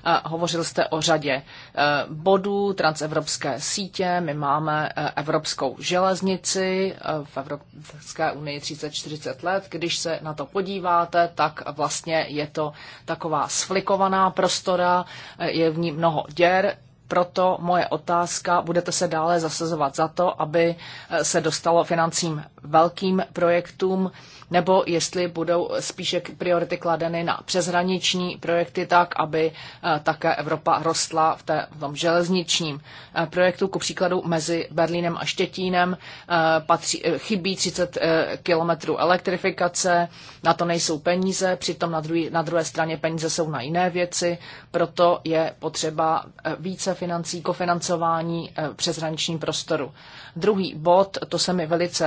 Eh, hovořil jste o řadě eh, bodů transevropské sítě. My máme eh, evropskou železnici v Evropské unii 30-40 let. Když se na to podíváte, tak vlastně je to taková sflikovaná prostora, je v ní mnoho děr, proto moje otázka, budete se dále zasazovat za to, aby eh, se dostalo financím velkým projektům, nebo jestli budou spíše priority kladeny na přeshraniční projekty tak, aby eh, také Evropa rostla v, té, v tom železničním eh, projektu. Ku příkladu mezi Berlínem a Štětínem patří, chybí 30 kilometrů elektrifikace, na to nejsou peníze, přitom na, druhý, na druhé straně peníze jsou na jiné věci, proto je potřeba více financí, kofinancování v eh, přeshraničním prostoru. Druhý bod, to se mi velice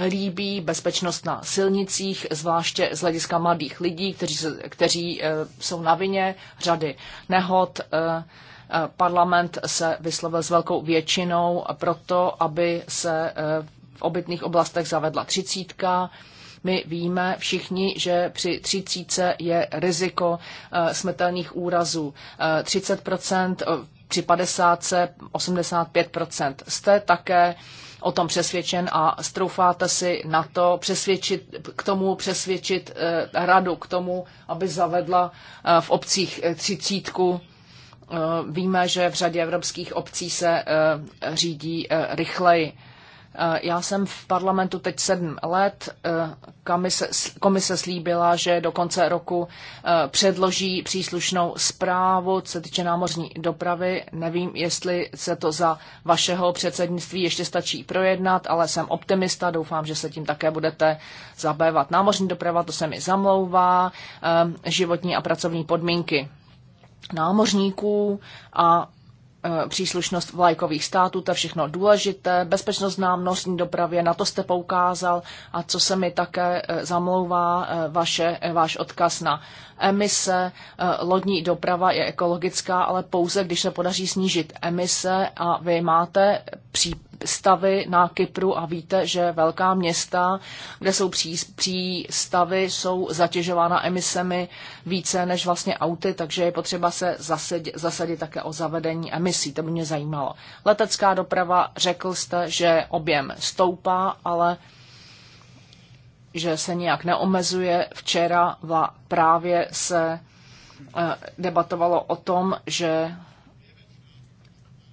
eh, líbí bezpečnost na silnicích, zvláště z hlediska mladých lidí, kteří, kteří eh, jsou na vině řady nehod. Parlament se vyslovil s velkou většinou proto, aby se v obytných oblastech zavedla třicítka. My víme všichni, že při třicíce je riziko smrtelných úrazů. 30 při 50, 85 Jste také o tom přesvědčen a stroufáte si na to přesvědčit, k tomu přesvědčit eh, radu, k tomu, aby zavedla eh, v obcích eh, třicítku. Víme, že v řadě evropských obcí se řídí rychleji Eh, já jsem v parlamentu teď sedm let. Eh, komise, komise slíbila, že do konce roku eh, předloží příslušnou zprávu, co se týče námořní dopravy. Nevím, jestli se to za vašeho předsednictví ještě stačí projednat, ale jsem optimista. Doufám, že se tím také budete zabývat. Námořní doprava, to se mi zamlouvá, životní a pracovní podmínky námořníků a Eh, příslušnost vlajkových států, to je všechno důležité, bezpečnost námnostní dopravě, na to jste poukázal a co se mi také eh, zamlouvá eh, vaše, váš odkaz na emise. Eh, lodní doprava je ekologická, ale pouze když se podaří snížit emise a vy máte přístavy na Kypru a víte, že velká města, kde jsou přístavy, jsou zatěžována emisemi více než vlastně auty, takže je potřeba se zasadit, zasadit také o zavedení emisí. To by mě zajímalo. Letecká doprava, řekl jste, že objem stoupá, ale že se nijak neomezuje. Včera právě se eh, debatovalo o tom, že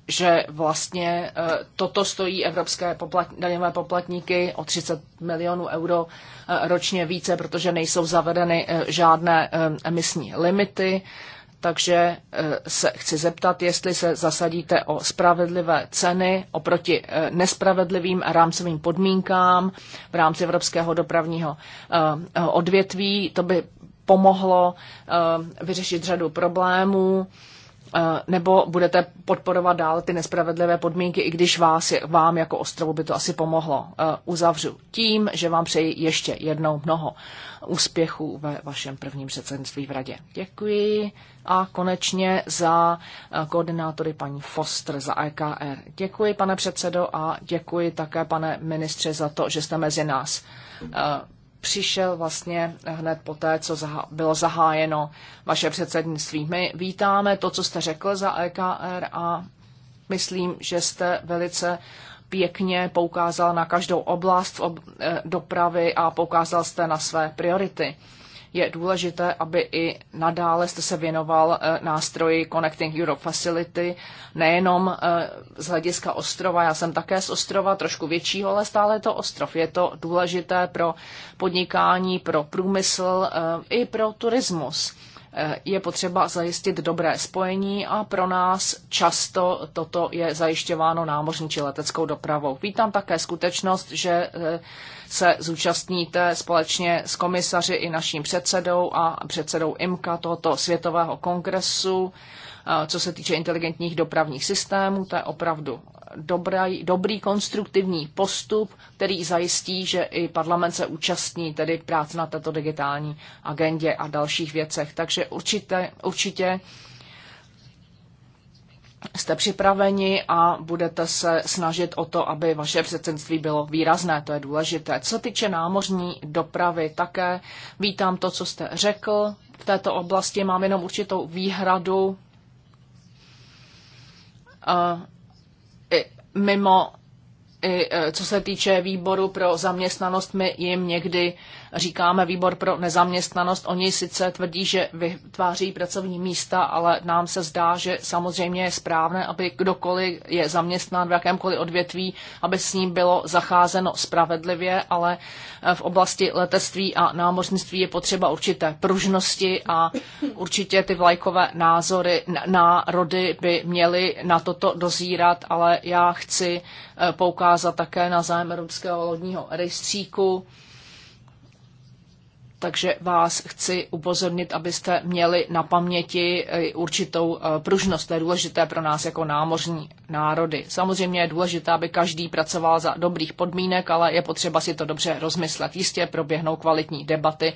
že vlastně eh, toto stojí evropské poplat, daňové poplatníky o 30 milionů euro eh, ročně více, protože nejsou zavedeny žádné emisní limity takže eh, se chci zeptat, jestli se zasadíte o spravedlivé ceny oproti eh, nespravedlivým rámcovým podmínkám v rámci evropského dopravního eh, odvětví. To by pomohlo vyřešit řadu problémů Eh, nebo budete podporovat dál ty nespravedlivé podmínky, i když vás, vám jako ostrovu by to asi pomohlo. Eh, uzavřu tím, že vám přeji ještě jednou mnoho úspěchů ve vašem prvním předsednictví v radě. Děkuji a konečně za eh, koordinátory paní Foster za EKR. Děkuji, pane předsedo, a děkuji také, pane ministře, za to, že jste mezi nás přišel vlastně hned po té, co bylo zahájeno vaše předsednictví. My vítáme to, co jste řekl za EKR a myslím, že jste velice pěkně poukázal na každou oblast eh, dopravy a poukázal jste na své priority je důležité, aby i nadále jste se věnoval eh, nástroji Connecting Europe Facility, nejenom eh, z hlediska ostrova. Já jsem také z ostrova, trošku většího, ale stále to ostrov. Je to důležité pro podnikání, pro průmysl eh, i pro turismus je potřeba zajistit dobré spojení a pro nás často toto je zajišťováno námořní či leteckou dopravou. Vítám také skutečnost, že e, se zúčastníte společně s komisaři i naším předsedou a předsedou IMKA tohoto světového kongresu e, co se týče inteligentních dopravních systémů, to je opravdu dobrý, dobrý konstruktivní postup, který zajistí, že i parlament se účastní tedy práce na této digitální agendě a dalších věcech. Takže určitě, určitě jste připraveni a budete se snažit o to, aby vaše předsednictví bylo výrazné, to je důležité. Co týče námořní dopravy, také vítám to, co jste řekl. V této oblasti mám jenom určitou výhradu mimo i e, co se týče výboru pro zaměstnanost, my jim někdy říkáme výbor pro nezaměstnanost. Oni sice tvrdí, že vytváří pracovní místa, ale nám se zdá, že samozřejmě je správné, aby kdokoliv je zaměstnán v jakémkoliv odvětví, aby s ním bylo zacházeno spravedlivě, ale eh, v oblasti letectví a námořnictví je potřeba určité pružnosti a určitě ty vlajkové názory, národy by měly na toto dozírat, ale já chci eh, poukázat také na zájem Evropského lodního rejstříku, takže vás chci upozornit, abyste měli na paměti eh, určitou eh, pružnost. To je důležité pro nás jako námořní národy. Samozřejmě je důležité, aby každý pracoval za dobrých podmínek, ale je potřeba si to dobře rozmyslet. Jistě proběhnou kvalitní debaty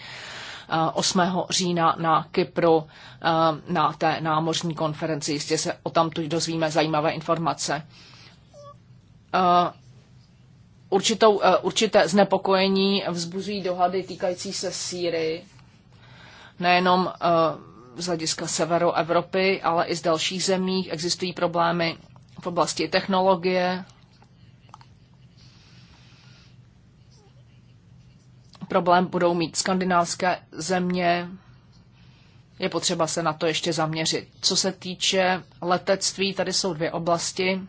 8. Eh, října na Kypru na té námořní konferenci. Jistě se o tamtu dozvíme zajímavé informace určitou, eh, určité znepokojení vzbuzují dohady týkající se Sýry, nejenom eh, z hlediska severu Evropy, ale i z dalších zemí. Existují problémy v oblasti technologie, problém budou mít skandinávské země, je potřeba se na to ještě zaměřit. Co se týče letectví, tady jsou dvě oblasti.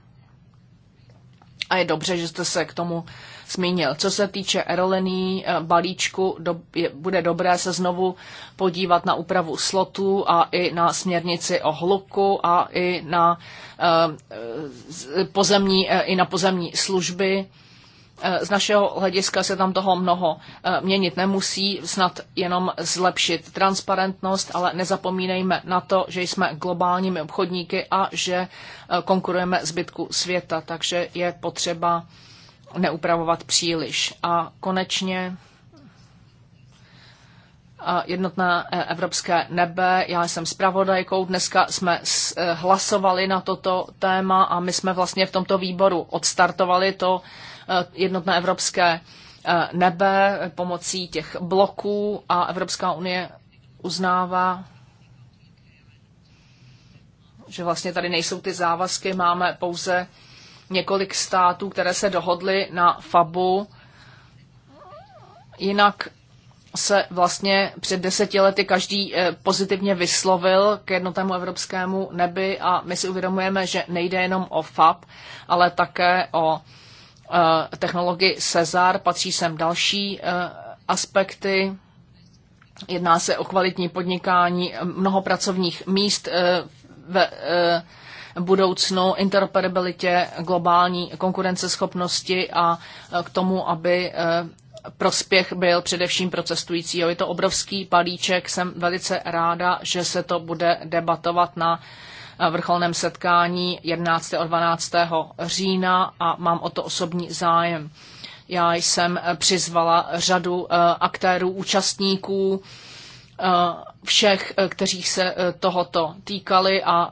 A je dobře, že jste se k tomu zmínil. Co se týče erolený eh, balíčku, do, je, bude dobré se znovu podívat na úpravu slotů a i na směrnici o hluku a i na, e, pozemní, e, i na pozemní služby. E, Eh, z našeho hlediska se tam toho mnoho eh, měnit nemusí, snad jenom zlepšit transparentnost, ale nezapomínejme na to, že jsme globálními obchodníky a že eh, konkurujeme zbytku světa, takže je potřeba neupravovat příliš. A konečně jednotné evropské nebe. Já jsem zpravodajkou, dneska jsme hlasovali na toto téma a my jsme vlastně v tomto výboru odstartovali to Eh, jednotné evropské eh, nebe pomocí těch bloků a Evropská unie uznává, že vlastně tady nejsou ty závazky, máme pouze několik států, které se dohodly na FABu. Jinak se vlastně před deseti lety každý eh, pozitivně vyslovil k jednotému evropskému nebi a my si uvědomujeme, že nejde jenom o FAB, ale také o Eh, technologii Cezar, patří sem další eh, aspekty. Jedná se o kvalitní podnikání, mnoho pracovních míst eh, ve budoucnu, interoperabilitě, globální konkurenceschopnosti a k tomu, aby prospěch byl především pro cestujícího. Je to obrovský palíček, jsem velice ráda, že se to bude debatovat na vrcholném setkání 11. a 12. října a mám o to osobní zájem. Já jsem eh, přizvala řadu eh, aktérů, účastníků, eh, všech, kteří se tohoto týkali a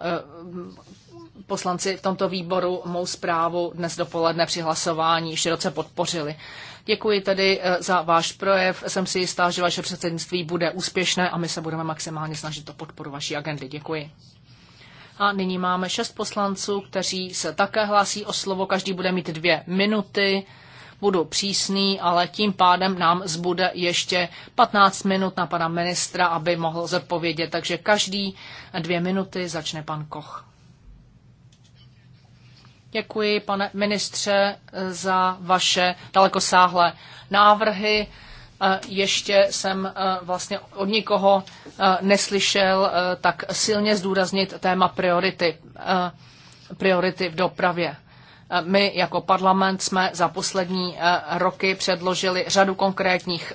poslanci v tomto výboru mou zprávu dnes dopoledne při hlasování široce podpořili. Děkuji tedy za váš projev. Jsem si jistá, že vaše předsednictví bude úspěšné a my se budeme maximálně snažit o podporu vaší agendy. Děkuji. A nyní máme šest poslanců, kteří se také hlásí o slovo. Každý bude mít dvě minuty. Budu přísný, ale tím pádem nám zbude ještě 15 minut na pana ministra, aby mohl zodpovědět. Takže každý dvě minuty začne pan Koch. Děkuji, pane ministře, za vaše dalekosáhlé návrhy ještě jsem e, vlastně od nikoho e, neslyšel e, tak silně zdůraznit téma priority, priority v dopravě. My jako parlament jsme za poslední roky předložili řadu konkrétních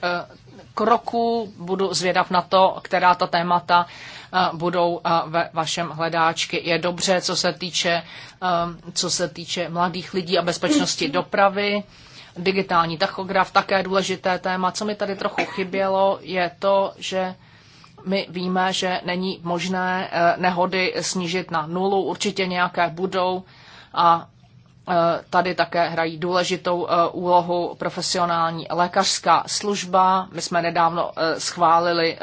kroků. Budu zvědav na to, která ta témata budou ve vašem hledáčky. Je dobře, co se týče, co se týče mladých lidí a bezpečnosti dopravy. Digitální tachograf, také důležité téma. Co mi tady trochu chybělo, je to, že my víme, že není možné eh, nehody snížit na nulu, určitě nějaké budou a eh, Tady také hrají důležitou eh, úlohu profesionální lékařská služba. My jsme nedávno schválili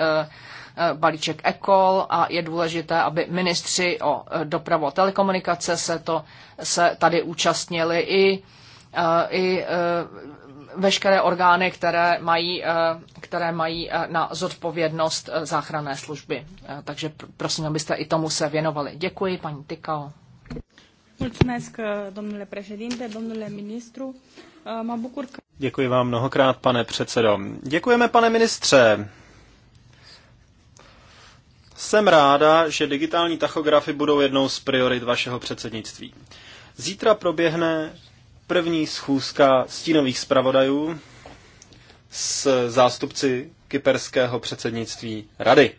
balíček ECOL a je důležité, aby ministři o dopravu a telekomunikace se, to, se tady účastnili i Eh, i eh, veškeré orgány, které mají, eh, které mají na zodpovědnost záchranné služby. Takže prosím, abyste i tomu se věnovali. Děkuji, paní Tykal. Děkuji vám mnohokrát, pane předsedo. Děkujeme, pane ministře. Jsem ráda, že digitální tachografy budou jednou z priorit vašeho předsednictví. Zítra proběhne První schůzka stínových zpravodajů s zástupci kyperského předsednictví rady.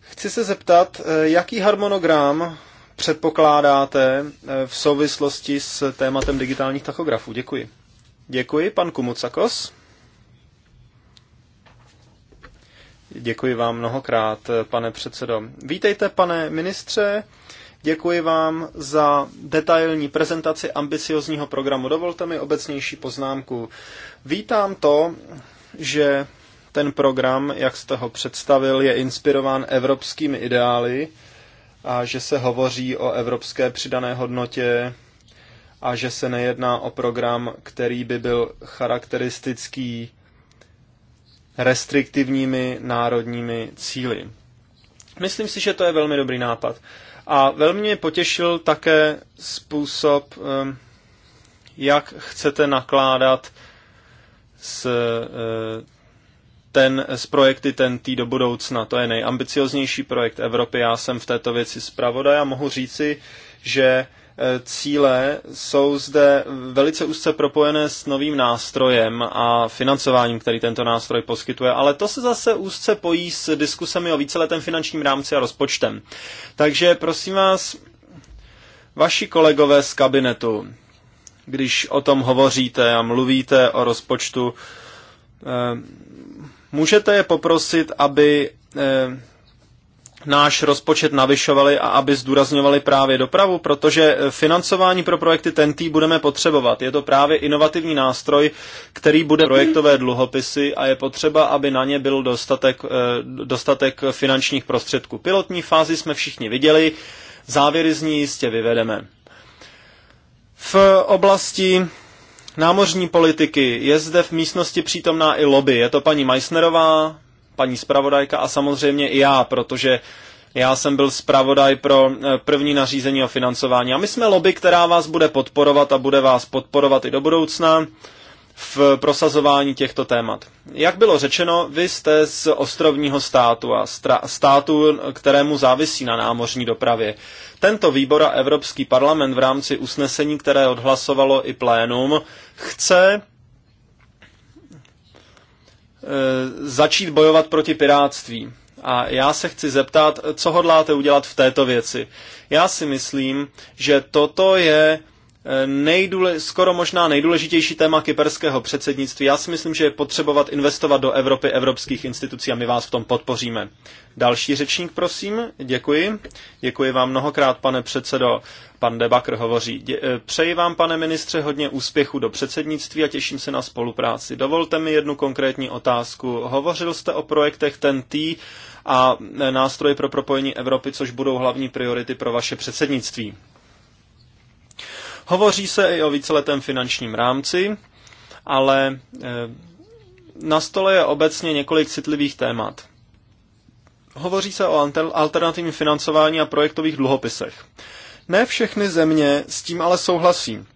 Chci se zeptat, eh, jaký harmonogram předpokládáte eh, v souvislosti s tématem digitálních tachografů? Děkuji. Děkuji, pan Kumucakos. Děkuji vám mnohokrát, eh, pane předsedo. Vítejte, pane ministře. Děkuji vám za detailní prezentaci ambiciozního programu. Dovolte mi obecnější poznámku. Vítám to, že ten program, jak jste ho představil, je inspirován evropskými ideály a že se hovoří o evropské přidané hodnotě a že se nejedná o program, který by byl charakteristický restriktivními národními cíly. Myslím si, že to je velmi dobrý nápad. A velmi mě potěšil také způsob, jak chcete nakládat s, e, ten, s projekty ten tý do budoucna. To je nejambicioznější projekt Evropy. Já jsem v této věci zpravodaj a mohu říci, že cíle jsou zde velice úzce propojené s novým nástrojem a financováním, který tento nástroj poskytuje, ale to se zase úzce pojí s diskusemi o víceletém finančním rámci a rozpočtem. Takže prosím vás, vaši kolegové z kabinetu, když o tom hovoříte a mluvíte o rozpočtu, eh, můžete je poprosit, aby eh, náš rozpočet navyšovali a aby zdůrazňovali právě dopravu, protože financování pro projekty TENTY budeme potřebovat. Je to právě inovativní nástroj, který bude projektové dluhopisy a je potřeba, aby na ně byl dostatek, eh, dostatek finančních prostředků. Pilotní fázi jsme všichni viděli, závěry z ní jistě vyvedeme. V oblasti námořní politiky je zde v místnosti přítomná i lobby. Je to paní Meissnerová, paní zpravodajka a samozřejmě i já, protože já jsem byl zpravodaj pro eh, první nařízení o financování. A my jsme lobby, která vás bude podporovat a bude vás podporovat i do budoucna v prosazování těchto témat. Jak bylo řečeno, vy jste z ostrovního státu a státu, kterému závisí na námořní dopravě. Tento výbor a Evropský parlament v rámci usnesení, které odhlasovalo i plénum, chce Eh, začít bojovat proti piráctví. A já se chci zeptat, co hodláte udělat v této věci. Já si myslím, že toto je nejdůle, skoro možná nejdůležitější téma kyperského předsednictví. Já si myslím, že je potřebovat investovat do Evropy evropských institucí a my vás v tom podpoříme. Další řečník, prosím. Děkuji. Děkuji vám mnohokrát, pane předsedo. Pan Debakr hovoří. Eh, přeji vám, pane ministře, hodně úspěchu do předsednictví a těším se na spolupráci. Dovolte mi jednu konkrétní otázku. Hovořil jste o projektech TEN-T a eh, nástroje pro propojení Evropy, což budou hlavní priority pro vaše předsednictví. Hovoří se i o víceletém finančním rámci, ale eh, na stole je obecně několik citlivých témat. Hovoří se o alternativním financování a projektových dluhopisech. Ne všechny země s tím ale souhlasí.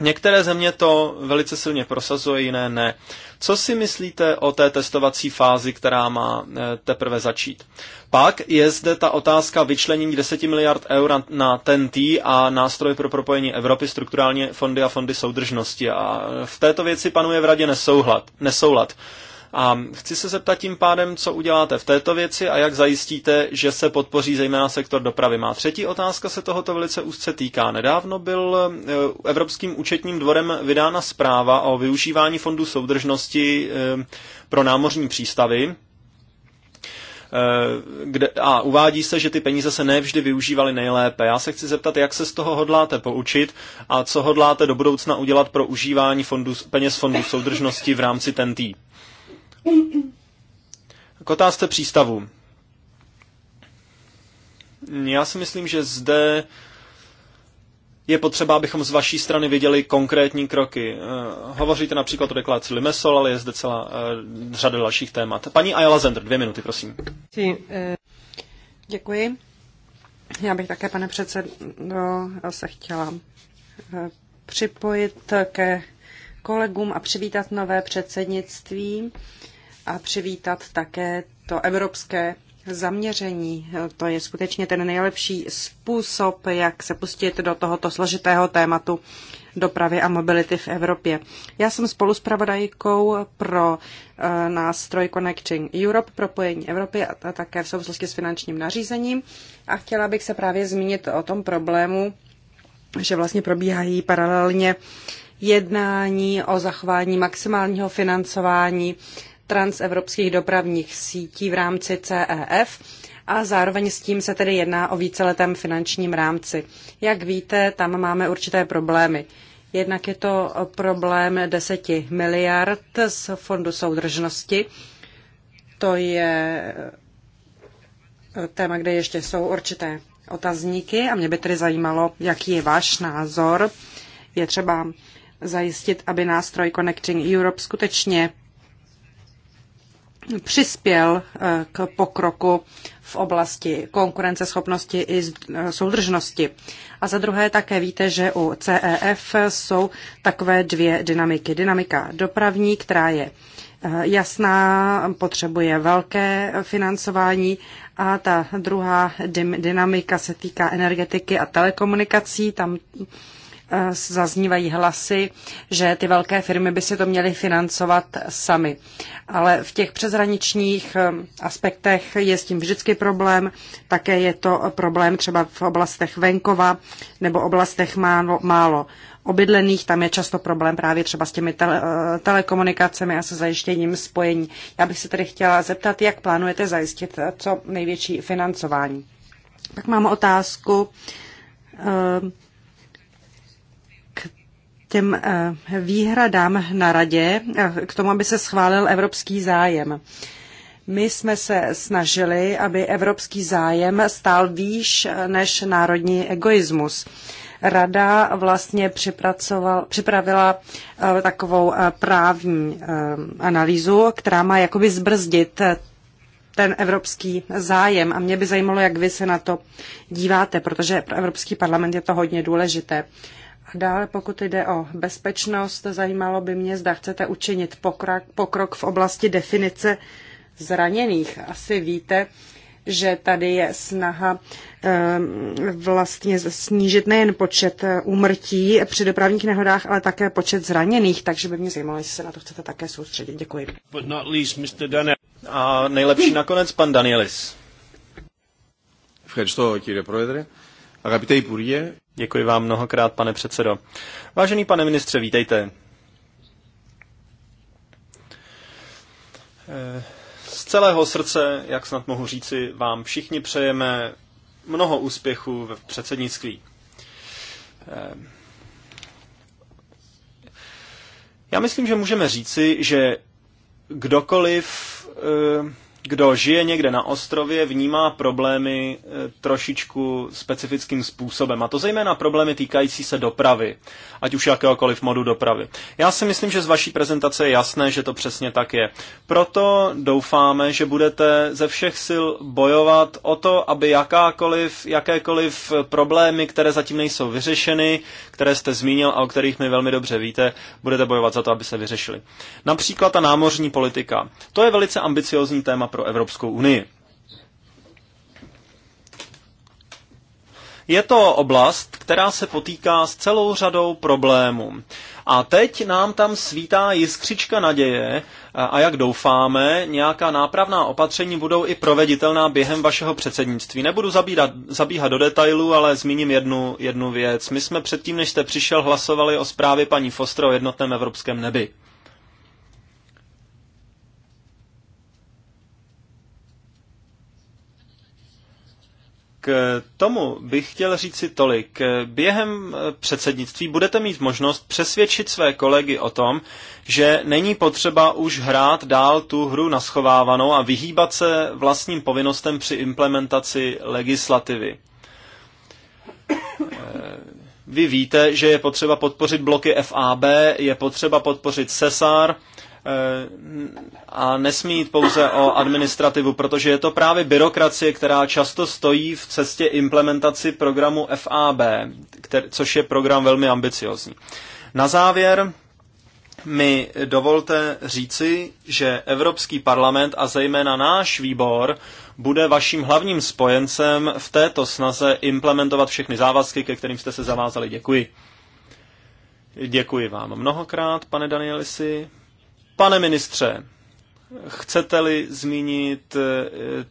Některé země to velice silně prosazuje, jiné ne. Co si myslíte o té testovací fázi, která má eh, teprve začít? Pak je zde ta otázka vyčlenění 10 miliard eur na TNT a nástroj pro propojení Evropy, strukturálně fondy a fondy soudržnosti. A eh, v této věci panuje v radě nesoulad. A chci se zeptat tím pádem, co uděláte v této věci a jak zajistíte, že se podpoří zejména sektor dopravy. Má třetí otázka se tohoto velice úzce týká. Nedávno byl eh, Evropským účetním dvorem vydána zpráva o využívání fondu soudržnosti eh, pro námořní přístavy eh, kde, a uvádí se, že ty peníze se nevždy využívaly nejlépe. Já se chci zeptat, jak se z toho hodláte poučit a co hodláte do budoucna udělat pro užívání fondu, peněz fondů soudržnosti v rámci TNT. K otázce přístavu. Já si myslím, že zde je potřeba, abychom z vaší strany viděli konkrétní kroky. Eh, hovoříte například o deklaraci Limesol, ale je zde celá eh, řada dalších témat. Paní Ayala Zender, dvě minuty, prosím. Eh, děkuji. Já bych také, pane předsedo, se chtěla připojit ke kolegům a přivítat nové předsednictví a přivítat také to evropské zaměření. To je skutečně ten nejlepší způsob, jak se pustit do tohoto složitého tématu dopravy a mobility v Evropě. Já jsem spoluspravodajkou pro eh, nástroj Connecting Europe, propojení Evropy a také v souvislosti s finančním nařízením. A chtěla bych se právě zmínit o tom problému, že vlastně probíhají paralelně jednání o zachování maximálního financování transevropských dopravních sítí v rámci CEF a zároveň s tím se tedy jedná o víceletém finančním rámci. Jak víte, tam máme určité problémy. Jednak je to problém 10 miliard z Fondu soudržnosti. To je téma, kde ještě jsou určité otazníky a mě by tedy zajímalo, jaký je váš názor. Je třeba zajistit, aby nástroj Connecting Europe skutečně přispěl eh, k pokroku v oblasti konkurenceschopnosti i eh, soudržnosti. A za druhé také víte, že u CEF jsou takové dvě dynamiky. Dynamika dopravní, která je eh, jasná, potřebuje velké financování a ta druhá dynamika se týká energetiky a telekomunikací. Tam Eh, zaznívají hlasy, že ty velké firmy by si to měly financovat sami. Ale v těch přezraničních eh, aspektech je s tím vždycky problém. Také je to problém třeba v oblastech venkova nebo oblastech málo, málo obydlených, tam je často problém právě třeba s těmi tele, eh, telekomunikacemi a se zajištěním spojení. Já bych se tedy chtěla zeptat, jak plánujete zajistit co největší financování. Pak mám otázku těm eh, výhradám na radě eh, k tomu, aby se schválil evropský zájem. My jsme se snažili, aby evropský zájem stál výš eh, než národní egoismus. Rada vlastně připravila takovou právní analýzu, která má jakoby zbrzdit ten evropský zájem. A mě by zajímalo, jak vy se na to díváte, protože pro Evropský parlament je to hodně důležité. Dále, pokud jde o bezpečnost, zajímalo by mě, zda chcete učinit pokrok, pokrok v oblasti definice zraněných. Asi víte, že tady je snaha ehm, vlastně snížit nejen počet eh, úmrtí při dopravních nehodách, ale také počet zraněných, takže by mě zajímalo, jestli se na to chcete také soustředit. Děkuji. But not least, Mr. A nejlepší nakonec pan Danielis. Ευχαριστώ κύριε Πρόεδρε. Αγαπητέ Υπουργέ, Děkuji vám mnohokrát, pane předsedo. Vážený pane ministře, vítejte. Eh, z celého srdce, jak snad mohu říci, vám všichni přejeme mnoho úspěchů v předsednictví. Eh, já myslím, že můžeme říci, že kdokoliv eh, kdo žije někde na ostrově, vnímá problémy e, trošičku specifickým způsobem. A to zejména problémy týkající se dopravy, ať už jakéhokoliv modu dopravy. Já si myslím, že z vaší prezentace je jasné, že to přesně tak je. Proto doufáme, že budete ze všech sil bojovat o to, aby jakákoliv, jakékoliv problémy, které zatím nejsou vyřešeny, které jste zmínil a o kterých my velmi dobře víte, budete bojovat za to, aby se vyřešily. Například ta námořní politika. To je velice ambiciozní téma pro Evropskou unii. Je to oblast, která se potýká s celou řadou problémů. A teď nám tam svítá jiskřička naděje a jak doufáme, nějaká nápravná opatření budou i proveditelná během vašeho předsednictví. Nebudu zabírat, zabíhat do detailů, ale zmíním jednu, jednu věc. My jsme předtím, než jste přišel, hlasovali o zprávě paní Fostro o jednotném evropském nebi. K tomu bych chtěl říci tolik. Během předsednictví budete mít možnost přesvědčit své kolegy o tom, že není potřeba už hrát dál tu hru naschovávanou a vyhýbat se vlastním povinnostem při implementaci legislativy. Vy víte, že je potřeba podpořit bloky FAB, je potřeba podpořit SESAR, Eh, a nesmí jít pouze o administrativu, protože je to právě byrokracie, která často stojí v cestě implementaci programu FAB, který, což je program velmi ambiciozní. Na závěr mi dovolte říci, že Evropský parlament a zejména náš výbor bude vaším hlavním spojencem v této snaze implementovat všechny závazky, ke kterým jste se zavázali. Děkuji. Děkuji vám mnohokrát, pane Danielisi. Pane ministře, chcete-li zmínit eh,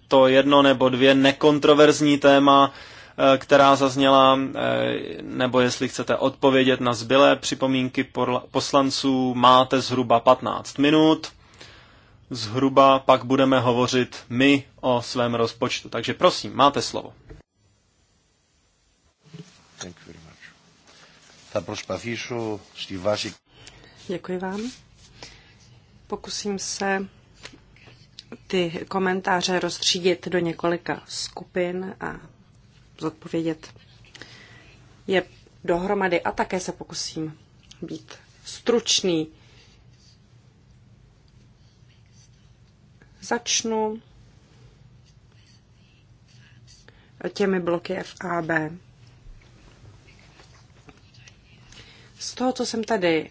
to jedno nebo dvě nekontroverzní téma, eh, která zazněla, eh, nebo jestli chcete odpovědět na zbylé připomínky poslanců, máte zhruba 15 minut. Zhruba pak budeme hovořit my o svém rozpočtu. Takže prosím, máte slovo. Děkuji vám. Pokusím se ty komentáře rozstřídit do několika skupin a zodpovědět je dohromady a také se pokusím být stručný. Začnu těmi bloky FAB. Z toho, co jsem tady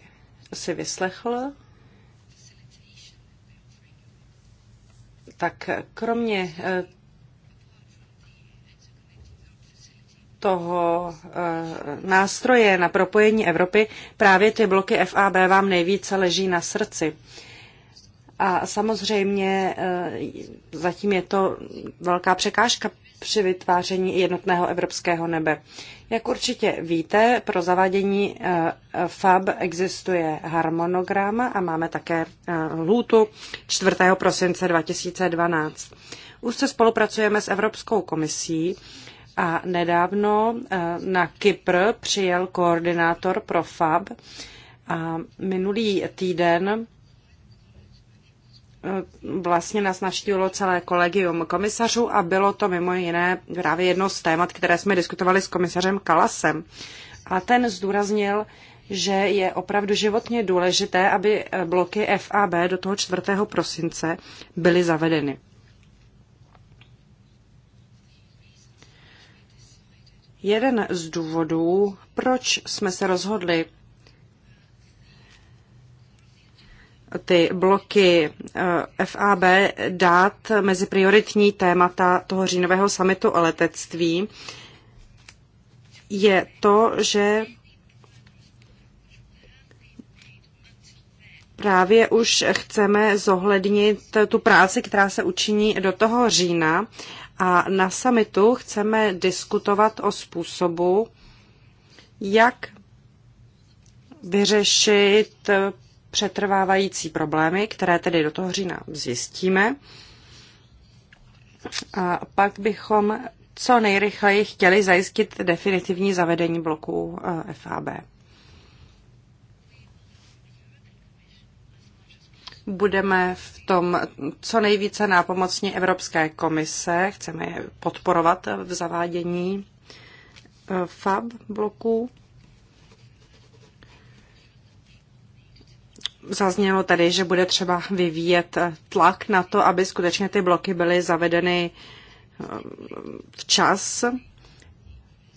si vyslechl, Tak kromě eh, toho eh, nástroje na propojení Evropy, právě ty bloky FAB vám nejvíce leží na srdci. A samozřejmě eh, zatím je to velká překážka při vytváření jednotného evropského nebe. Jak určitě víte, pro zavádění eh, FAB existuje harmonogram a máme také eh, lhůtu 4. prosince 2012. Úzce spolupracujeme s Evropskou komisí a nedávno eh, na Kypr přijel koordinátor pro FAB a minulý týden vlastně nás navštívilo celé kolegium komisařů a bylo to mimo jiné právě jedno z témat, které jsme diskutovali s komisařem Kalasem. A ten zdůraznil, že je opravdu životně důležité, aby bloky FAB do toho 4. prosince byly zavedeny. Jeden z důvodů, proč jsme se rozhodli ty bloky eh, FAB dát mezi prioritní témata toho říjnového samitu o letectví, je to, že právě už chceme zohlednit tu práci, která se učiní do toho října a na samitu chceme diskutovat o způsobu, jak vyřešit přetrvávající problémy, které tedy do toho října zjistíme. A pak bychom co nejrychleji chtěli zajistit definitivní zavedení bloků eh, FAB. budeme v tom co nejvíce nápomocní Evropské komise. Chceme je podporovat v zavádění eh, FAB bloků. Zaznělo tady, že bude třeba vyvíjet tlak na to, aby skutečně ty bloky byly zavedeny eh, včas.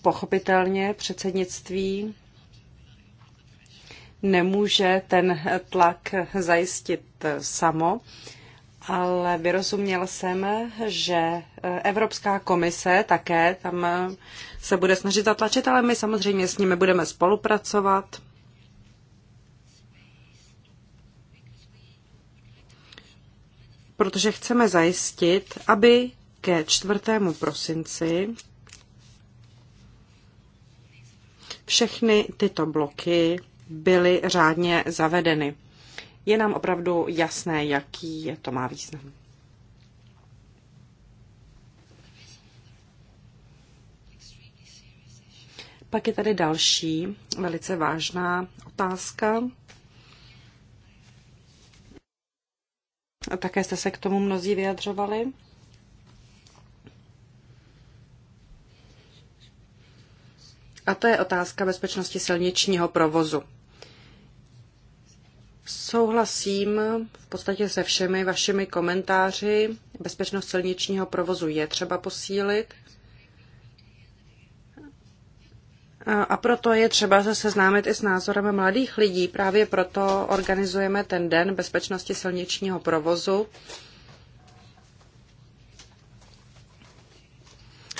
Pochopitelně předsednictví nemůže ten tlak zajistit eh, samo, ale vyrozuměl jsem, že eh, Evropská komise také tam se bude snažit zatlačit, ale my samozřejmě s nimi budeme spolupracovat protože chceme zajistit, aby ke 4. prosinci všechny tyto bloky byly řádně zavedeny. Je nám opravdu jasné, jaký je to má význam. Pak je tady další velice vážná otázka, A také jste se k tomu mnozí vyjadřovali. A to je otázka bezpečnosti silničního provozu. Souhlasím v podstatě se všemi vašimi komentáři. Bezpečnost silničního provozu je třeba posílit. A proto je třeba se seznámit i s názorem mladých lidí. Právě proto organizujeme ten den bezpečnosti silničního provozu.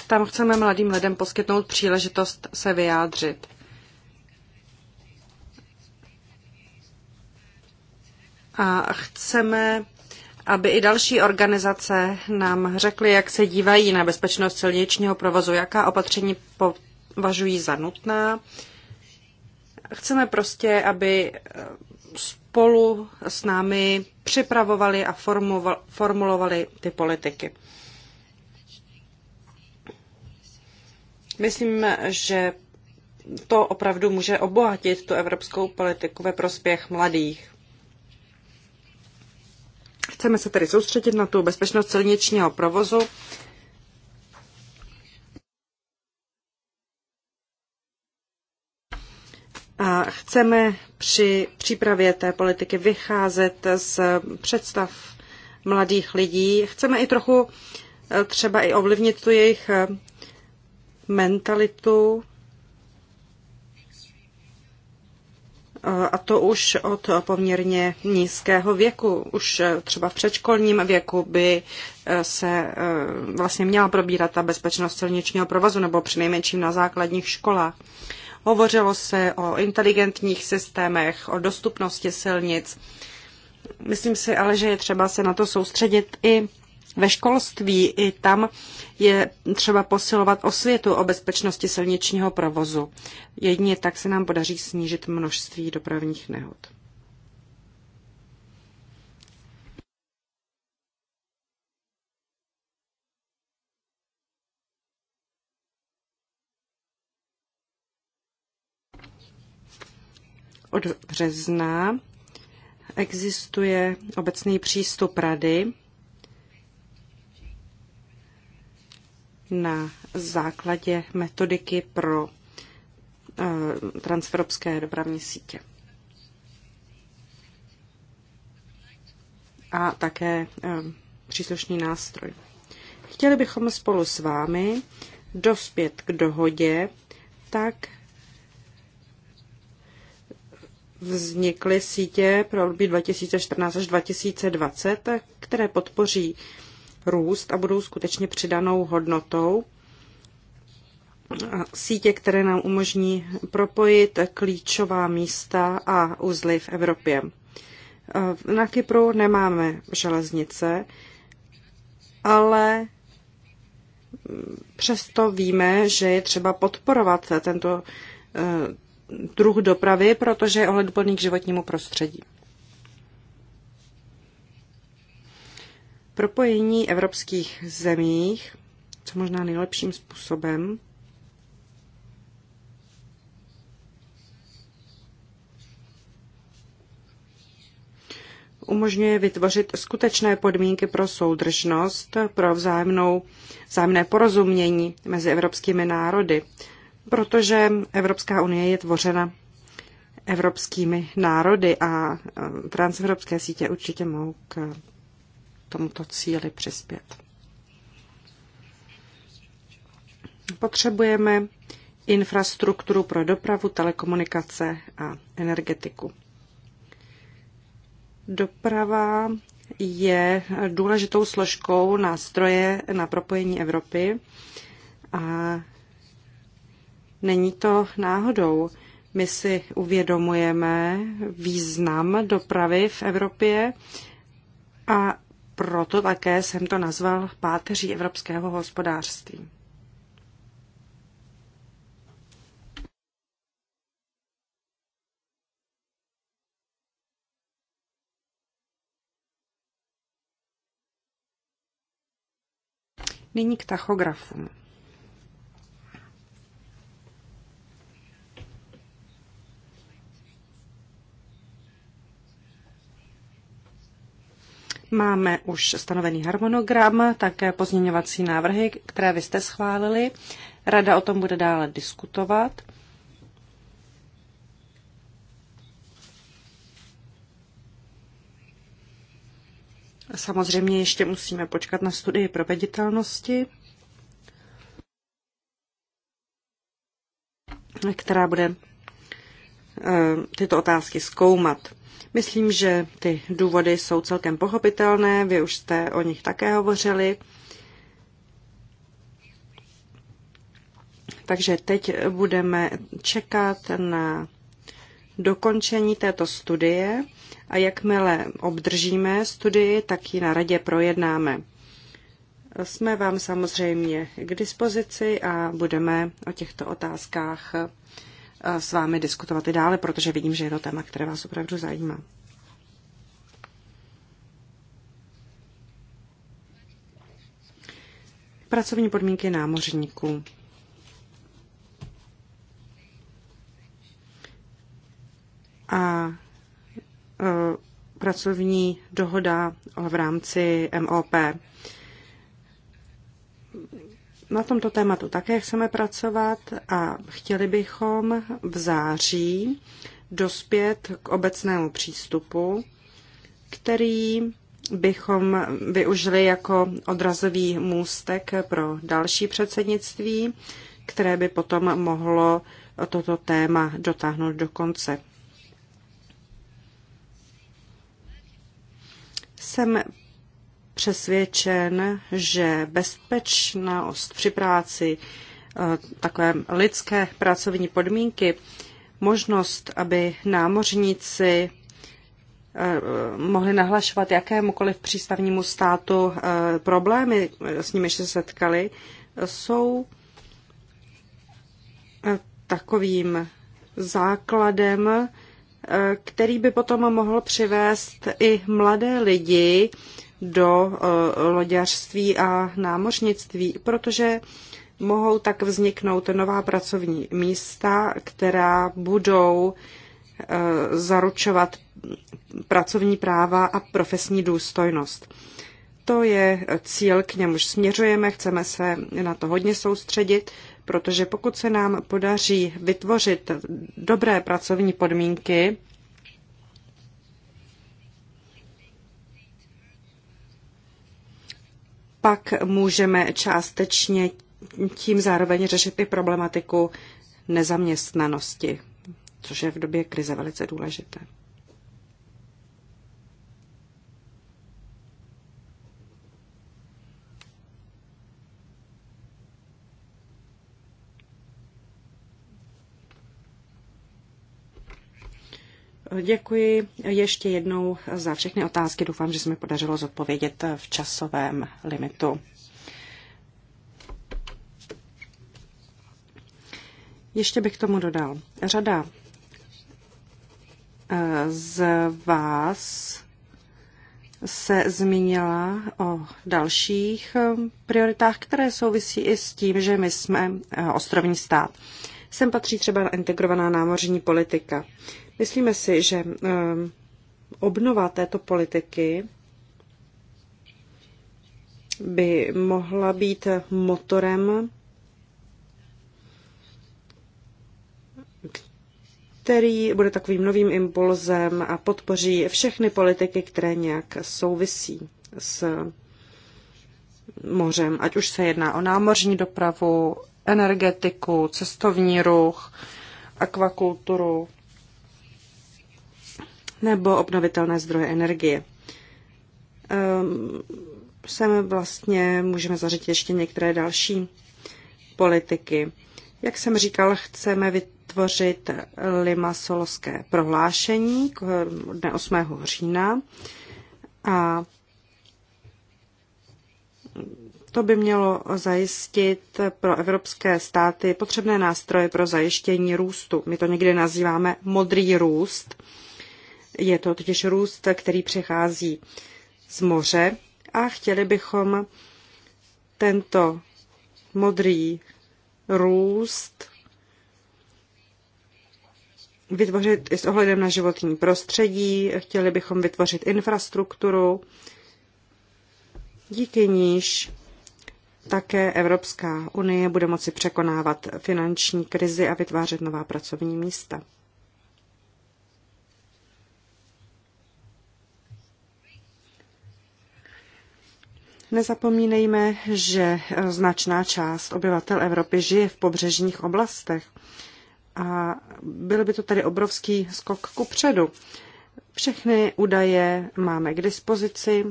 Tam chceme mladým lidem poskytnout příležitost se vyjádřit. A chceme, aby i další organizace nám řekly, jak se dívají na bezpečnost silničního provozu, jaká opatření považují za nutná. Chceme prostě, aby eh, spolu s námi připravovali a formulovali ty politiky. Myslím, že to opravdu může obohatit tu evropskou politiku ve prospěch mladých. Chceme se tedy soustředit na tu bezpečnost silničního provozu A chceme při přípravě té politiky vycházet z představ mladých lidí. Chceme i trochu eh, třeba i ovlivnit tu jejich eh, mentalitu. Eh, a to už od poměrně nízkého věku. Už třeba v předškolním věku by se vlastně měla probírat ta bezpečnost silničního provozu, nebo přinejmenším na základních školách. Hovořilo se o inteligentních systémech, o dostupnosti silnic. Myslím si ale, že je třeba se na to soustředit i ve školství. I tam je třeba posilovat osvětu o bezpečnosti silničního provozu. Jedině tak se nám podaří snížit množství dopravních nehod. od března existuje obecný přístup rady na základě metodiky pro eh, transferopské dopravní sítě. A také eh, příslušný nástroj. Chtěli bychom spolu s vámi dospět k dohodě tak, vznikly sítě pro období 2014 až 2020, které podpoří růst a budou skutečně přidanou hodnotou. Sítě, které nám umožní propojit klíčová místa a uzly v Evropě. Na Kypru nemáme železnice, ale přesto víme, že je třeba podporovat tento eh, druh dopravy, protože je ohleduplný k životnímu prostředí. Propojení evropských zemích, co možná nejlepším způsobem, umožňuje vytvořit skutečné podmínky pro soudržnost, pro vzájemnou, vzájemné porozumění mezi evropskými národy protože Evropská unie je tvořena evropskými národy a eh, transevropské sítě určitě mohou k tomuto cíli přispět. Potřebujeme infrastrukturu pro dopravu, telekomunikace a energetiku. Doprava je důležitou složkou nástroje na propojení Evropy a Není to náhodou. My si uvědomujeme význam dopravy v Evropě a proto také jsem to nazval páteří evropského hospodářství. Nyní k tachografům. Máme už stanovený harmonogram, také pozměňovací návrhy, které vy jste schválili. Rada o tom bude dále diskutovat. Samozřejmě ještě musíme počkat na studii proveditelnosti, která bude Eh, tyto otázky zkoumat. Myslím, že ty důvody jsou celkem pochopitelné, vy už jste o nich také hovořili. Takže teď budeme čekat na dokončení této studie a jakmile obdržíme studii, tak ji na radě projednáme. Jsme vám samozřejmě k dispozici a budeme o těchto otázkách Eh, s vámi diskutovat i dále, protože vidím, že je to téma, které vás opravdu zajímá. Pracovní podmínky námořníků. A eh, pracovní dohoda v rámci MOP na tomto tématu také chceme pracovat a chtěli bychom v září dospět k obecnému přístupu, který bychom využili jako odrazový můstek pro další předsednictví, které by potom mohlo toto téma dotáhnout do konce. Jsem přesvědčen, že bezpečnost při práci, eh, takové lidské pracovní podmínky, možnost, aby námořníci eh, mohli nahlašovat jakémukoliv přístavnímu státu eh, problémy, s nimiž se setkali, jsou takovým základem, který by potom mohl přivést i mladé lidi do eh, loďařství a námořnictví, protože mohou tak vzniknout nová pracovní místa, která budou eh, zaručovat pracovní práva a profesní důstojnost. To je cíl, k němuž směřujeme, chceme se na to hodně soustředit, protože pokud se nám podaří vytvořit dobré pracovní podmínky, pak můžeme částečně tím zároveň řešit i problematiku nezaměstnanosti, což je v době krize velice důležité. Děkuji ještě jednou za všechny otázky. Doufám, že se mi podařilo zodpovědět v časovém limitu. Ještě bych k tomu dodal. Řada eh, z vás se zmínila o dalších eh, prioritách, které souvisí i s tím, že my jsme eh, ostrovní stát. Sem patří třeba integrovaná námořní politika. Myslíme si, že eh, obnova této politiky by mohla být motorem, který bude takovým novým impulzem a podpoří všechny politiky, které nějak souvisí s mořem, ať už se jedná o námořní dopravu, energetiku, cestovní ruch, akvakulturu, nebo obnovitelné zdroje energie. Ehm, sem vlastně můžeme zařadit ještě některé další politiky. Jak jsem říkal, chceme vytvořit Limasolské prohlášení dne 8. října a to by mělo zajistit pro evropské státy potřebné nástroje pro zajištění růstu. My to někdy nazýváme modrý růst. Je to totiž růst, který přechází z moře a chtěli bychom tento modrý růst vytvořit i s ohledem na životní prostředí, chtěli bychom vytvořit infrastrukturu, díky níž také Evropská unie bude moci překonávat finanční krizi a vytvářet nová pracovní místa. Nezapomínejme, že e, značná část obyvatel Evropy žije v pobřežních oblastech a byl by to tedy obrovský skok ku předu. Všechny údaje máme k dispozici.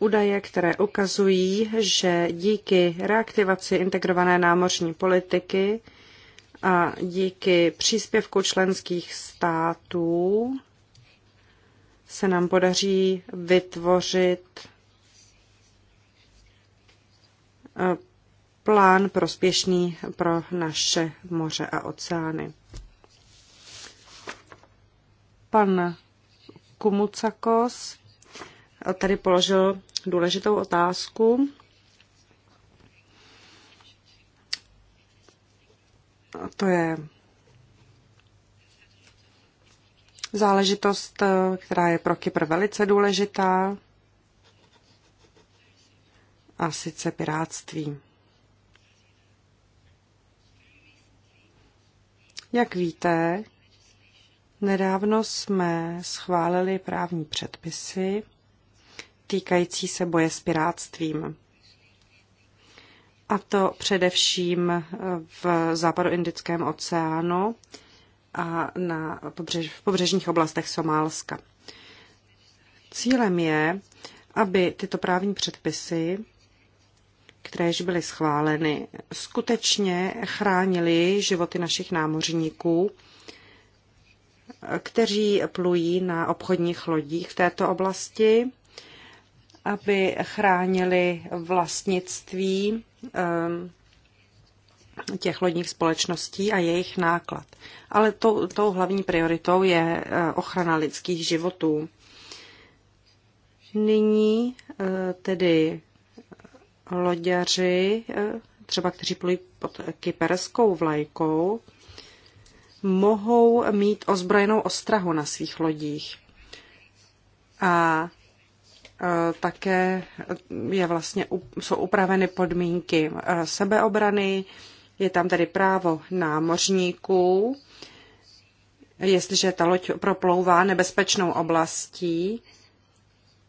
Údaje, které ukazují, že díky reaktivaci integrované námořní politiky a díky příspěvku členských států se nám podaří vytvořit eh, plán prospěšný pro naše moře a oceány. Pan Kumucakos tady položil důležitou otázku. To je záležitost, eh, která je pro Kypr velice důležitá, a sice piráctví. Jak víte, nedávno jsme schválili právní předpisy týkající se boje s piráctvím. A to především v západoindickém oceánu, a na pobřež, v pobřežních oblastech Somálska. Cílem je, aby tyto právní předpisy, které již byly schváleny, skutečně chránily životy našich námořníků, kteří plují na obchodních lodích v této oblasti, aby chránili vlastnictví um, těch lodních společností a jejich náklad. Ale tou, tou hlavní prioritou je eh, ochrana lidských životů. Nyní eh, tedy eh, loďaři, třeba kteří plují pod kyperskou vlajkou, mohou mít ozbrojenou ostrahu na svých lodích. A také je vlastně, jsou upraveny podmínky sebeobrany, je tam tedy právo námořníků, jestliže ta loď proplouvá nebezpečnou oblastí,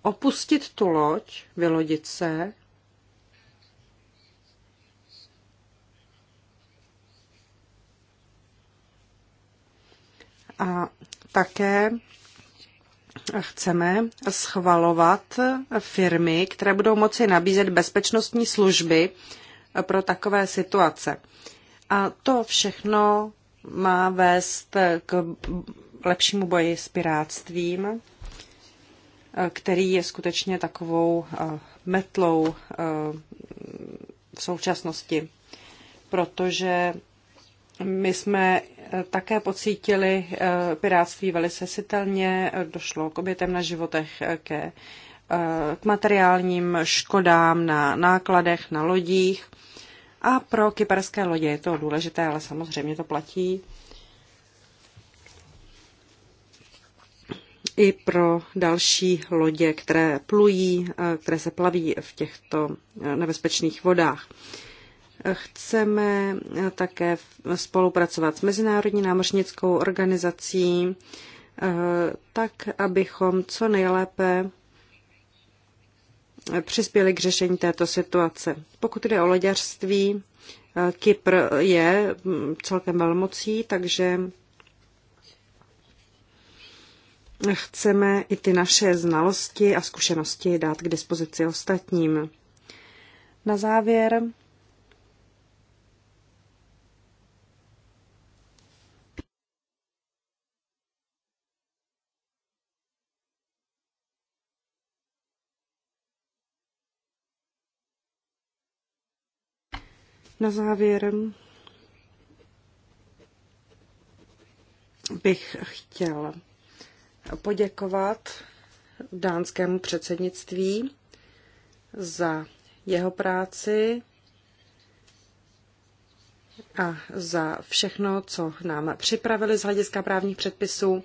opustit tu loď, vylodit se, a také chceme schvalovat firmy, které budou moci nabízet bezpečnostní služby pro takové situace. A to všechno má vést k lepšímu boji s piráctvím, který je skutečně takovou eh, metlou eh, v současnosti, protože my jsme eh, také pocítili piráctví velice sitelně, došlo k obětem na životech, ke, k materiálním škodám na nákladech, na lodích a pro kyperské lodě je to důležité, ale samozřejmě to platí i pro další lodě, které plují, které se plaví v těchto nebezpečných vodách. Chceme také spolupracovat s Mezinárodní námořnickou organizací, tak abychom co nejlépe přispěly k řešení této situace. Pokud jde o loďařství, eh, Kypr je mm, celkem velmocí, takže chceme i ty naše znalosti a zkušenosti dát k dispozici ostatním. Na závěr Na závěr bych chtěl poděkovat dánskému předsednictví za jeho práci a za všechno, co nám připravili z hlediska právních předpisů.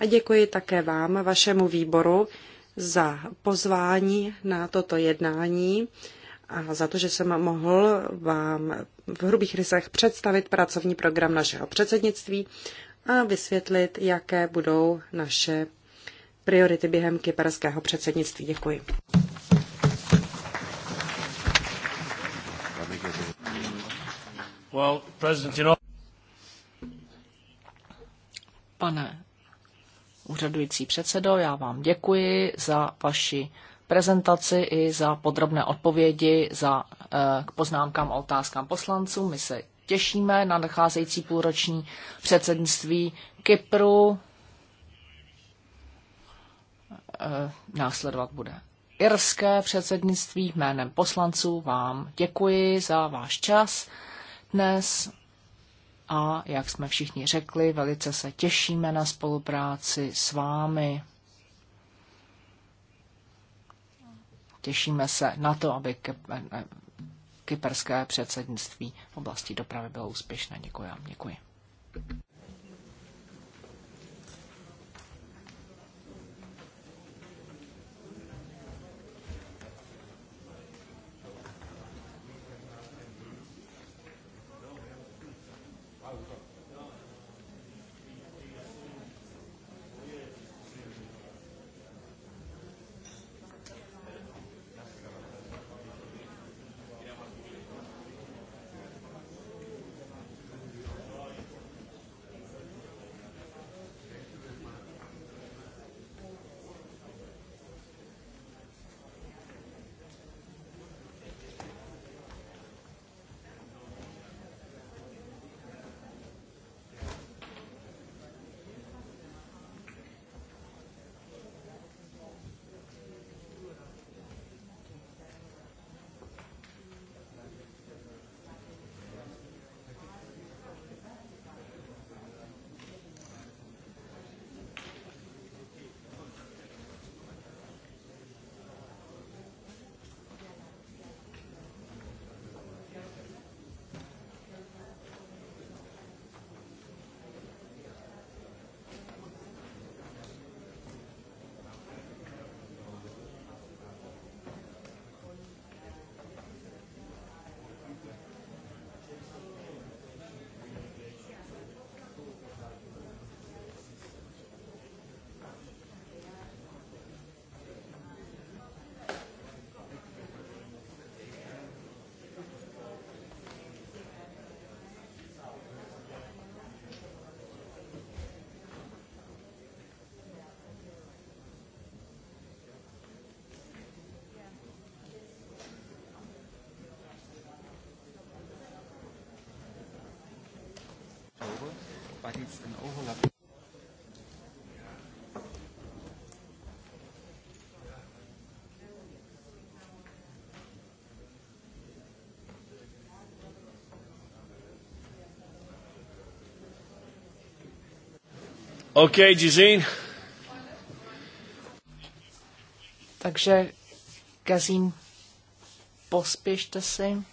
A děkuji také vám, vašemu výboru, za pozvání na toto jednání a za to, že jsem mohl vám v hrubých rysech představit pracovní program našeho předsednictví a vysvětlit, jaké budou naše priority během kyperského předsednictví. Děkuji. Pane úřadující předsedo, já vám děkuji za vaši prezentaci i za podrobné odpovědi, za eh, k poznámkám a otázkám poslanců. My se těšíme na nacházející půlroční předsednictví Kypru. Eh, následovat bude irské předsednictví jménem poslanců. Vám děkuji za váš čas dnes a, jak jsme všichni řekli, velice se těšíme na spolupráci s vámi. Těšíme se na to, aby eh, eh, kyperské předsednictví v oblasti dopravy bylo úspěšné. Děkuji Děkuji. hebben, waar overlap OK, Gizín. Takže, Gazín, pospěšte si.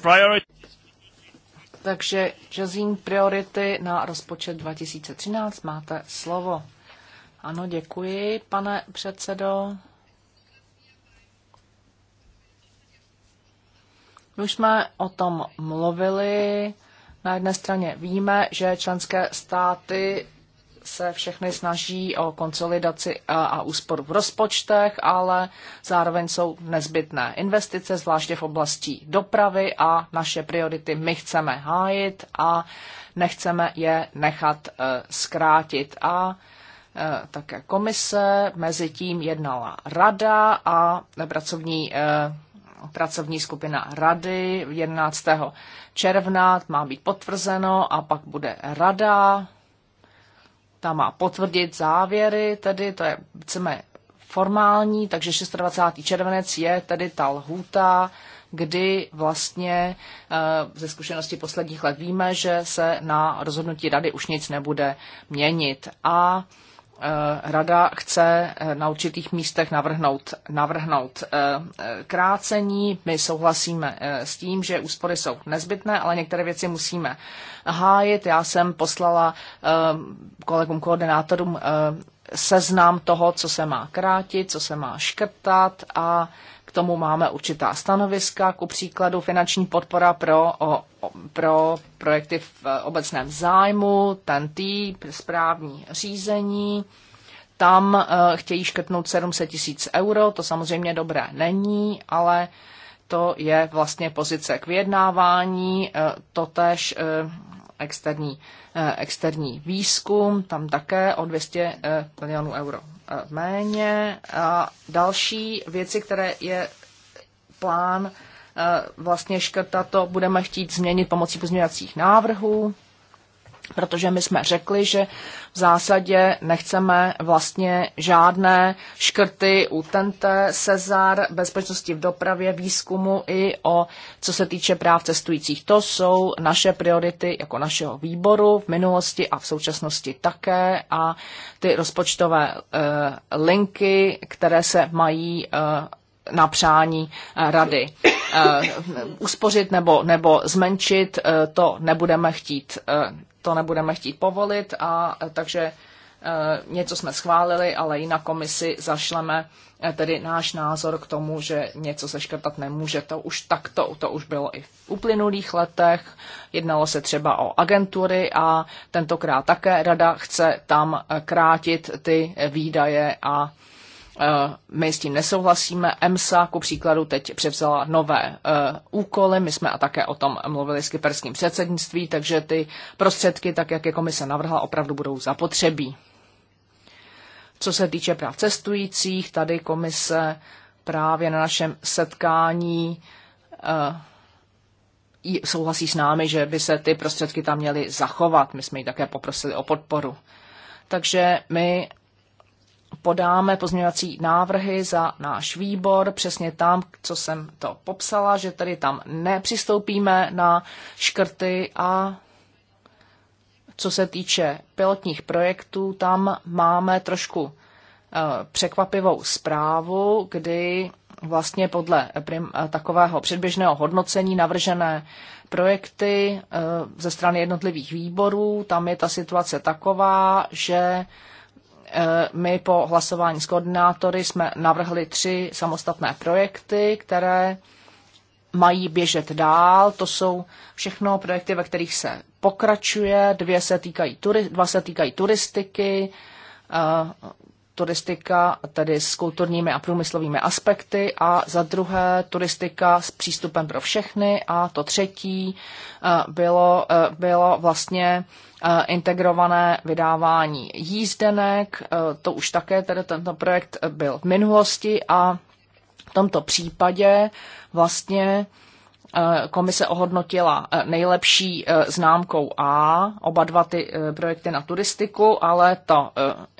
Priority. Takže Jazín, priority na rozpočet 2013. Máte slovo. Ano, děkuji, pane předsedo. My už jsme o tom mluvili. Na jedné straně víme, že členské státy se všechny snaží o konsolidaci a úsporu v rozpočtech, ale zároveň jsou nezbytné investice, zvláště v oblasti dopravy a naše priority my chceme hájit a nechceme je nechat e, zkrátit. A e, také komise, mezi tím jednala rada a pracovní e, pracovní skupina rady 11. června má být potvrzeno a pak bude rada ta má potvrdit závěry, tedy to je, chceme formální, takže 26. červenec je tedy ta lhůta, kdy vlastně eh, ze zkušenosti posledních let víme, že se na rozhodnutí rady už nic nebude měnit. A Eh, rada chce eh, na určitých místech navrhnout, navrhnout eh, krácení. My souhlasíme s tím, že úspory jsou nezbytné, ale některé věci musíme hájit. Já jsem poslala kolegům koordinátorům seznam toho, co se má krátit, co se má škrtat a k tomu máme určitá stanoviska, ku příkladu finanční podpora pro, o, pro projekty v e, obecném zájmu, TNT, správní řízení. Tam e, chtějí škrtnout 700 tisíc euro, to samozřejmě dobré není, ale to je vlastně pozice k vyjednávání, e, totež externí, externí výzkum, tam také o 200 milionů euro méně. A další věci, které je plán e, vlastně škrtat, to budeme chtít změnit pomocí pozměňovacích návrhů protože my jsme řekli, že v zásadě nechceme vlastně žádné škrty u Tente, Cezar, bezpečnosti v dopravě, výzkumu i o, co se týče práv cestujících. To jsou naše priority jako našeho výboru v minulosti a v současnosti také a ty rozpočtové uh, linky, které se mají uh, na přání eh, rady. Uspořit nebo, nebo zmenšit, to nebudeme chtít to nebudeme chtít povolit a e, takže e, něco jsme schválili, ale i na komisi zašleme e, tedy náš názor k tomu, že něco se nemůže. To už takto, to už bylo i v uplynulých letech. Jednalo se třeba o agentury a tentokrát také rada chce tam krátit ty výdaje a Eh, my s tím nesouhlasíme. EMSA, ku příkladu, teď převzala nové eh, úkoly. My jsme a také o tom mluvili s kyperským předsednictví, takže ty prostředky, tak jak je komise navrhla, opravdu budou zapotřebí. Co se týče práv cestujících, tady komise právě na našem setkání eh, souhlasí s námi, že by se ty prostředky tam měly zachovat. My jsme ji také poprosili o podporu. Takže my podáme pozměňovací návrhy za náš výbor, přesně tam, co jsem to popsala, že tady tam nepřistoupíme na škrty a co se týče pilotních projektů, tam máme trošku eh, překvapivou zprávu, kdy vlastně podle takového předběžného hodnocení navržené projekty eh, ze strany jednotlivých výborů, tam je ta situace taková, že Eh, my po hlasování s koordinátory jsme navrhli tři samostatné projekty, které mají běžet dál. To jsou všechno projekty, ve kterých se pokračuje. Dvě se týkají, dva se týkají turistiky, eh, turistika tedy s kulturními a průmyslovými aspekty a za druhé turistika s přístupem pro všechny a to třetí eh, bylo, eh, bylo vlastně eh, integrované vydávání jízdenek, to už také tedy tento projekt byl v minulosti a v tomto případě vlastně komise ohodnotila nejlepší známkou A, oba dva ty projekty na turistiku, ale to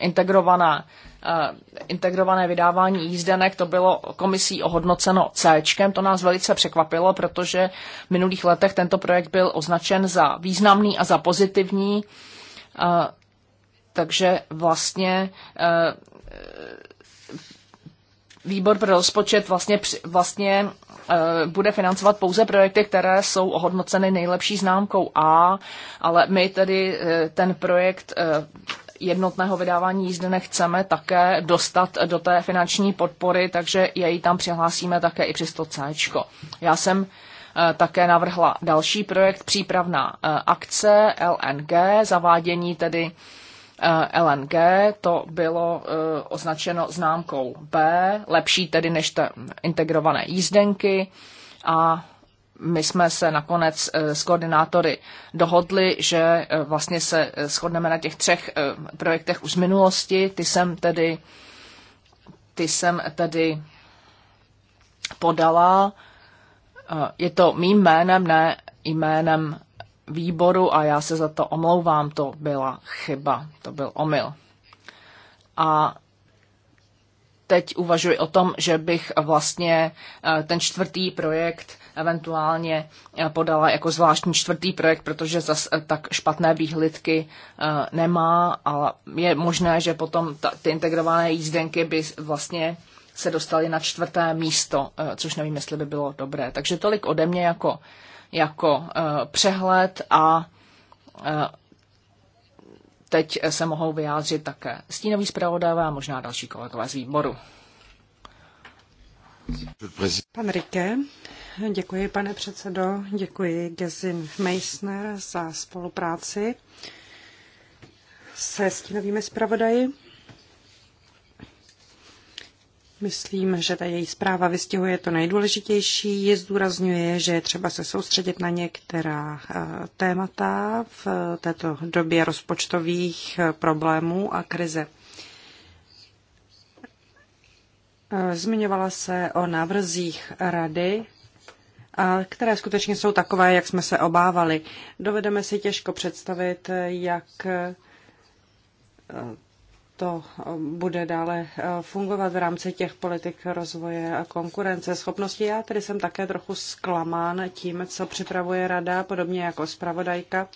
integrované Eh, integrované vydávání jízdenek, to bylo komisí ohodnoceno C. To nás velice překvapilo, protože v minulých letech tento projekt byl označen za významný a za pozitivní. Eh, takže vlastně eh, výbor pro rozpočet vlastně, vlastně bude financovat pouze projekty, které jsou ohodnoceny nejlepší známkou A, ale my tedy ten projekt jednotného vydávání jízdy nechceme také dostat do té finanční podpory, takže jej tam přihlásíme také i přes to C. Já jsem eh, také navrhla další projekt, přípravná eh, akce LNG, zavádění tedy eh, LNG, to bylo označeno známkou B, lepší tedy než integrované jízdenky a my jsme se nakonec eh, s koordinátory dohodli, že eh, vlastně se eh, shodneme na těch třech projektech už z minulosti. Ty jsem tedy, ty jsem tedy podala. Je to mým jménem, ne jménem výboru a já se za to omlouvám, to byla chyba, to byl omyl. A teď uvažuji o tom, že bych vlastně ten čtvrtý projekt eventuálně podala jako zvláštní čtvrtý projekt, protože zas eh, tak špatné výhlidky eh, nemá a je možné, že potom ta, ty integrované jízdenky by vlastně se dostaly na čtvrté místo, eh, což nevím, jestli by bylo dobré. Takže tolik ode mě jako, jako přehled a teď se mohou vyjádřit také stínový zpravodajové a možná další kolegové z výboru. Pan Rike, Děkuji, pane předsedo. Děkuji Gezin Meissner za spolupráci se stínovými zpravodaji. Myslím, že ta její zpráva vystihuje to nejdůležitější. Je zdůrazňuje, že je třeba se soustředit na některá eh, témata v této době rozpočtových eh, problémů a krize. Eh, zmiňovala se o návrzích rady a které skutečně jsou takové, jak jsme se obávali. Dovedeme si těžko představit, jak eh, to bude dále eh, fungovat v rámci těch politik rozvoje a konkurence schopnosti. Já tedy jsem také trochu zklamán tím, co připravuje rada, podobně jako zpravodajka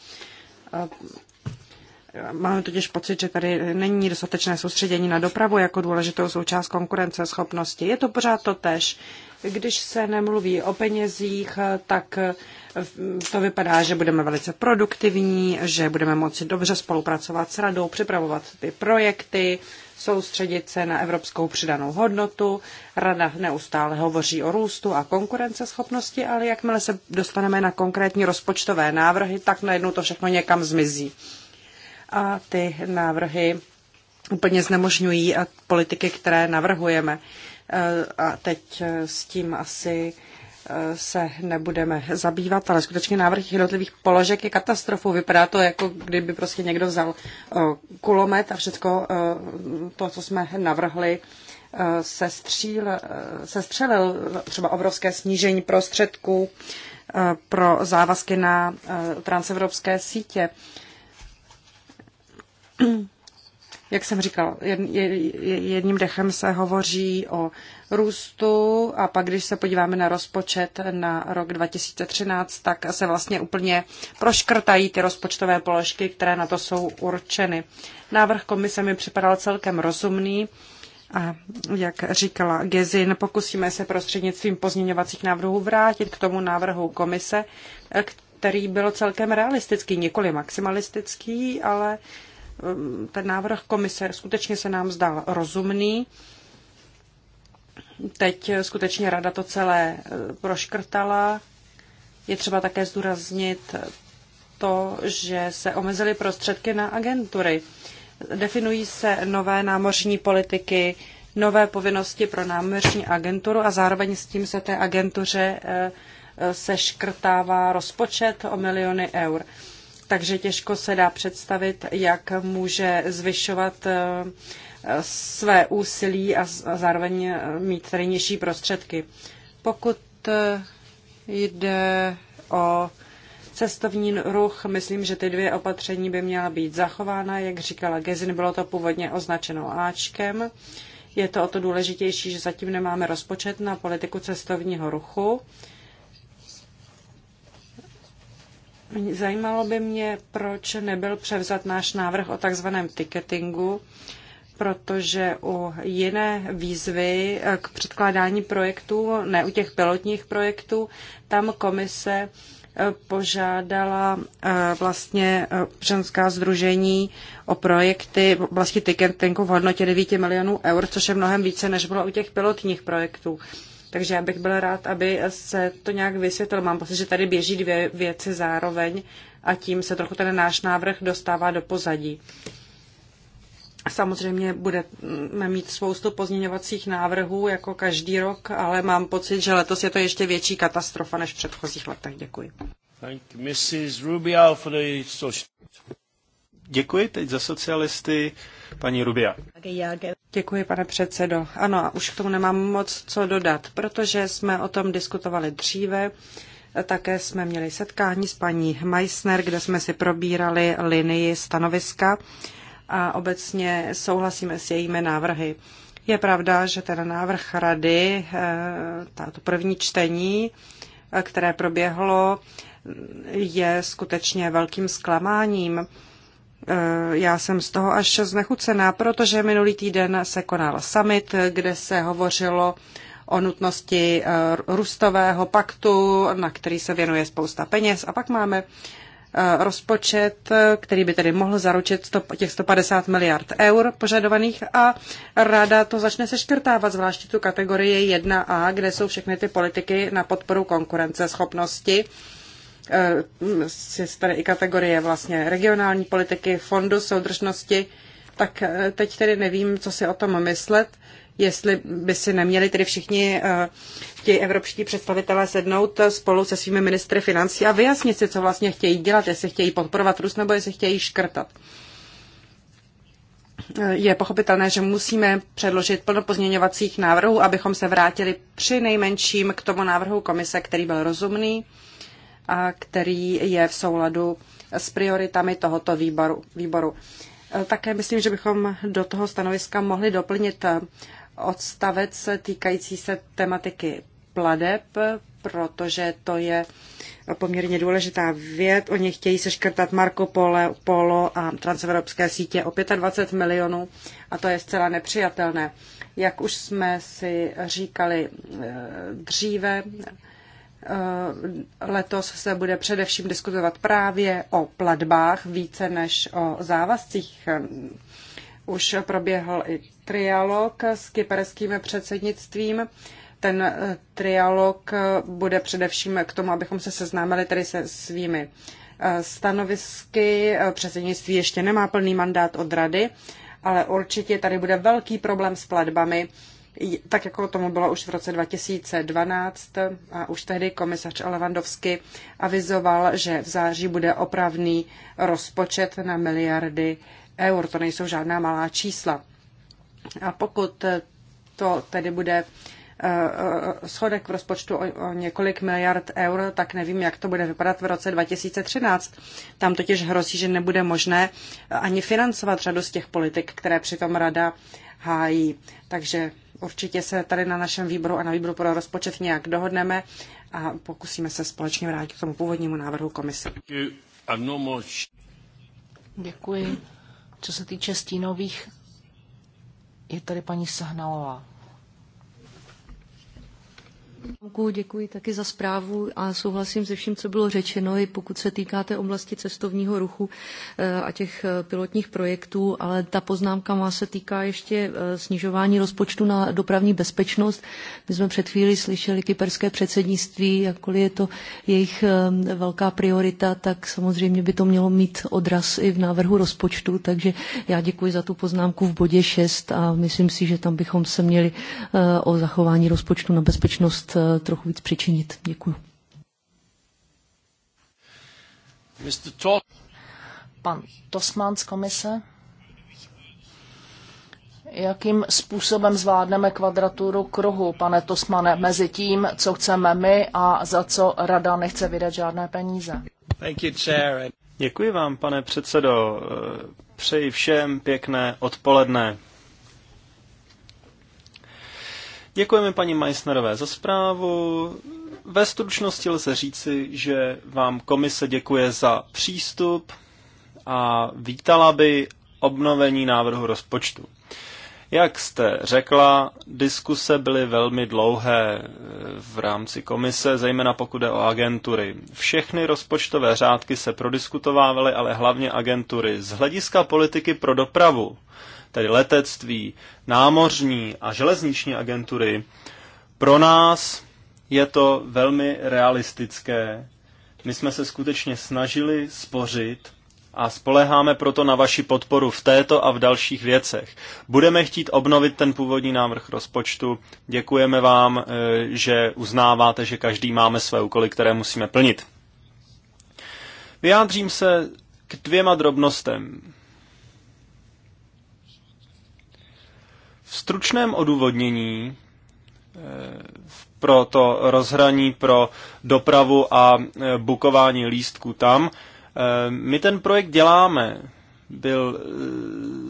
Máme totiž pocit, že tady není dostatečné soustředění na dopravu jako důležitou součást konkurenceschopnosti. Je to pořád to tež. Když se nemluví o penězích, tak to vypadá, že budeme velice produktivní, že budeme moci dobře spolupracovat s radou, připravovat ty projekty, soustředit se na evropskou přidanou hodnotu. Rada neustále hovoří o růstu a konkurenceschopnosti, ale jakmile se dostaneme na konkrétní rozpočtové návrhy, tak najednou to všechno někam zmizí a ty návrhy úplně znemožňují politiky, které navrhujeme. Eh, a teď eh, s tím asi eh, se nebudeme zabývat, ale skutečně návrh jednotlivých položek je katastrofou. Vypadá to, jako kdyby prostě někdo vzal kulomet a všechno to, co jsme navrhli, se, stříl, se střelil třeba obrovské snížení prostředků pro závazky na transevropské sítě. <clears throat> jak jsem říkal, jedním dechem se hovoří o růstu a pak, když se podíváme na rozpočet na rok 2013, tak se vlastně úplně proškrtají ty rozpočtové položky, které na to jsou určeny. Návrh komise mi připadal celkem rozumný. A jak říkala Gezin, pokusíme se prostřednictvím pozměňovacích návrhů vrátit k tomu návrhu komise, který byl celkem realistický, nikoli maximalistický, ale uh, ten návrh komise skutečně se nám zdal rozumný. Teď skutečně rada to celé e, proškrtala. Je třeba také zdůraznit to, že se omezily prostředky na agentury. Definují se nové námořní politiky, nové povinnosti pro námořní agenturu a zároveň s tím se té agentuře e, e, seškrtává rozpočet o miliony eur takže těžko se dá představit, jak může zvyšovat eh, své úsilí a zároveň eh, mít tady nižší prostředky. Pokud eh, jde o cestovní ruch, myslím, že ty dvě opatření by měla být zachována. Jak říkala Gezin, bylo to původně označeno Ačkem. Je to o to důležitější, že zatím nemáme rozpočet na politiku cestovního ruchu. Zajímalo by mě, proč nebyl převzat náš návrh o takzvaném ticketingu, protože u jiné výzvy k předkládání projektů, ne u těch pilotních projektů, tam komise eh, požádala eh, vlastně eh, občanská združení o projekty v oblasti ticketingu v hodnotě 9 milionů eur, což je mnohem více, než bylo u těch pilotních projektů. Takže já bych byla rád, aby se to nějak vysvětlilo. Mám pocit, že tady běží dvě věci zároveň a tím se trochu ten náš návrh dostává do pozadí. Samozřejmě budeme mít spoustu pozměňovacích návrhů jako každý rok, ale mám pocit, že letos je to ještě větší katastrofa než v předchozích letech. Děkuji. Thank you, Mrs. Rubio for the social... Děkuji teď za socialisty, paní Rubia. Děkuji, pane předsedo. Ano, už k tomu nemám moc co dodat, protože jsme o tom diskutovali dříve. Také jsme měli setkání s paní Meissner, kde jsme si probírali linii stanoviska a obecně souhlasíme s jejími návrhy. Je pravda, že ten návrh rady, eh, to první čtení, eh, které proběhlo, je skutečně velkým zklamáním. Eh, já jsem z toho až znechucená, protože minulý týden se konal summit, kde se hovořilo o nutnosti eh, růstového paktu, na který se věnuje spousta peněz. A pak máme eh, rozpočet, který by tedy mohl zaručit těch 150 miliard eur požadovaných a ráda to začne seškrtávat, zvláště tu kategorii 1a, kde jsou všechny ty politiky na podporu konkurenceschopnosti. schopnosti Eh, tady i kategorie vlastně regionální politiky, fondu soudržnosti, tak eh, teď tedy nevím, co si o tom myslet, jestli by si neměli tedy všichni eh, ti evropští představitelé sednout spolu se svými ministry financí a vyjasnit si, co vlastně chtějí dělat, jestli chtějí podporovat Rus nebo jestli chtějí škrtat. Je pochopitelné, že musíme předložit plno pozměňovacích návrhů, abychom se vrátili při nejmenším k tomu návrhu komise, který byl rozumný a který je v souladu s prioritami tohoto výboru. výboru. E, také myslím, že bychom do toho stanoviska mohli doplnit e, odstavec týkající se tematiky pladeb, protože to je poměrně důležitá věc. Oni chtějí seškrtat Marco Polo, Polo a transevropské sítě o 25 milionů a to je zcela nepřijatelné. Jak už jsme si říkali e, dříve, Eh, letos se bude především diskutovat právě o platbách více než o závazcích. Eh, už proběhl i trialog s kyperským předsednictvím. Ten eh, trialog bude především k tomu, abychom se seznámili tedy se svými stanovisky. Předsednictví ještě nemá plný mandát od rady, ale určitě tady bude velký problém s platbami tak jako tomu bylo už v roce 2012 a už tehdy komisař Levandovsky avizoval, že v září bude opravný rozpočet na miliardy eur. To nejsou žádná malá čísla. A pokud to tedy bude uh, Eh, schodek v rozpočtu o několik miliard eur, tak nevím, jak to bude vypadat v roce 2013. Tam totiž hrozí, že nebude možné ani financovat řadu z těch politik, které přitom rada hájí. Takže určitě se tady na našem výboru a na výboru pro rozpočet nějak dohodneme a pokusíme se společně vrátit k tomu původnímu návrhu komise. Děkuji. Co se týče stínových, je tady paní Sahnalová. Děkuji taky za zprávu a souhlasím se vším, co bylo řečeno, i pokud se týká té oblasti cestovního ruchu eh, a těch eh, pilotních projektů, ale ta poznámka má se týká ještě eh, snižování rozpočtu na dopravní bezpečnost. My jsme před chvíli slyšeli kyperské předsednictví, jakkoliv je to jejich velká priorita, tak samozřejmě by to mělo mít odraz i v návrhu rozpočtu, takže já děkuji za tu poznámku v bodě 6 a myslím si, že tam bychom se měli o zachování rozpočtu na bezpečnost Eh, trochu víc přičinit. Děkuji. Pan Tosman z komise. Jakým způsobem zvládneme kvadraturu kruhu, pane Tosmane, mezi tím, co chceme my a za co rada nechce vydat žádné peníze? Děkuji vám, pane předsedo. Přeji všem pěkné odpoledne. Děkujeme paní Meissnerové za zprávu. Ve stručnosti lze říci, že vám komise děkuje za přístup a vítala by obnovení návrhu rozpočtu. Jak jste řekla, diskuse byly velmi dlouhé eh, v rámci komise, zejména pokud jde o agentury. Všechny rozpočtové řádky se prodiskutovávaly, ale hlavně agentury. Z hlediska politiky pro dopravu tedy letectví, námořní a železniční agentury, pro nás je to velmi realistické. My jsme se skutečně snažili spořit a spoleháme proto na vaši podporu v této a v dalších věcech. Budeme chtít obnovit ten původní návrh rozpočtu. Děkujeme vám, eh, že uznáváte, že každý máme své úkoly, které musíme plnit. Vyjádřím se k dvěma drobnostem. stručném odůvodnění eh, pro to rozhraní pro dopravu a eh, bukování lístků tam. Eh, my ten projekt děláme. Byl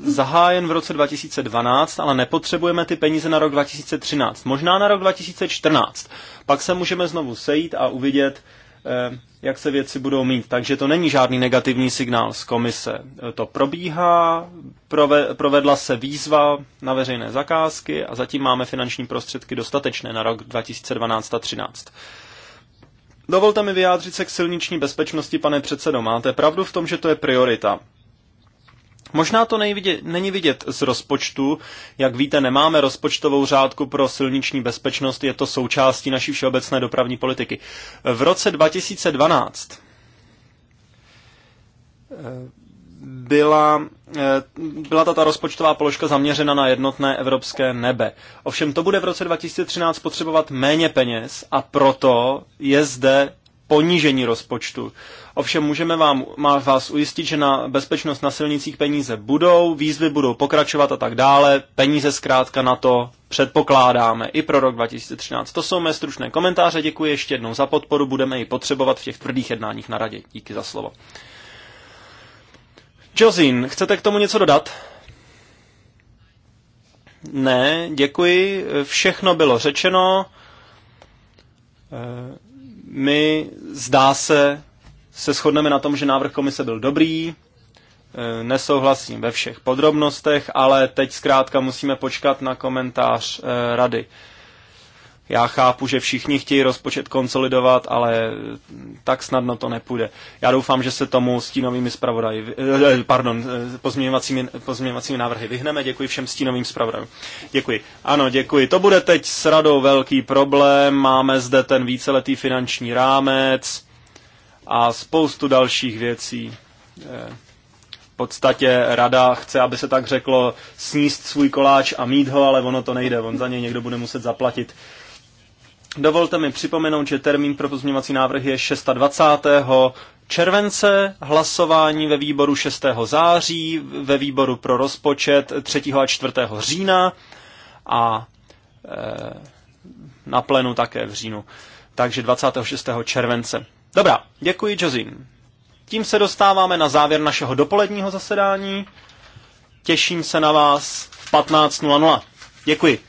zahájen v roce 2012, ale nepotřebujeme ty peníze na rok 2013. Možná na rok 2014. Pak se můžeme znovu sejít a uvidět, Eh, jak se věci budou mít. Takže to není žádný negativní signál z komise. To probíhá, provedla se výzva na veřejné zakázky a zatím máme finanční prostředky dostatečné na rok 2012 a 2013. Dovolte mi vyjádřit se k silniční bezpečnosti, pane předsedo. Máte pravdu v tom, že to je priorita. Možná to není vidět z rozpočtu. Jak víte, nemáme rozpočtovou řádku pro silniční bezpečnost, je to součástí naší všeobecné dopravní politiky. V roce 2012 eh, byla, eh, byla tato rozpočtová položka zaměřena na jednotné evropské nebe. Ovšem to bude v roce 2013 potřebovat méně peněz a proto je zde ponížení rozpočtu. Ovšem můžeme vám, má vás ujistit, že na bezpečnost na silnicích peníze budou, výzvy budou pokračovat a tak dále. Peníze zkrátka na to předpokládáme i pro rok 2013. To jsou mé stručné komentáře, děkuji ještě jednou za podporu, budeme ji potřebovat v těch tvrdých jednáních na radě. Díky za slovo. Josin, chcete k tomu něco dodat? Ne, děkuji. Všechno bylo řečeno. Eh, my, zdá se, se shodneme na tom, že návrh komise byl dobrý, e, nesouhlasím ve všech podrobnostech, ale teď zkrátka musíme počkat na komentář e, rady. Já chápu, že všichni chtějí rozpočet konsolidovat, ale tak snadno to nepůjde. Já doufám, že se tomu stínovými zpravodaji, eh, eh, pardon, eh, pozměňovacími, pozměňovacími návrhy vyhneme. Děkuji všem stínovým zpravodajům. Děkuji. Ano, děkuji. To bude teď s radou velký problém. Máme zde ten víceletý finanční rámec a spoustu dalších věcí. V podstatě rada chce, aby se tak řeklo, sníst svůj koláč a mít ho, ale ono to nejde, on za něj někdo bude muset zaplatit. Dovolte mi připomenout, že termín pro pozměňovací návrh je 26. července, hlasování ve výboru 6. září, ve výboru pro rozpočet 3. a 4. října a e, na plenu také v říjnu. Takže 26. července. Dobrá, děkuji Josin. Tím se dostáváme na závěr našeho dopoledního zasedání. Těším se na vás v 15.00. Děkuji.